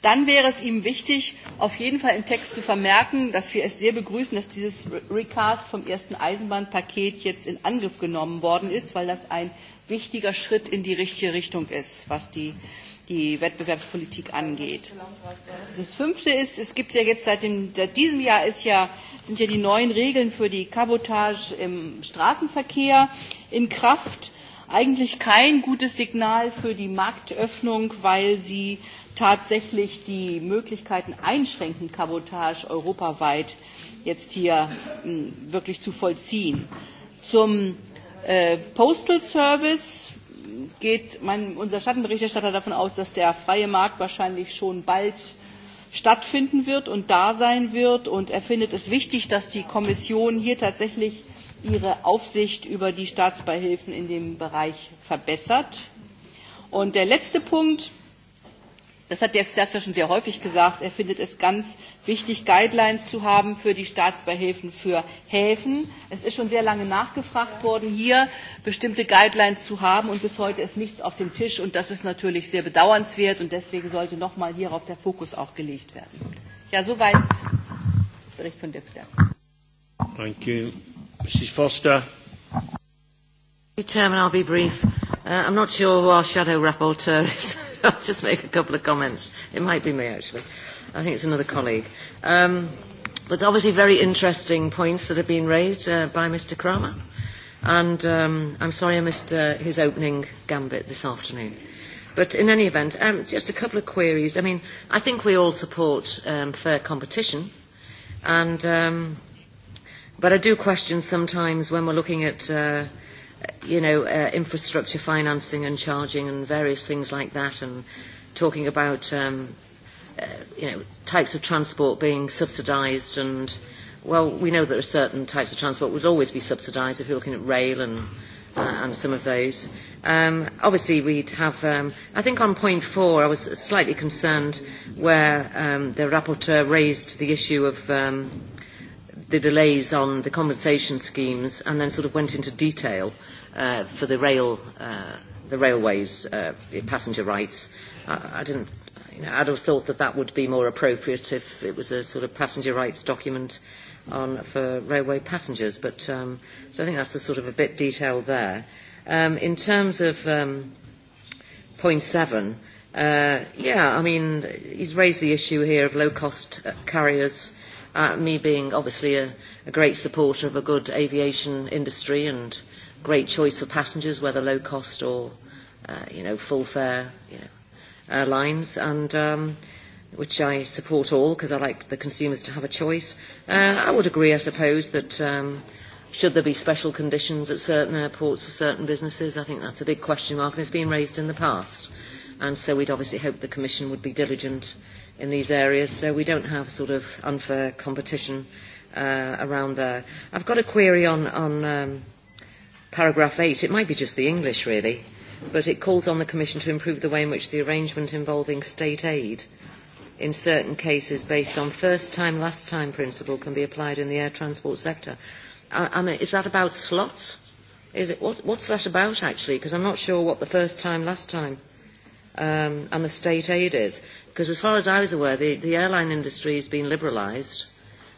dann wäre es ihm wichtig, auf jeden Fall im Text zu vermerken, dass wir es sehr begrüßen, dass dieses Recast vom ersten Eisenbahnpaket jetzt in Angriff genommen worden ist, weil das ein wichtiger Schritt in die richtige Richtung ist, was die, die Wettbewerbspolitik angeht. Das fünfte ist, es gibt ja jetzt seit, dem, seit diesem Jahr ist ja, sind ja die neuen Regeln für die Kabotage im Straßenverkehr in Kraft eigentlich kein gutes Signal für die Marktöffnung, weil sie tatsächlich die Möglichkeiten einschränken, Kabotage europaweit jetzt hier hm, wirklich zu vollziehen. Zum äh, Postal Service geht mein, unser Schattenberichterstatter davon aus, dass der freie Markt wahrscheinlich schon bald stattfinden wird und da sein wird. Und er findet es wichtig, dass die Kommission hier tatsächlich ihre Aufsicht über die Staatsbeihilfen in dem Bereich verbessert. Und der letzte Punkt, das hat Dirk Sterks ja schon sehr häufig gesagt, er findet es ganz wichtig, Guidelines zu haben für die Staatsbeihilfen für Häfen. Es ist schon sehr lange nachgefragt worden, hier bestimmte Guidelines zu haben und bis heute ist nichts auf dem Tisch und das ist natürlich sehr bedauernswert und deswegen sollte nochmal hierauf der Fokus auch gelegt werden. Ja, soweit das Bericht von Dirk Sterks. Danke. Mrs Foster. Chairman, I'll be brief. Uh, I'm not sure who our shadow rapporteur is. I'll just make a couple of comments. It might be me, actually. I think it's another colleague. Um, but obviously very interesting points that have been raised uh, by Mr Kramer. And um, I'm sorry I missed uh, his opening gambit this afternoon. But in any event, um, just a couple of queries. I mean, I think we all support um, fair competition. And... Um, But I do question sometimes when we're looking at, uh, you know, uh, infrastructure financing and charging and various things like that and talking about, um, uh, you know, types of transport being subsidised and, well, we know that there are certain types of transport would always be subsidised if you're looking at rail and, uh, and some of those. Um, obviously, we'd have, um, I think on point four, I was slightly concerned where um, the rapporteur raised the issue of um, the delays on the compensation schemes and then sort of went into detail uh, for the rail, uh, the railways uh, passenger rights. I, I didn't, you know, I'd have thought that that would be more appropriate if it was a sort of passenger rights document on for railway passengers. But um, so I think that's a sort of a bit detailed there. Um, in terms of um, point seven, uh, yeah, I mean, he's raised the issue here of low-cost uh, carriers uh, me being obviously a, a great supporter of a good aviation industry and great choice for passengers, whether low cost or uh, you know full fare you know, airlines, and um, which I support all because I like the consumers to have a choice. Uh, I would agree, I suppose, that. Um, should there be special conditions at certain airports for certain businesses? I think that's a big question mark and it's been raised in the past. And so we'd obviously hope the Commission would be diligent in these areas so we don't have sort of unfair competition uh, around there. I've got a query on, on um, paragraph 8. It might be just the English, really, but it calls on the Commission to improve the way in which the arrangement involving state aid in certain cases based on first time, last time principle can be applied in the air transport sector. I, I mean, is that about slots? Is it, what, what's that about, actually? Because I'm not sure what the first time, last time um, and the state aid is. Because as far as I was aware, the, the airline industry has been liberalised,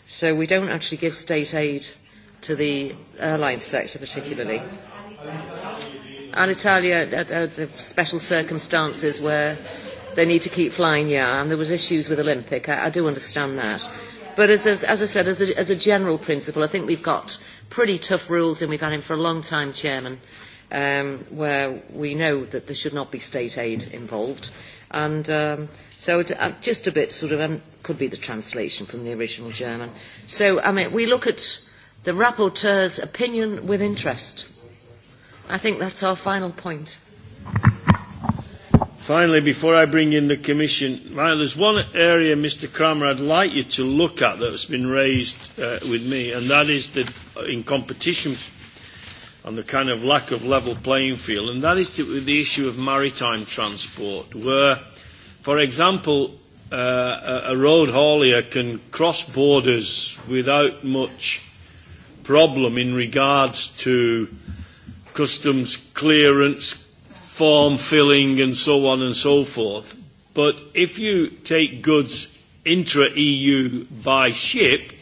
so we don't actually give state aid to the airline sector particularly. Alitalia, uh, uh, the special circumstances where they need to keep flying, yeah, and there was issues with Olympic. I, I do understand that. But as, as, as I said, as a, as a general principle, I think we've got pretty tough rules and we've had him for a long time, Chairman. Uh, um, where we know that there should not be state aid involved. And um, so it, uh, just a bit sort of, um, could be the translation from the original German. So, I mean, we look at the rapporteur's opinion with interest. I think that's our final point. Finally, before I bring in the Commission, well, there's one area, Mr. Kramer, I'd like you to look at that's been raised uh, with me, and that is the, in competition and the kind of lack of level playing field, and that is to, the issue of maritime transport, where, for example, uh, a road haulier can cross borders without much problem in regards to customs clearance, form filling, and so on and so forth. But if you take goods intra EU by ship,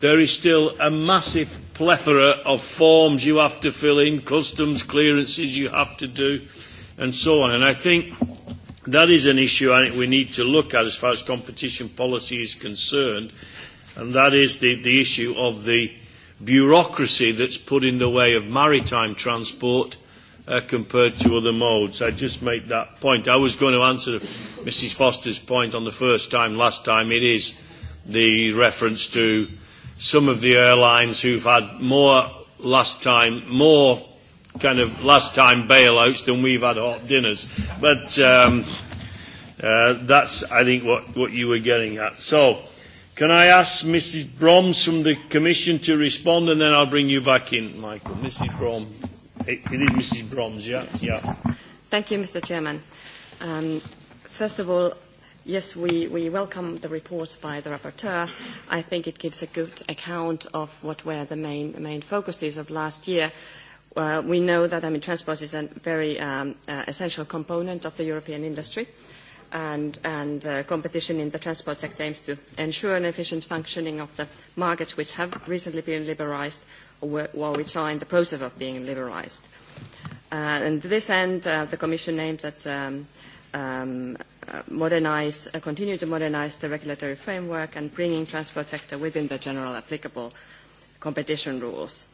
there is still a massive plethora of forms you have to fill in, customs clearances you have to do, and so on. And I think that is an issue I think we need to look at as far as competition policy is concerned, and that is the, the issue of the bureaucracy that's put in the way of maritime transport uh, compared to other modes. I just make that point. I was going to answer Mrs. Foster's point on the first time, last time. It is the reference to some of the airlines who've had more last time, more kind of last time bailouts than we've had hot dinners. But um, uh, that's, I think, what, what you were getting at. So, can I ask Mrs. Broms from the Commission to respond, and then I'll bring you back in, Michael. Mrs. Brom. It, it is Mrs. Broms, yeah? Yes, yeah. Yes. Thank you, Mr. Chairman. Um, first of all, yes, we, we welcome the report by the rapporteur. I think it gives a good account of what were the main, main focuses of last year. Uh, we know that I mean, transport is a very um, uh, essential component of the European industry, and, and uh, competition in the transport sector aims to ensure an efficient functioning of the markets which have recently been liberalized or, or which are in the process of being liberalized. Uh, and to this end, uh, the Commission aims at um, um, Uh, modernize, uh, continue to modernize the regulatory framework and bringing transport sector within the general applicable competition rules.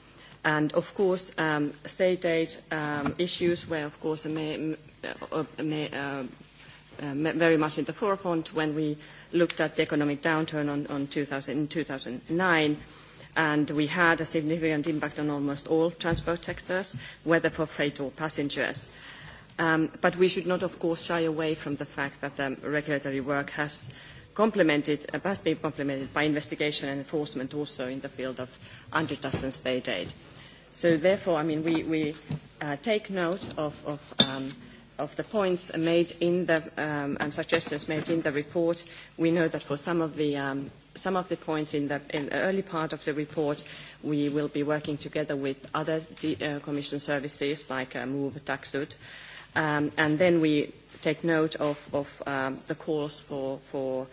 And of course, um, state aid um, issues were, of course, may, uh, may, uh, uh, very much in the forefront when we looked at the economic downturn on, on 2000, in 2009 and we had a significant impact on almost all transport sectors, whether for freight or passengers. Uh, Um, but we should not, of course, shy away from the fact that um, regulatory work has complemented, uh, has been complemented by investigation and enforcement also in the field of antitrust and state aid. So therefore, I mean, we, we uh, take note of, of, um, of the points made in the, um, and suggestions made in the report. We know that for some of the, um, some of the points in the, in the early part of the report, we will be working together with other de- uh, commission services like uh, MOVE, TAXUD, uh, Um, and then we take note of, of um, the calls for, for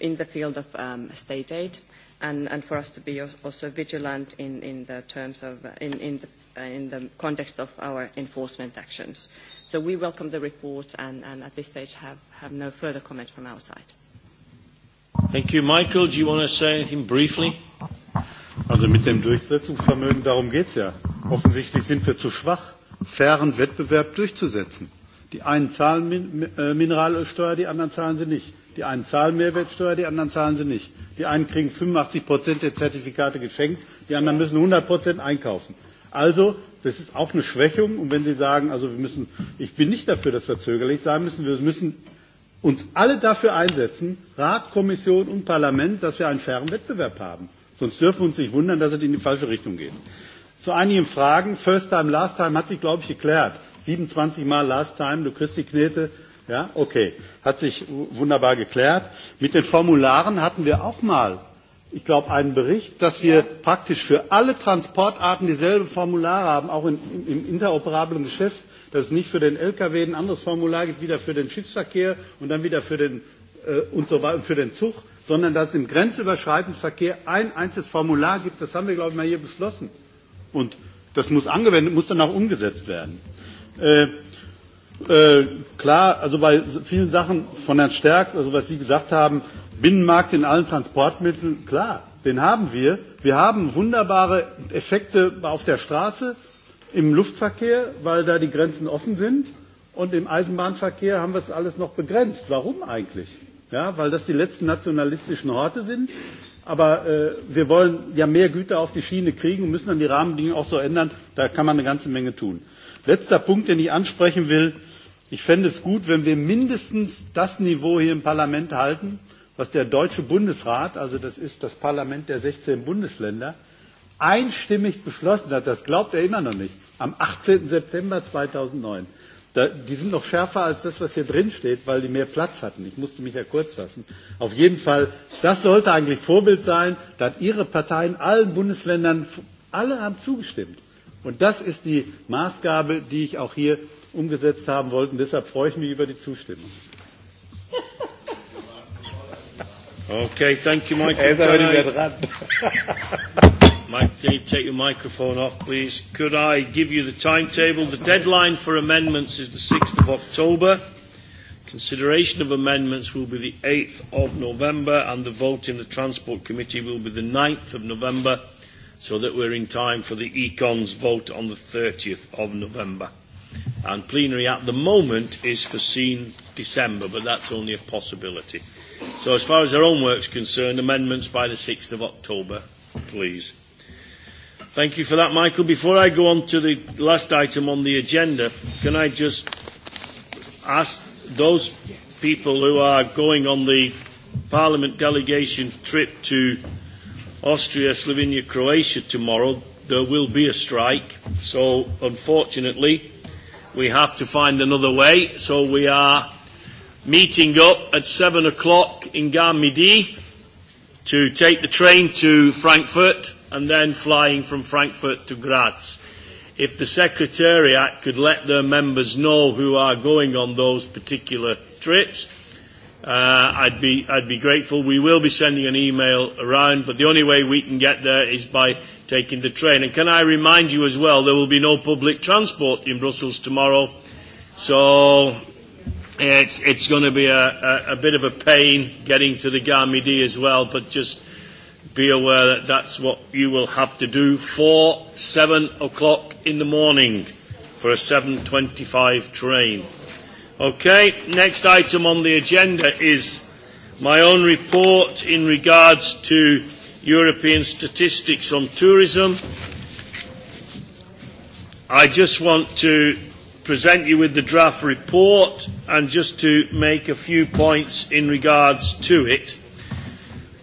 in the field of um, state aid and, and for us to be also vigilant in, in the terms of, uh, in, in, the, uh, in the context of our enforcement actions. So we welcome the report and, and at this stage have, have no further comment from our side. Thank you. Michael, do you want to say anything briefly? Also mit dem Durchsetzungsvermögen, darum geht es ja. Offensichtlich sind wir zu schwach fairen Wettbewerb durchzusetzen. Die einen zahlen Min äh, Mineralölsteuer, die anderen zahlen sie nicht. Die einen zahlen Mehrwertsteuer, die anderen zahlen sie nicht. Die einen kriegen 85 Prozent der Zertifikate geschenkt, die anderen müssen 100 Prozent einkaufen. Also, das ist auch eine Schwächung. Und wenn Sie sagen, also wir müssen, ich bin nicht dafür, dass wir zögerlich sein müssen, wir müssen uns alle dafür einsetzen, Rat, Kommission und Parlament, dass wir einen fairen Wettbewerb haben. Sonst dürfen wir uns nicht wundern, dass es in die falsche Richtung geht zu einigen Fragen. First time, last time hat sich, glaube ich, geklärt. 27 Mal last time, du kriegst die Knete. Ja, okay. Hat sich wunderbar geklärt. Mit den Formularen hatten wir auch mal, ich glaube, einen Bericht, dass wir ja. praktisch für alle Transportarten dieselben Formulare haben, auch in, im, im interoperablen Geschäft, dass es nicht für den Lkw ein anderes Formular gibt, wieder für den Schiffsverkehr und dann wieder für den, äh, und so weiter, für den Zug, sondern dass es im grenzüberschreitenden Verkehr ein einziges Formular gibt. Das haben wir, glaube ich, mal hier beschlossen. Und das muss angewendet, muss dann auch umgesetzt werden. Äh, äh, klar, also bei vielen Sachen von Herrn Stärk, also was Sie gesagt haben, Binnenmarkt in allen Transportmitteln, klar, den haben wir. Wir haben wunderbare Effekte auf der Straße, im Luftverkehr, weil da die Grenzen offen sind. Und im Eisenbahnverkehr haben wir es alles noch begrenzt. Warum eigentlich? Ja, weil das die letzten nationalistischen Horte sind, Aber äh, wir wollen ja mehr Güter auf die Schiene kriegen und müssen dann die Rahmenbedingungen auch so ändern. Da kann man eine ganze Menge tun. Letzter Punkt, den ich ansprechen will. Ich fände es gut, wenn wir mindestens das Niveau hier im Parlament halten, was der Deutsche Bundesrat, also das ist das Parlament der 16 Bundesländer, einstimmig beschlossen hat. Das glaubt er immer noch nicht. Am 18. September 2009 da, die sind noch schärfer als das, was hier drin steht, weil die mehr Platz hatten. Ich musste mich ja kurz fassen. Auf jeden Fall, das sollte eigentlich Vorbild sein. Da hat Ihre Partei in allen Bundesländern, alle haben zugestimmt. Und das ist die Maßgabe, die ich auch hier umgesetzt haben wollte. Und deshalb freue ich mich über die Zustimmung. Okay, thank you, Michael. Er ist aber nicht mehr dran. Mike, can you take your microphone off, please? Could I give you the timetable? The deadline for amendments is the 6th of October. Consideration of amendments will be the 8th of November, and the vote in the Transport Committee will be the 9th of November, so that we're in time for the Econ's vote on the 30th of November. And plenary at the moment is foreseen December, but that's only a possibility. So as far as our own work's concerned, amendments by the 6th of October, please. Thank you for that, Michael. Before I go on to the last item on the agenda, can I just ask those people who are going on the Parliament delegation trip to Austria, Slovenia, Croatia tomorrow, there will be a strike. So, unfortunately, we have to find another way. So, we are meeting up at 7 o'clock in Gare Midi to take the train to Frankfurt and then flying from Frankfurt to Graz. If the Secretariat could let their members know who are going on those particular trips, uh, I'd, be, I'd be grateful. We will be sending an email around, but the only way we can get there is by taking the train. And can I remind you as well, there will be no public transport in Brussels tomorrow, so it's, it's going to be a, a, a bit of a pain getting to the Gare Midi as well, but just be aware that that's what you will have to do for 7 o'clock in the morning for a 7.25 train. Okay, next item on the agenda is my own report in regards to European statistics on tourism. I just want to present you with the draft report and just to make a few points in regards to it.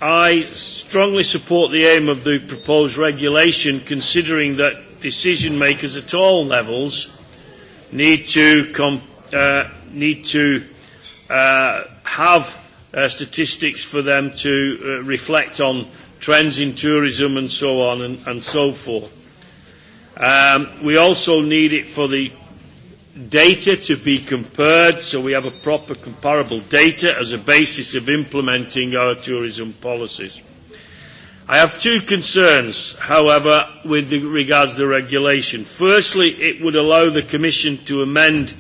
I strongly support the aim of the proposed regulation, considering that decision makers at all levels need to, com- uh, need to uh, have uh, statistics for them to uh, reflect on trends in tourism and so on and, and so forth. Um, we also need it for the data to be compared so we have a proper comparable data as a basis of implementing our tourism policies. I have two concerns, however, with regards to the regulation. Firstly, it would allow the Commission to amend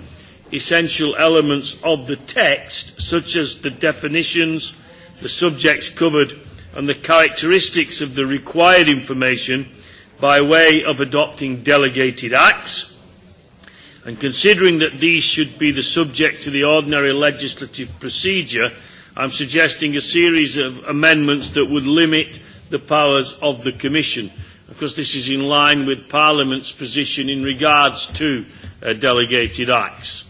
essential elements of the text, such as the definitions, the subjects covered, and the characteristics of the required information by way of adopting delegated acts and considering that these should be the subject to the ordinary legislative procedure, I'm suggesting a series of amendments that would limit the powers of the Commission. Of course, this is in line with Parliament's position in regards to uh, delegated acts.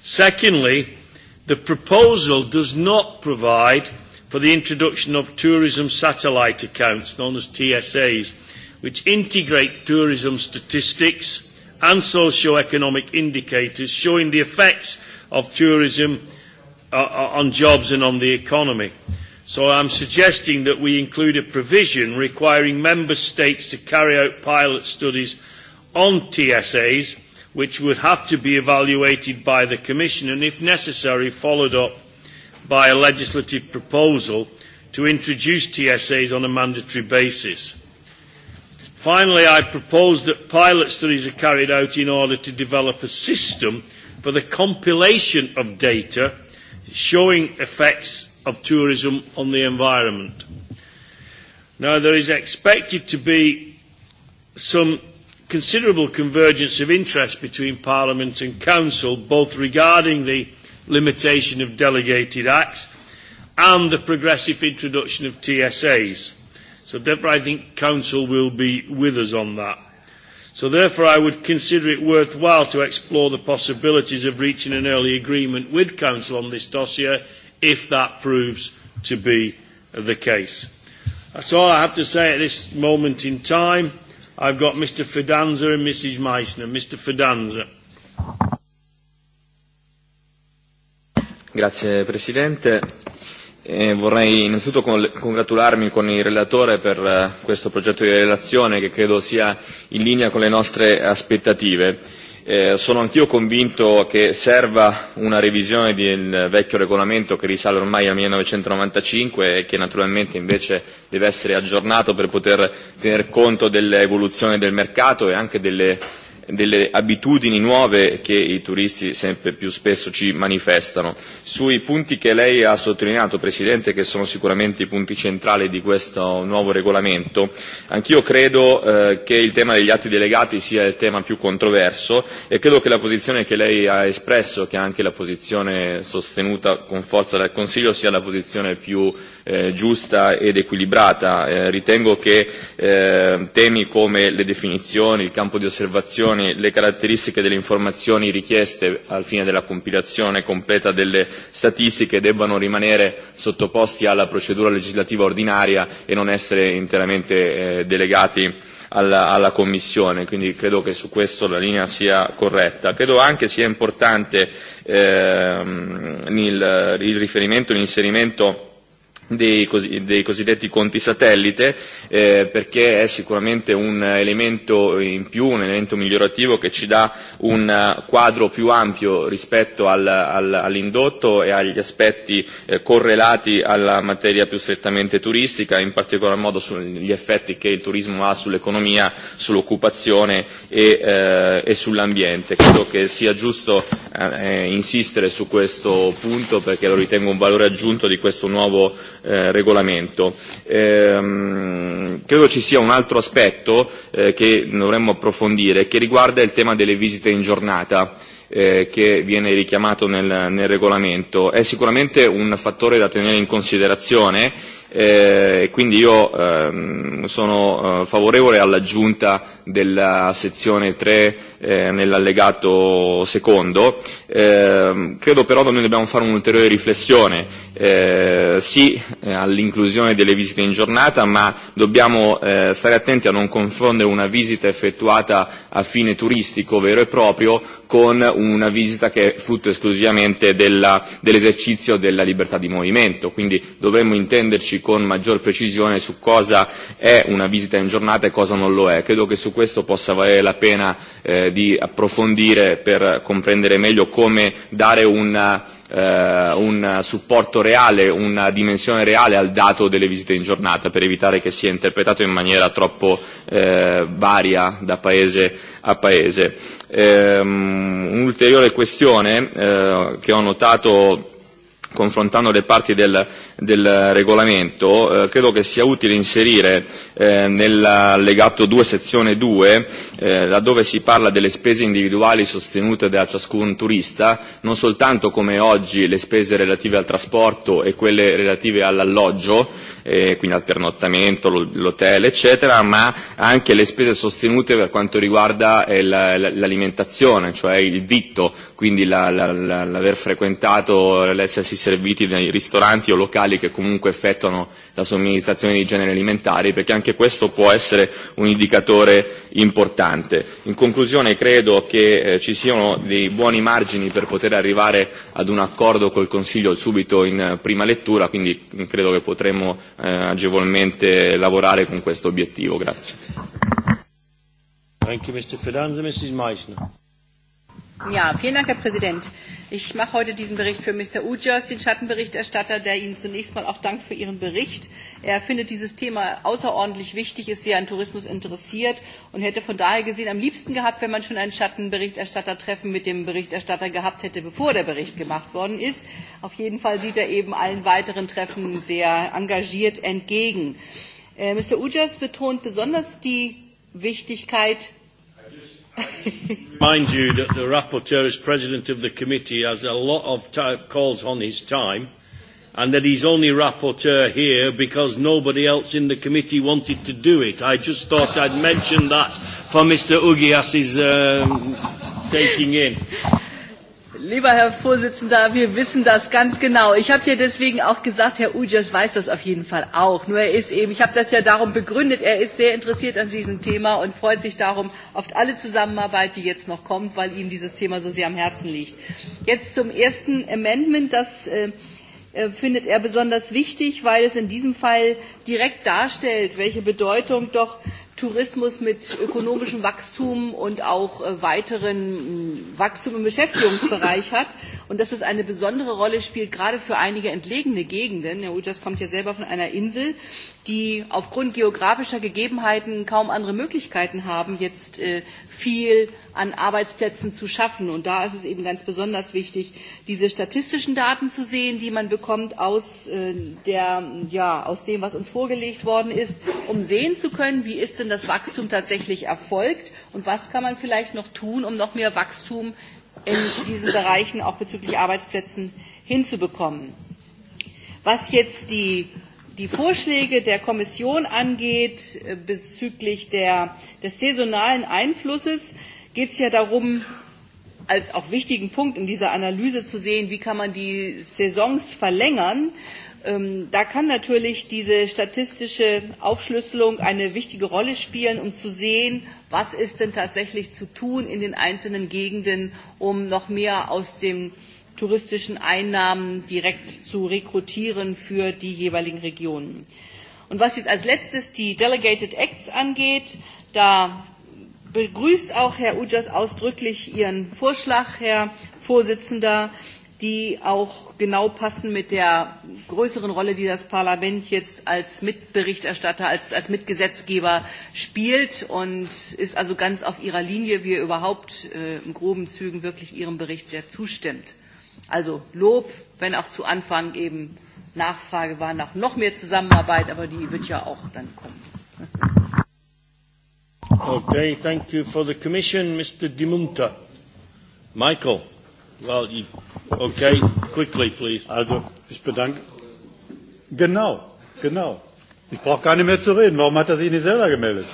Secondly, the proposal does not provide for the introduction of tourism satellite accounts, known as TSAs, which integrate tourism statistics, and socio-economic indicators showing the effects of tourism uh, uh, on jobs and on the economy. So I'm suggesting that we include a provision requiring member states to carry out pilot studies on TSAs, which would have to be evaluated by the Commission and, if necessary, followed up by a legislative proposal to introduce TSAs on a mandatory basis. Finally, I propose that pilot studies are carried out in order to develop a system for the compilation of data showing effects of tourism on the environment. Now, there is expected to be some considerable convergence of interest between Parliament and Council, both regarding the limitation of delegated acts and the progressive introduction of TSAs. So therefore I think Council will be with us on that. So therefore I would consider it worthwhile to explore the possibilities of reaching an early agreement with Council on this dossier if that proves to be the case. That's all I have to say at this moment in time. I've got Mr Fidanza and Mrs Meissner. Mr Fidanza. Grazie Presidente. Eh, vorrei innanzitutto col- congratularmi con il relatore per eh, questo progetto di relazione che credo sia in linea con le nostre aspettative. Eh, sono anch'io convinto che serva una revisione del vecchio regolamento che risale ormai al 1995 e che naturalmente invece deve essere aggiornato per poter tener conto dell'evoluzione del mercato e anche delle delle abitudini nuove che i turisti sempre più spesso ci manifestano. Sui punti che lei ha sottolineato, Presidente, che sono sicuramente i punti centrali di questo nuovo regolamento, anch'io credo eh, che il tema degli atti delegati sia il tema più controverso e credo che la posizione che lei ha espresso, che è anche la posizione sostenuta con forza dal Consiglio, sia la posizione più eh, giusta ed equilibrata. Eh, ritengo che eh, temi come le definizioni, il campo di osservazione, informazioni, le caratteristiche delle informazioni richieste al fine della compilazione completa delle statistiche debbano rimanere sottoposti alla procedura legislativa ordinaria e non essere interamente eh, delegati alla, alla Commissione, quindi credo che su questo la linea sia corretta. Credo anche sia importante ehm, il, il riferimento, l'inserimento dei, cos- dei cosiddetti conti satellite eh, perché è sicuramente un elemento in più, un elemento migliorativo che ci dà un quadro più ampio rispetto al, al, all'indotto e agli aspetti eh, correlati alla materia più strettamente turistica, in particolar modo sugli effetti che il turismo ha sull'economia, sull'occupazione e, eh, e sull'ambiente. Credo che sia giusto eh, insistere su questo punto perché lo ritengo un valore aggiunto di questo nuovo eh, regolamento. Ehm, credo ci sia un altro aspetto eh, che dovremmo approfondire che riguarda il tema delle visite in giornata eh, che viene richiamato nel, nel regolamento. È sicuramente un fattore da tenere in considerazione eh, e quindi io ehm, sono eh, favorevole all'aggiunta della sezione 3 eh, nell'allegato secondo. Eh, credo però che noi dobbiamo fare un'ulteriore riflessione, eh, sì eh, all'inclusione delle visite in giornata, ma dobbiamo eh, stare attenti a non confondere una visita effettuata a fine turistico vero e proprio con una visita che è frutto esclusivamente della, dell'esercizio della libertà di movimento. Quindi dovremmo intenderci dirci con maggior precisione su cosa è una visita in giornata e cosa non lo è. Credo che su questo possa valere la pena eh, di approfondire per comprendere meglio come dare una, eh, un supporto reale, una dimensione reale al dato delle visite in giornata per evitare che sia interpretato in maniera troppo eh, varia da paese a paese. Ehm, un'ulteriore questione eh, che ho notato confrontando le parti del, del regolamento, eh, credo che sia utile inserire eh, nell'allegato 2, sezione 2, eh, laddove si parla delle spese individuali sostenute da ciascun turista, non soltanto come oggi le spese relative al trasporto e quelle relative all'alloggio, eh, quindi al pernottamento, l'hotel, eccetera, ma anche le spese sostenute per quanto riguarda eh, l'alimentazione, cioè il vitto, quindi la, la, la, l'aver frequentato, l'essersi serviti nei ristoranti o locali che comunque effettuano la somministrazione di generi alimentari, perché anche questo può essere un indicatore importante. In conclusione credo che eh, ci siano dei buoni margini per poter arrivare ad un accordo col Consiglio subito in eh, prima lettura, quindi credo che potremo eh, agevolmente lavorare con questo obiettivo. Grazie. Thank you, Mr. Fidanza. Mrs. Meissner. Ja, vielen Dank, Herr Präsident. Ich mache heute diesen Bericht für Mr. Ujas, den Schattenberichterstatter, der Ihnen zunächst mal auch dankt für Ihren Bericht. Er findet dieses Thema außerordentlich wichtig, ist sehr an Tourismus interessiert und hätte von daher gesehen am liebsten gehabt, wenn man schon ein Schattenberichterstattertreffen mit dem Berichterstatter gehabt hätte, bevor der Bericht gemacht worden ist. Auf jeden Fall sieht er eben allen weiteren Treffen sehr engagiert entgegen. Äh, Mr. Ujas betont besonders die Wichtigkeit Mind you that the rapporteur, as president of the committee, has a lot of t- calls on his time, and that he's only rapporteur here because nobody else in the committee wanted to do it. I just thought I'd mention that for Mr. Ugias's um, taking in. Lieber Herr Vorsitzender, wir wissen das ganz genau. Ich habe ja deswegen auch gesagt, Herr Ujas weiß das auf jeden Fall auch. Nur er ist eben, ich habe das ja darum begründet, er ist sehr interessiert an diesem Thema und freut sich darum auf alle Zusammenarbeit, die jetzt noch kommt, weil ihm dieses Thema so sehr am Herzen liegt. Jetzt zum ersten Amendment, das äh, äh findet er besonders wichtig, weil es in diesem Fall direkt darstellt, welche Bedeutung doch äh, Tourismus mit ökonomischem Wachstum und auch äh, weiteren mm, Wachstum im Beschäftigungsbereich hat und dass es eine besondere Rolle spielt, gerade für einige entlegene Gegenden. Herr Ujas kommt ja selber von einer Insel die aufgrund geografischer Gegebenheiten kaum andere Möglichkeiten haben, jetzt äh, viel an Arbeitsplätzen zu schaffen. Und da ist es eben ganz besonders wichtig, diese statistischen Daten zu sehen, die man bekommt aus, äh, der, ja, aus dem, was uns vorgelegt worden ist, um sehen zu können, wie ist denn das Wachstum tatsächlich erfolgt und was kann man vielleicht noch tun, um noch mehr Wachstum in diesen Bereichen auch bezüglich Arbeitsplätzen hinzubekommen. Was jetzt die die Vorschläge der Kommission angeht äh, bezüglich der, des saisonalen Einflusses, geht es ja darum, als auch wichtigen Punkt in dieser Analyse zu sehen, wie kann man die Saisons verlängern. Ähm, da kann natürlich diese statistische Aufschlüsselung eine wichtige Rolle spielen, um zu sehen, was ist denn tatsächlich zu tun in den einzelnen Gegenden, um noch mehr aus dem äh, touristischen Einnahmen direkt zu rekrutieren für die jeweiligen Regionen. Und was jetzt als letztes die Delegated Acts angeht, da begrüßt auch Herr Ujas ausdrücklich Ihren Vorschlag, Herr Vorsitzender, die auch genau passen mit der größeren Rolle, die das Parlament jetzt als Mitberichterstatter, als, als Mitgesetzgeber spielt und ist also ganz auf Ihrer Linie, wie er überhaupt äh, in groben Zügen wirklich Ihrem Bericht sehr zustimmt. Also Lob, wenn auch zu Anfang eben Nachfrage war nach noch mehr Zusammenarbeit, aber die wird ja auch dann kommen. Okay, thank you for the commission, Mr. Dimunta. Michael, well, you, okay, quickly, please. Also, ich bedanke. Genau, genau. Ich brauche gar nicht mehr zu reden. Warum hat er sich nicht selber gemeldet?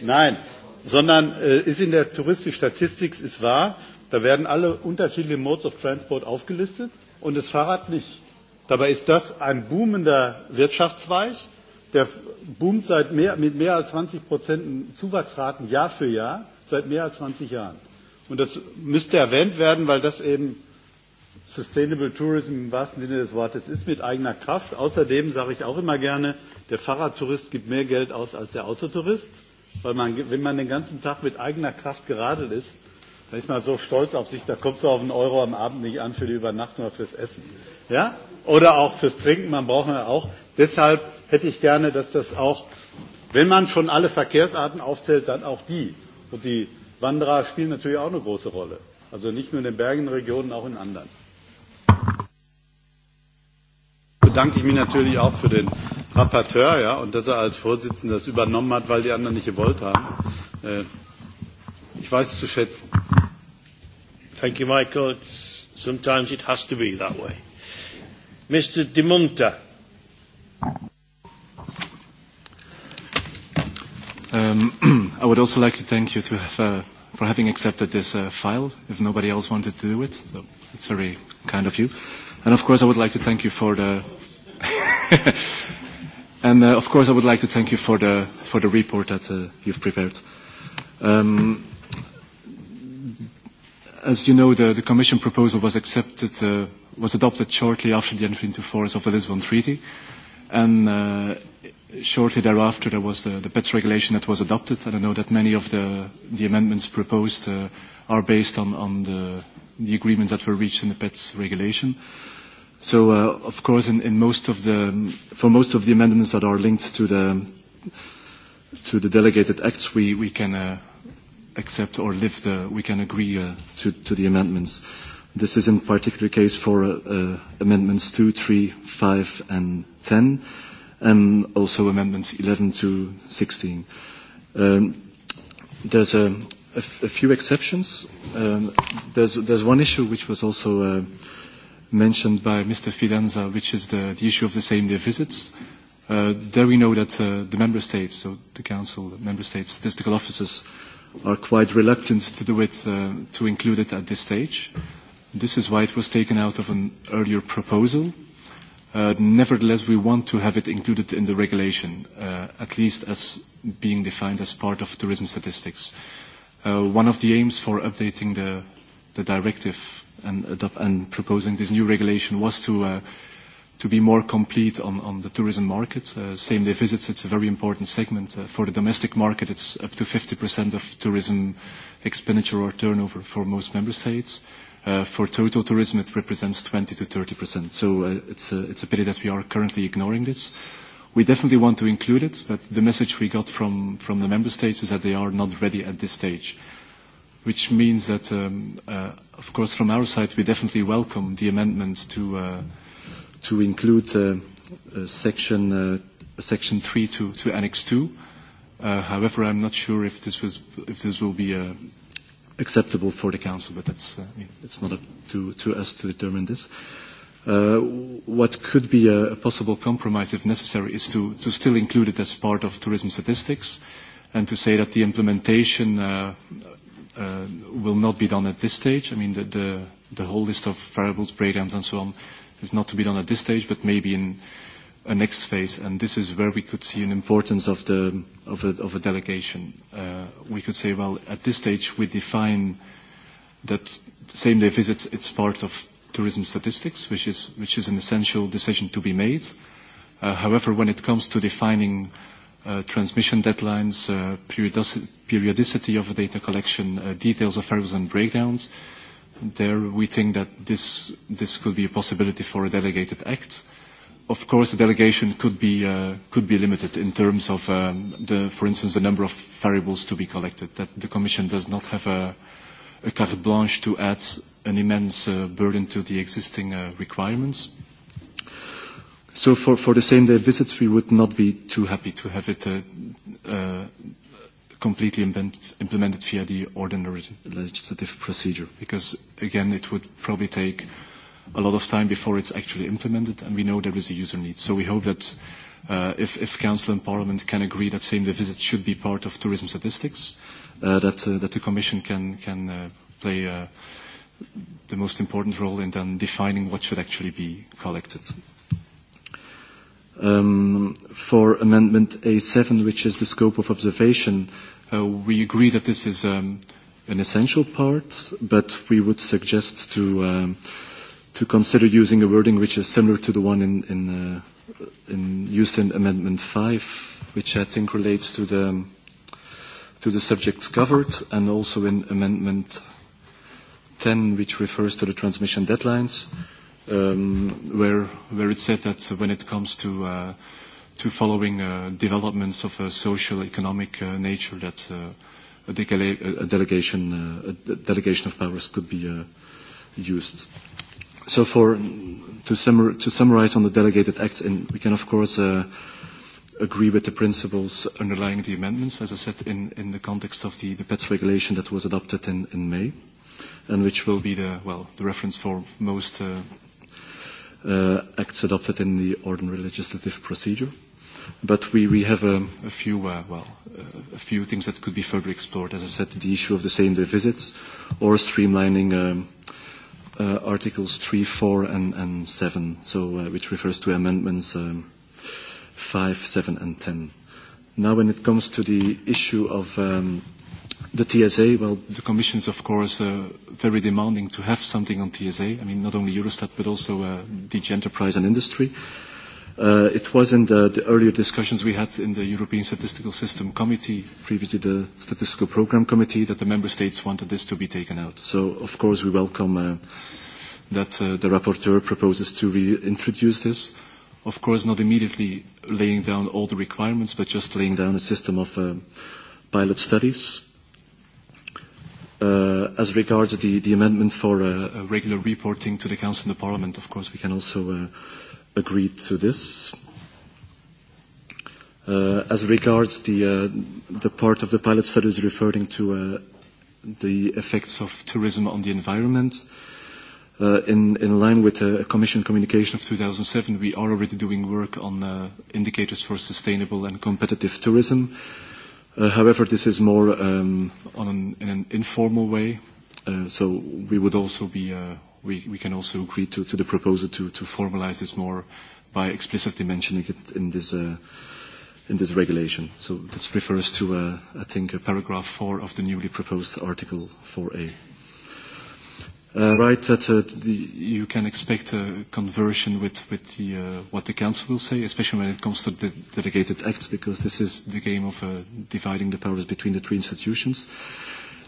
Nein, sondern äh, ist in der Touristikstatistik, ist wahr, Da werden alle unterschiedlichen Modes of Transport aufgelistet und das Fahrrad nicht. Dabei ist das ein boomender Wirtschaftszweig, der boomt seit mehr, mit mehr als 20 Prozent Zuwachsraten Jahr für Jahr seit mehr als 20 Jahren. Und das müsste erwähnt werden, weil das eben Sustainable Tourism im wahrsten Sinne des Wortes ist, mit eigener Kraft. Außerdem sage ich auch immer gerne, der Fahrradtourist gibt mehr Geld aus als der Autotourist, weil man, wenn man den ganzen Tag mit eigener Kraft geradelt ist, Da ist man so stolz auf sich, da kommt es auf einen Euro am Abend nicht an für die Übernachtung oder fürs Essen. Ja? Oder auch fürs Trinken, man braucht ja auch. Deshalb hätte ich gerne, dass das auch, wenn man schon alle Verkehrsarten aufzählt, dann auch die. Und die Wanderer spielen natürlich auch eine große Rolle. Also nicht nur in den bergigen Regionen, auch in anderen. Bedanke ich mich natürlich auch für den Rapporteur, ja, und dass er als Vorsitzender das übernommen hat, weil die anderen nicht gewollt haben. Äh, Ich weiß zu schätzen. Thank you, Michael. It's, sometimes it has to be that way. Mr. De Munter. Um, I would also like to thank you to have, uh, for having accepted this uh, file, if nobody else wanted to do it. So it's very kind of you. And of course, I would like to thank you for the. and uh, of course, I would like to thank you for the for the report that uh, you've prepared. Um, As you know, the, the Commission proposal was accepted, uh, was adopted shortly after the entry into force of the Lisbon Treaty, and uh, shortly thereafter there was the, the PETS regulation that was adopted. And I know that many of the, the amendments proposed uh, are based on, on the, the agreements that were reached in the PETS regulation. So, uh, of course, in, in most of the, for most of the amendments that are linked to the, to the delegated acts, we, we can uh, accept or lift, uh, we can agree uh, to, to the amendments. This is in particular case for uh, uh, amendments 2, 3, 5 and 10, and also amendments 11 to 16. Um, there's a, a, f- a few exceptions. Um, there's, there's one issue which was also uh, mentioned by Mr. Fidanza, which is the, the issue of the same-day visits. Uh, there we know that uh, the member states, so the council, the member states, statistical offices, uh, are quite reluctant to do it, uh, to include it at this stage. This is why it was taken out of an earlier proposal. Uh, nevertheless, we want to have it included in the regulation, uh, at least as being defined as part of tourism statistics. Uh, one of the aims for updating the, the directive and, adopt, and proposing this new regulation was to uh, to be more complete on, on the tourism market. Uh, same-day visits, it's a very important segment. Uh, for the domestic market, it's up to 50% of tourism expenditure or turnover for most member states. Uh, for total tourism, it represents 20%-30%. So, uh, it's a, it's a pity that we are currently ignoring this. We definitely want to include it, but the message we got from, from the member states is that they are not ready at this stage which means that, um, uh, of course, from our side, we definitely welcome the amendment to, uh, to include uh, uh, section, uh, section 3 to, to Annex 2. Uh, however, I'm not sure if this, was, if this will be uh, acceptable for the Council, but that's, uh, I mean, it's not up to, to us to determine this. Uh, what could be a, a possible compromise, if necessary, is to, to still include it as part of tourism statistics and to say that the implementation uh, uh, will not be done at this stage. I mean, the, the, the whole list of variables, breakdowns, and so on uh, is not to be done at this stage, but maybe in a next phase. And this is where we could see an importance of, the, of, a, of a delegation. Uh, we could say, well, at this stage, we define that same-day visits, it's part of tourism statistics, which is, which is an essential decision to be made. Uh, however, when it comes to defining uh, transmission deadlines, uh, periodic periodicity of data collection, uh, details of errors and breakdowns, uh, there we think that this, this could be a possibility for a delegated act. Of course, the delegation could be, uh, could be limited in terms of, um, the, for instance, the number of variables to be collected, that the Commission does not have a, a carte blanche to add an immense uh, burden to the existing uh, requirements. So for, for the same-day visits, we would not be too happy to have it uh, uh, completely implemented via the ordinary legislative procedure. Because, again, it would probably take a lot of time before it's actually implemented, and we know there is a user need. So we hope that uh, if, if Council and Parliament can agree that same-day visits should be part of tourism statistics, uh, that, uh, that the Commission can, can uh, play uh, the most important role in then defining what should actually be collected. Mm-hmm. Um, for Amendment A7, which is the scope of observation, uh, we agree that this is um, an essential part, but we would suggest to um, to consider using a wording which is similar to the one in in, uh, in used in Amendment 5, which I think relates to the um, to the subjects covered, and also in Amendment 10, which refers to the transmission deadlines. Mm-hmm um, where, where it said that when it comes to, uh, to following uh, developments of a social economic uh, nature that uh, a, de- a, delegation, uh, a de- delegation of powers could be uh, used. So for, to, summar- to summarize on the delegated acts, and we can of course uh, agree with the principles underlying the amendments, as I said, in, in the context of the, the PETS regulation that was adopted in, in May, and which will be the, well, the reference for most uh, uh, acts adopted in the ordinary legislative procedure. But we, we have um, a few, uh, well, uh, a few things that could be further explored. As I said, the issue of the same-day visits or streamlining um, uh, Articles 3, 4, and, and 7, so, uh, which refers to amendments um, 5, 7, and 10. Now, when it comes to the issue of um, – the TSA, well, the Commission is, of course, uh, very demanding to have something on TSA. I mean, not only Eurostat, but also uh, DG Enterprise and Industry. Uh, it was in uh, the, the earlier discussions we had in the European Statistical System Committee, previously the Statistical Programme Committee, that the Member States wanted this to be taken out. So, of course, we welcome uh, that uh, the rapporteur proposes to reintroduce this. Of course, not immediately laying down all the requirements, but just laying down a system of uh, pilot studies, Uh, as regards the, the amendment for uh, regular reporting to the Council and the Parliament, of course, we can also uh, agree to this. Uh, as regards the, uh, the part of the pilot studies referring to uh, the effects of tourism on the environment, uh, in, in line with uh, a Commission communication of 2007, we are already doing work on uh, indicators for sustainable and competitive tourism. Uh, Uh, however, this is more um, on an, in an informal way, uh, so we would also be, uh, we, we can also agree to, to the proposal to, to formalize this more by explicitly mentioning it in this, uh, in this regulation. So this refers to, uh, I think, uh, paragraph 4 of the newly proposed Article 4A uh, right that uh, the, you can expect a conversion with, with the, uh, what the Council will say, especially when it comes to the delegated acts, because this is the game of uh, dividing the powers between the three institutions.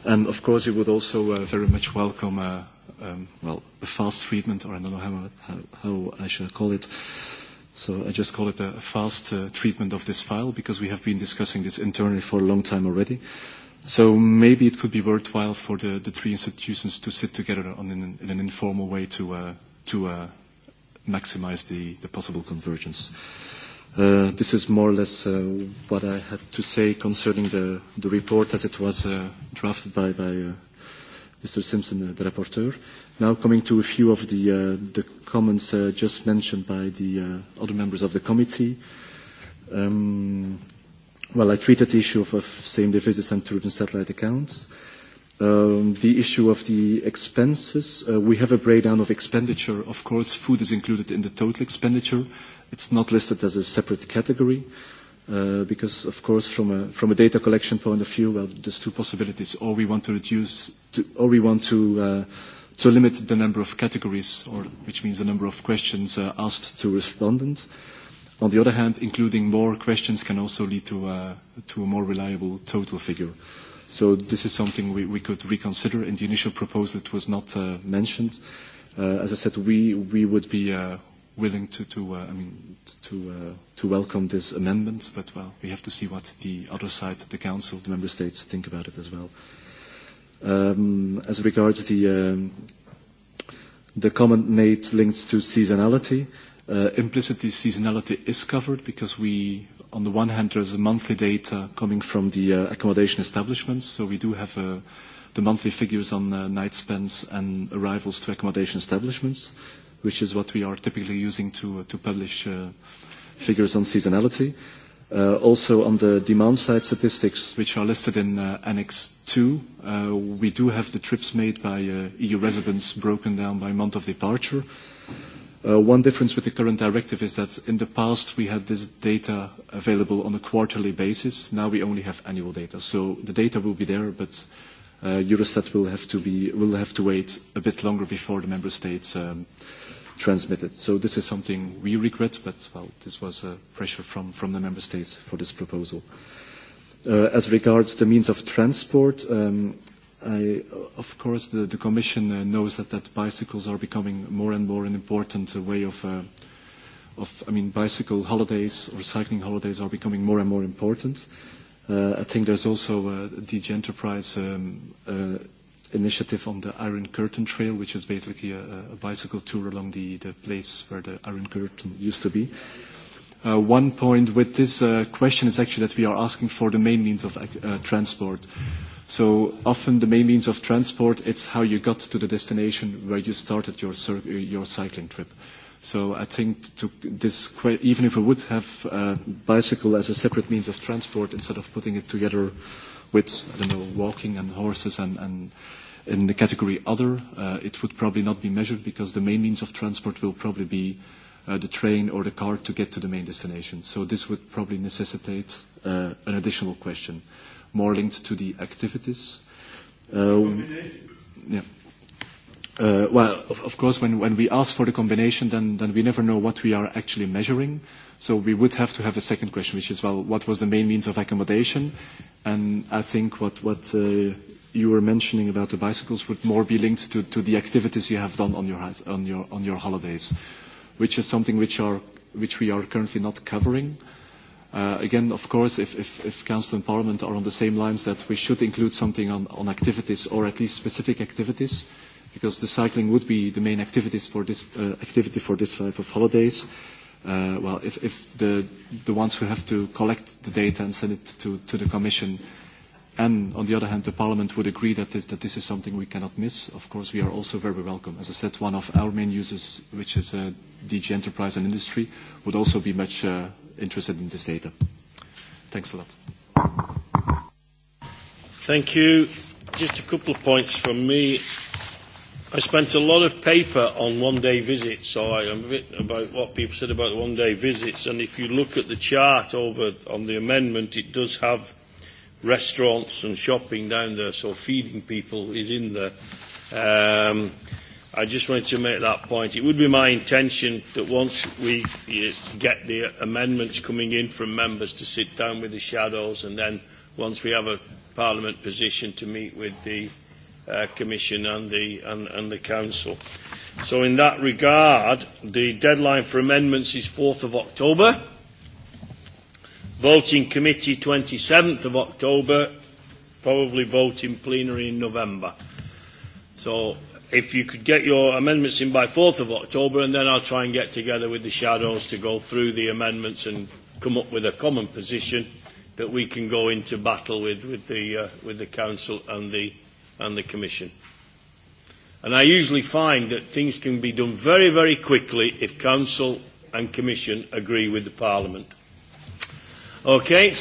And of course, we would also uh, very much welcome, uh, um, well, a fast treatment, or I don't know how, how, how I shall call it, So I just call it a fast uh, treatment of this file because we have been discussing this internally for a long time already. So maybe it could be worthwhile for the, the three institutions to sit together on an, in an informal way to, uh, to uh, maximize the, the possible convergence. Uh, this is more or less uh, what I had to say concerning the, the report as it was uh, drafted by, by uh, Mr. Simpson, uh, the rapporteur. Now coming to a few of the, uh, the comments uh, just mentioned by the uh, other members of the committee. Um, Well, I treated the issue of, of same-day visits and through the satellite accounts. Um, the issue of the expenses, uh, we have a breakdown of expenditure. Of course, food is included in the total expenditure. It's not listed as a separate category uh, because, of course, from a, from a data collection point of view, well, there's two possibilities. Or we want to reduce, to, or we want to, uh, to limit the number of categories, or, which means the number of questions uh, asked to respondents. Uh, On the other hand, including more questions can also lead to, uh, to a more reliable total figure. So this is something we, we could reconsider. In the initial proposal, it was not uh, mentioned. Uh, as I said, we, we would be uh, willing to, to, uh, I mean, to, uh, to welcome this amendment, but well, we have to see what the other side, the Council, the Member States think about it as well. Um, as regards the, um, the comment made linked to seasonality, uh, Uh, implicitly, seasonality is covered because we, on the one hand, there's monthly data coming from the uh, accommodation establishments, so we do have uh, the monthly figures on uh, night spends and arrivals to accommodation establishments, which is what we are typically using to, uh, to publish uh, figures on seasonality. Uh, also on the demand side statistics, which are listed in uh, Annex 2, uh, we do have the trips made by uh, EU residents broken down by month of departure. Uh, Uh, one difference with the current directive is that in the past we had this data available on a quarterly basis. Now we only have annual data. So the data will be there, but uh, Eurostat will have, to be, will have to wait a bit longer before the member states um, transmit it. So this is something we regret, but well, this was a pressure from, from the member states for this proposal. Uh, as regards the means of transport, um, I, of course, the, the Commission uh, knows that, that bicycles are becoming more and more an important uh, way of, uh, of, I mean, bicycle holidays or cycling holidays are becoming more and more important. Uh, I think there's also uh, DG Enterprise um, uh, initiative on the Iron Curtain Trail, which is basically a, a bicycle tour along the, the place where the Iron Curtain used to be. Uh, one point with this uh, question is actually that we are asking for the main means of uh, transport. Mm-hmm So often the main means of transport, it's how you got to the destination where you started your, your cycling trip. So I think to this, even if we would have uh, bicycle as a separate means of transport instead of putting it together with, I don't know, walking and horses and, and in the category other, uh, it would probably not be measured because the main means of transport will probably be uh, the train or the car to get to the main destination. So this would probably necessitate uh, an additional question. Uh, more linked to the activities. Uh, yeah. Uh, well, of, of course, when, when we ask for the combination, then, then we never know what we are actually measuring. So we would have to have a second question, which is, well, what was the main means of accommodation? And I think what, what uh, you were mentioning about the bicycles would more be linked to, to the activities you have done on your, on, your, on your holidays, which is something which, are, which we are currently not covering. Uh, Uh, again, of course, if, if, if Council and Parliament are on the same lines that we should include something on, on activities or at least specific activities, because the cycling would be the main activities for this, uh, activity for this type of holidays. Uh, well, if, if the, the ones who have to collect the data and send it to, to the Commission and on the other hand, the Parliament would agree that this, that this is something we cannot miss. Of course, we are also very welcome. As I said, one of our main users, which is uh, DG Enterprise and Industry, would also be much uh, interested in this data. Thanks a lot. Thank you. Just a couple of points from me. I spent a lot of paper on one-day visits, so I am written about what people said about the one-day visits. And if you look at the chart over on the amendment, it does have restaurants and shopping down there, so feeding people is in there. Um, I just wanted to make that point. It would be my intention that once we get the amendments coming in from members to sit down with the shadows and then once we have a Parliament position to meet with the uh, Commission and the, and, and the Council. So in that regard, the deadline for amendments is 4th of October. Voting committee 27th of October, probably vote in plenary in November. So if you could get your amendments in by 4th of October, and then I'll try and get together with the shadows to go through the amendments and come up with a common position that we can go into battle with, with, the, uh, with the Council and the, and the Commission. And I usually find that things can be done very, very quickly if Council and Commission agree with the Parliament. Okay?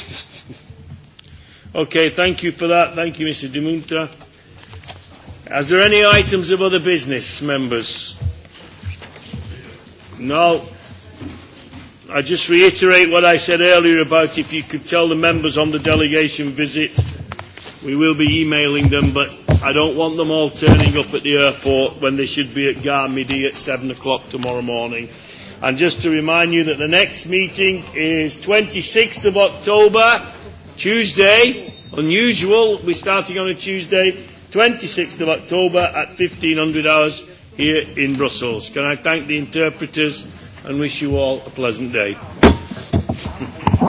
okay, thank you for that. Thank you, Mr. Demunta. Is there any items of other business, members? No. I just reiterate what I said earlier about if you could tell the members on the delegation visit, we will be emailing them, but I don't want them all turning up at the airport when they should be at Garmidi at 7 o'clock tomorrow morning. And just to remind you that the next meeting is 26th of October, Tuesday. Unusual, we're starting on a Tuesday 26th of October at 1500 hours here in Brussels. Can I thank the interpreters and wish you all a pleasant day.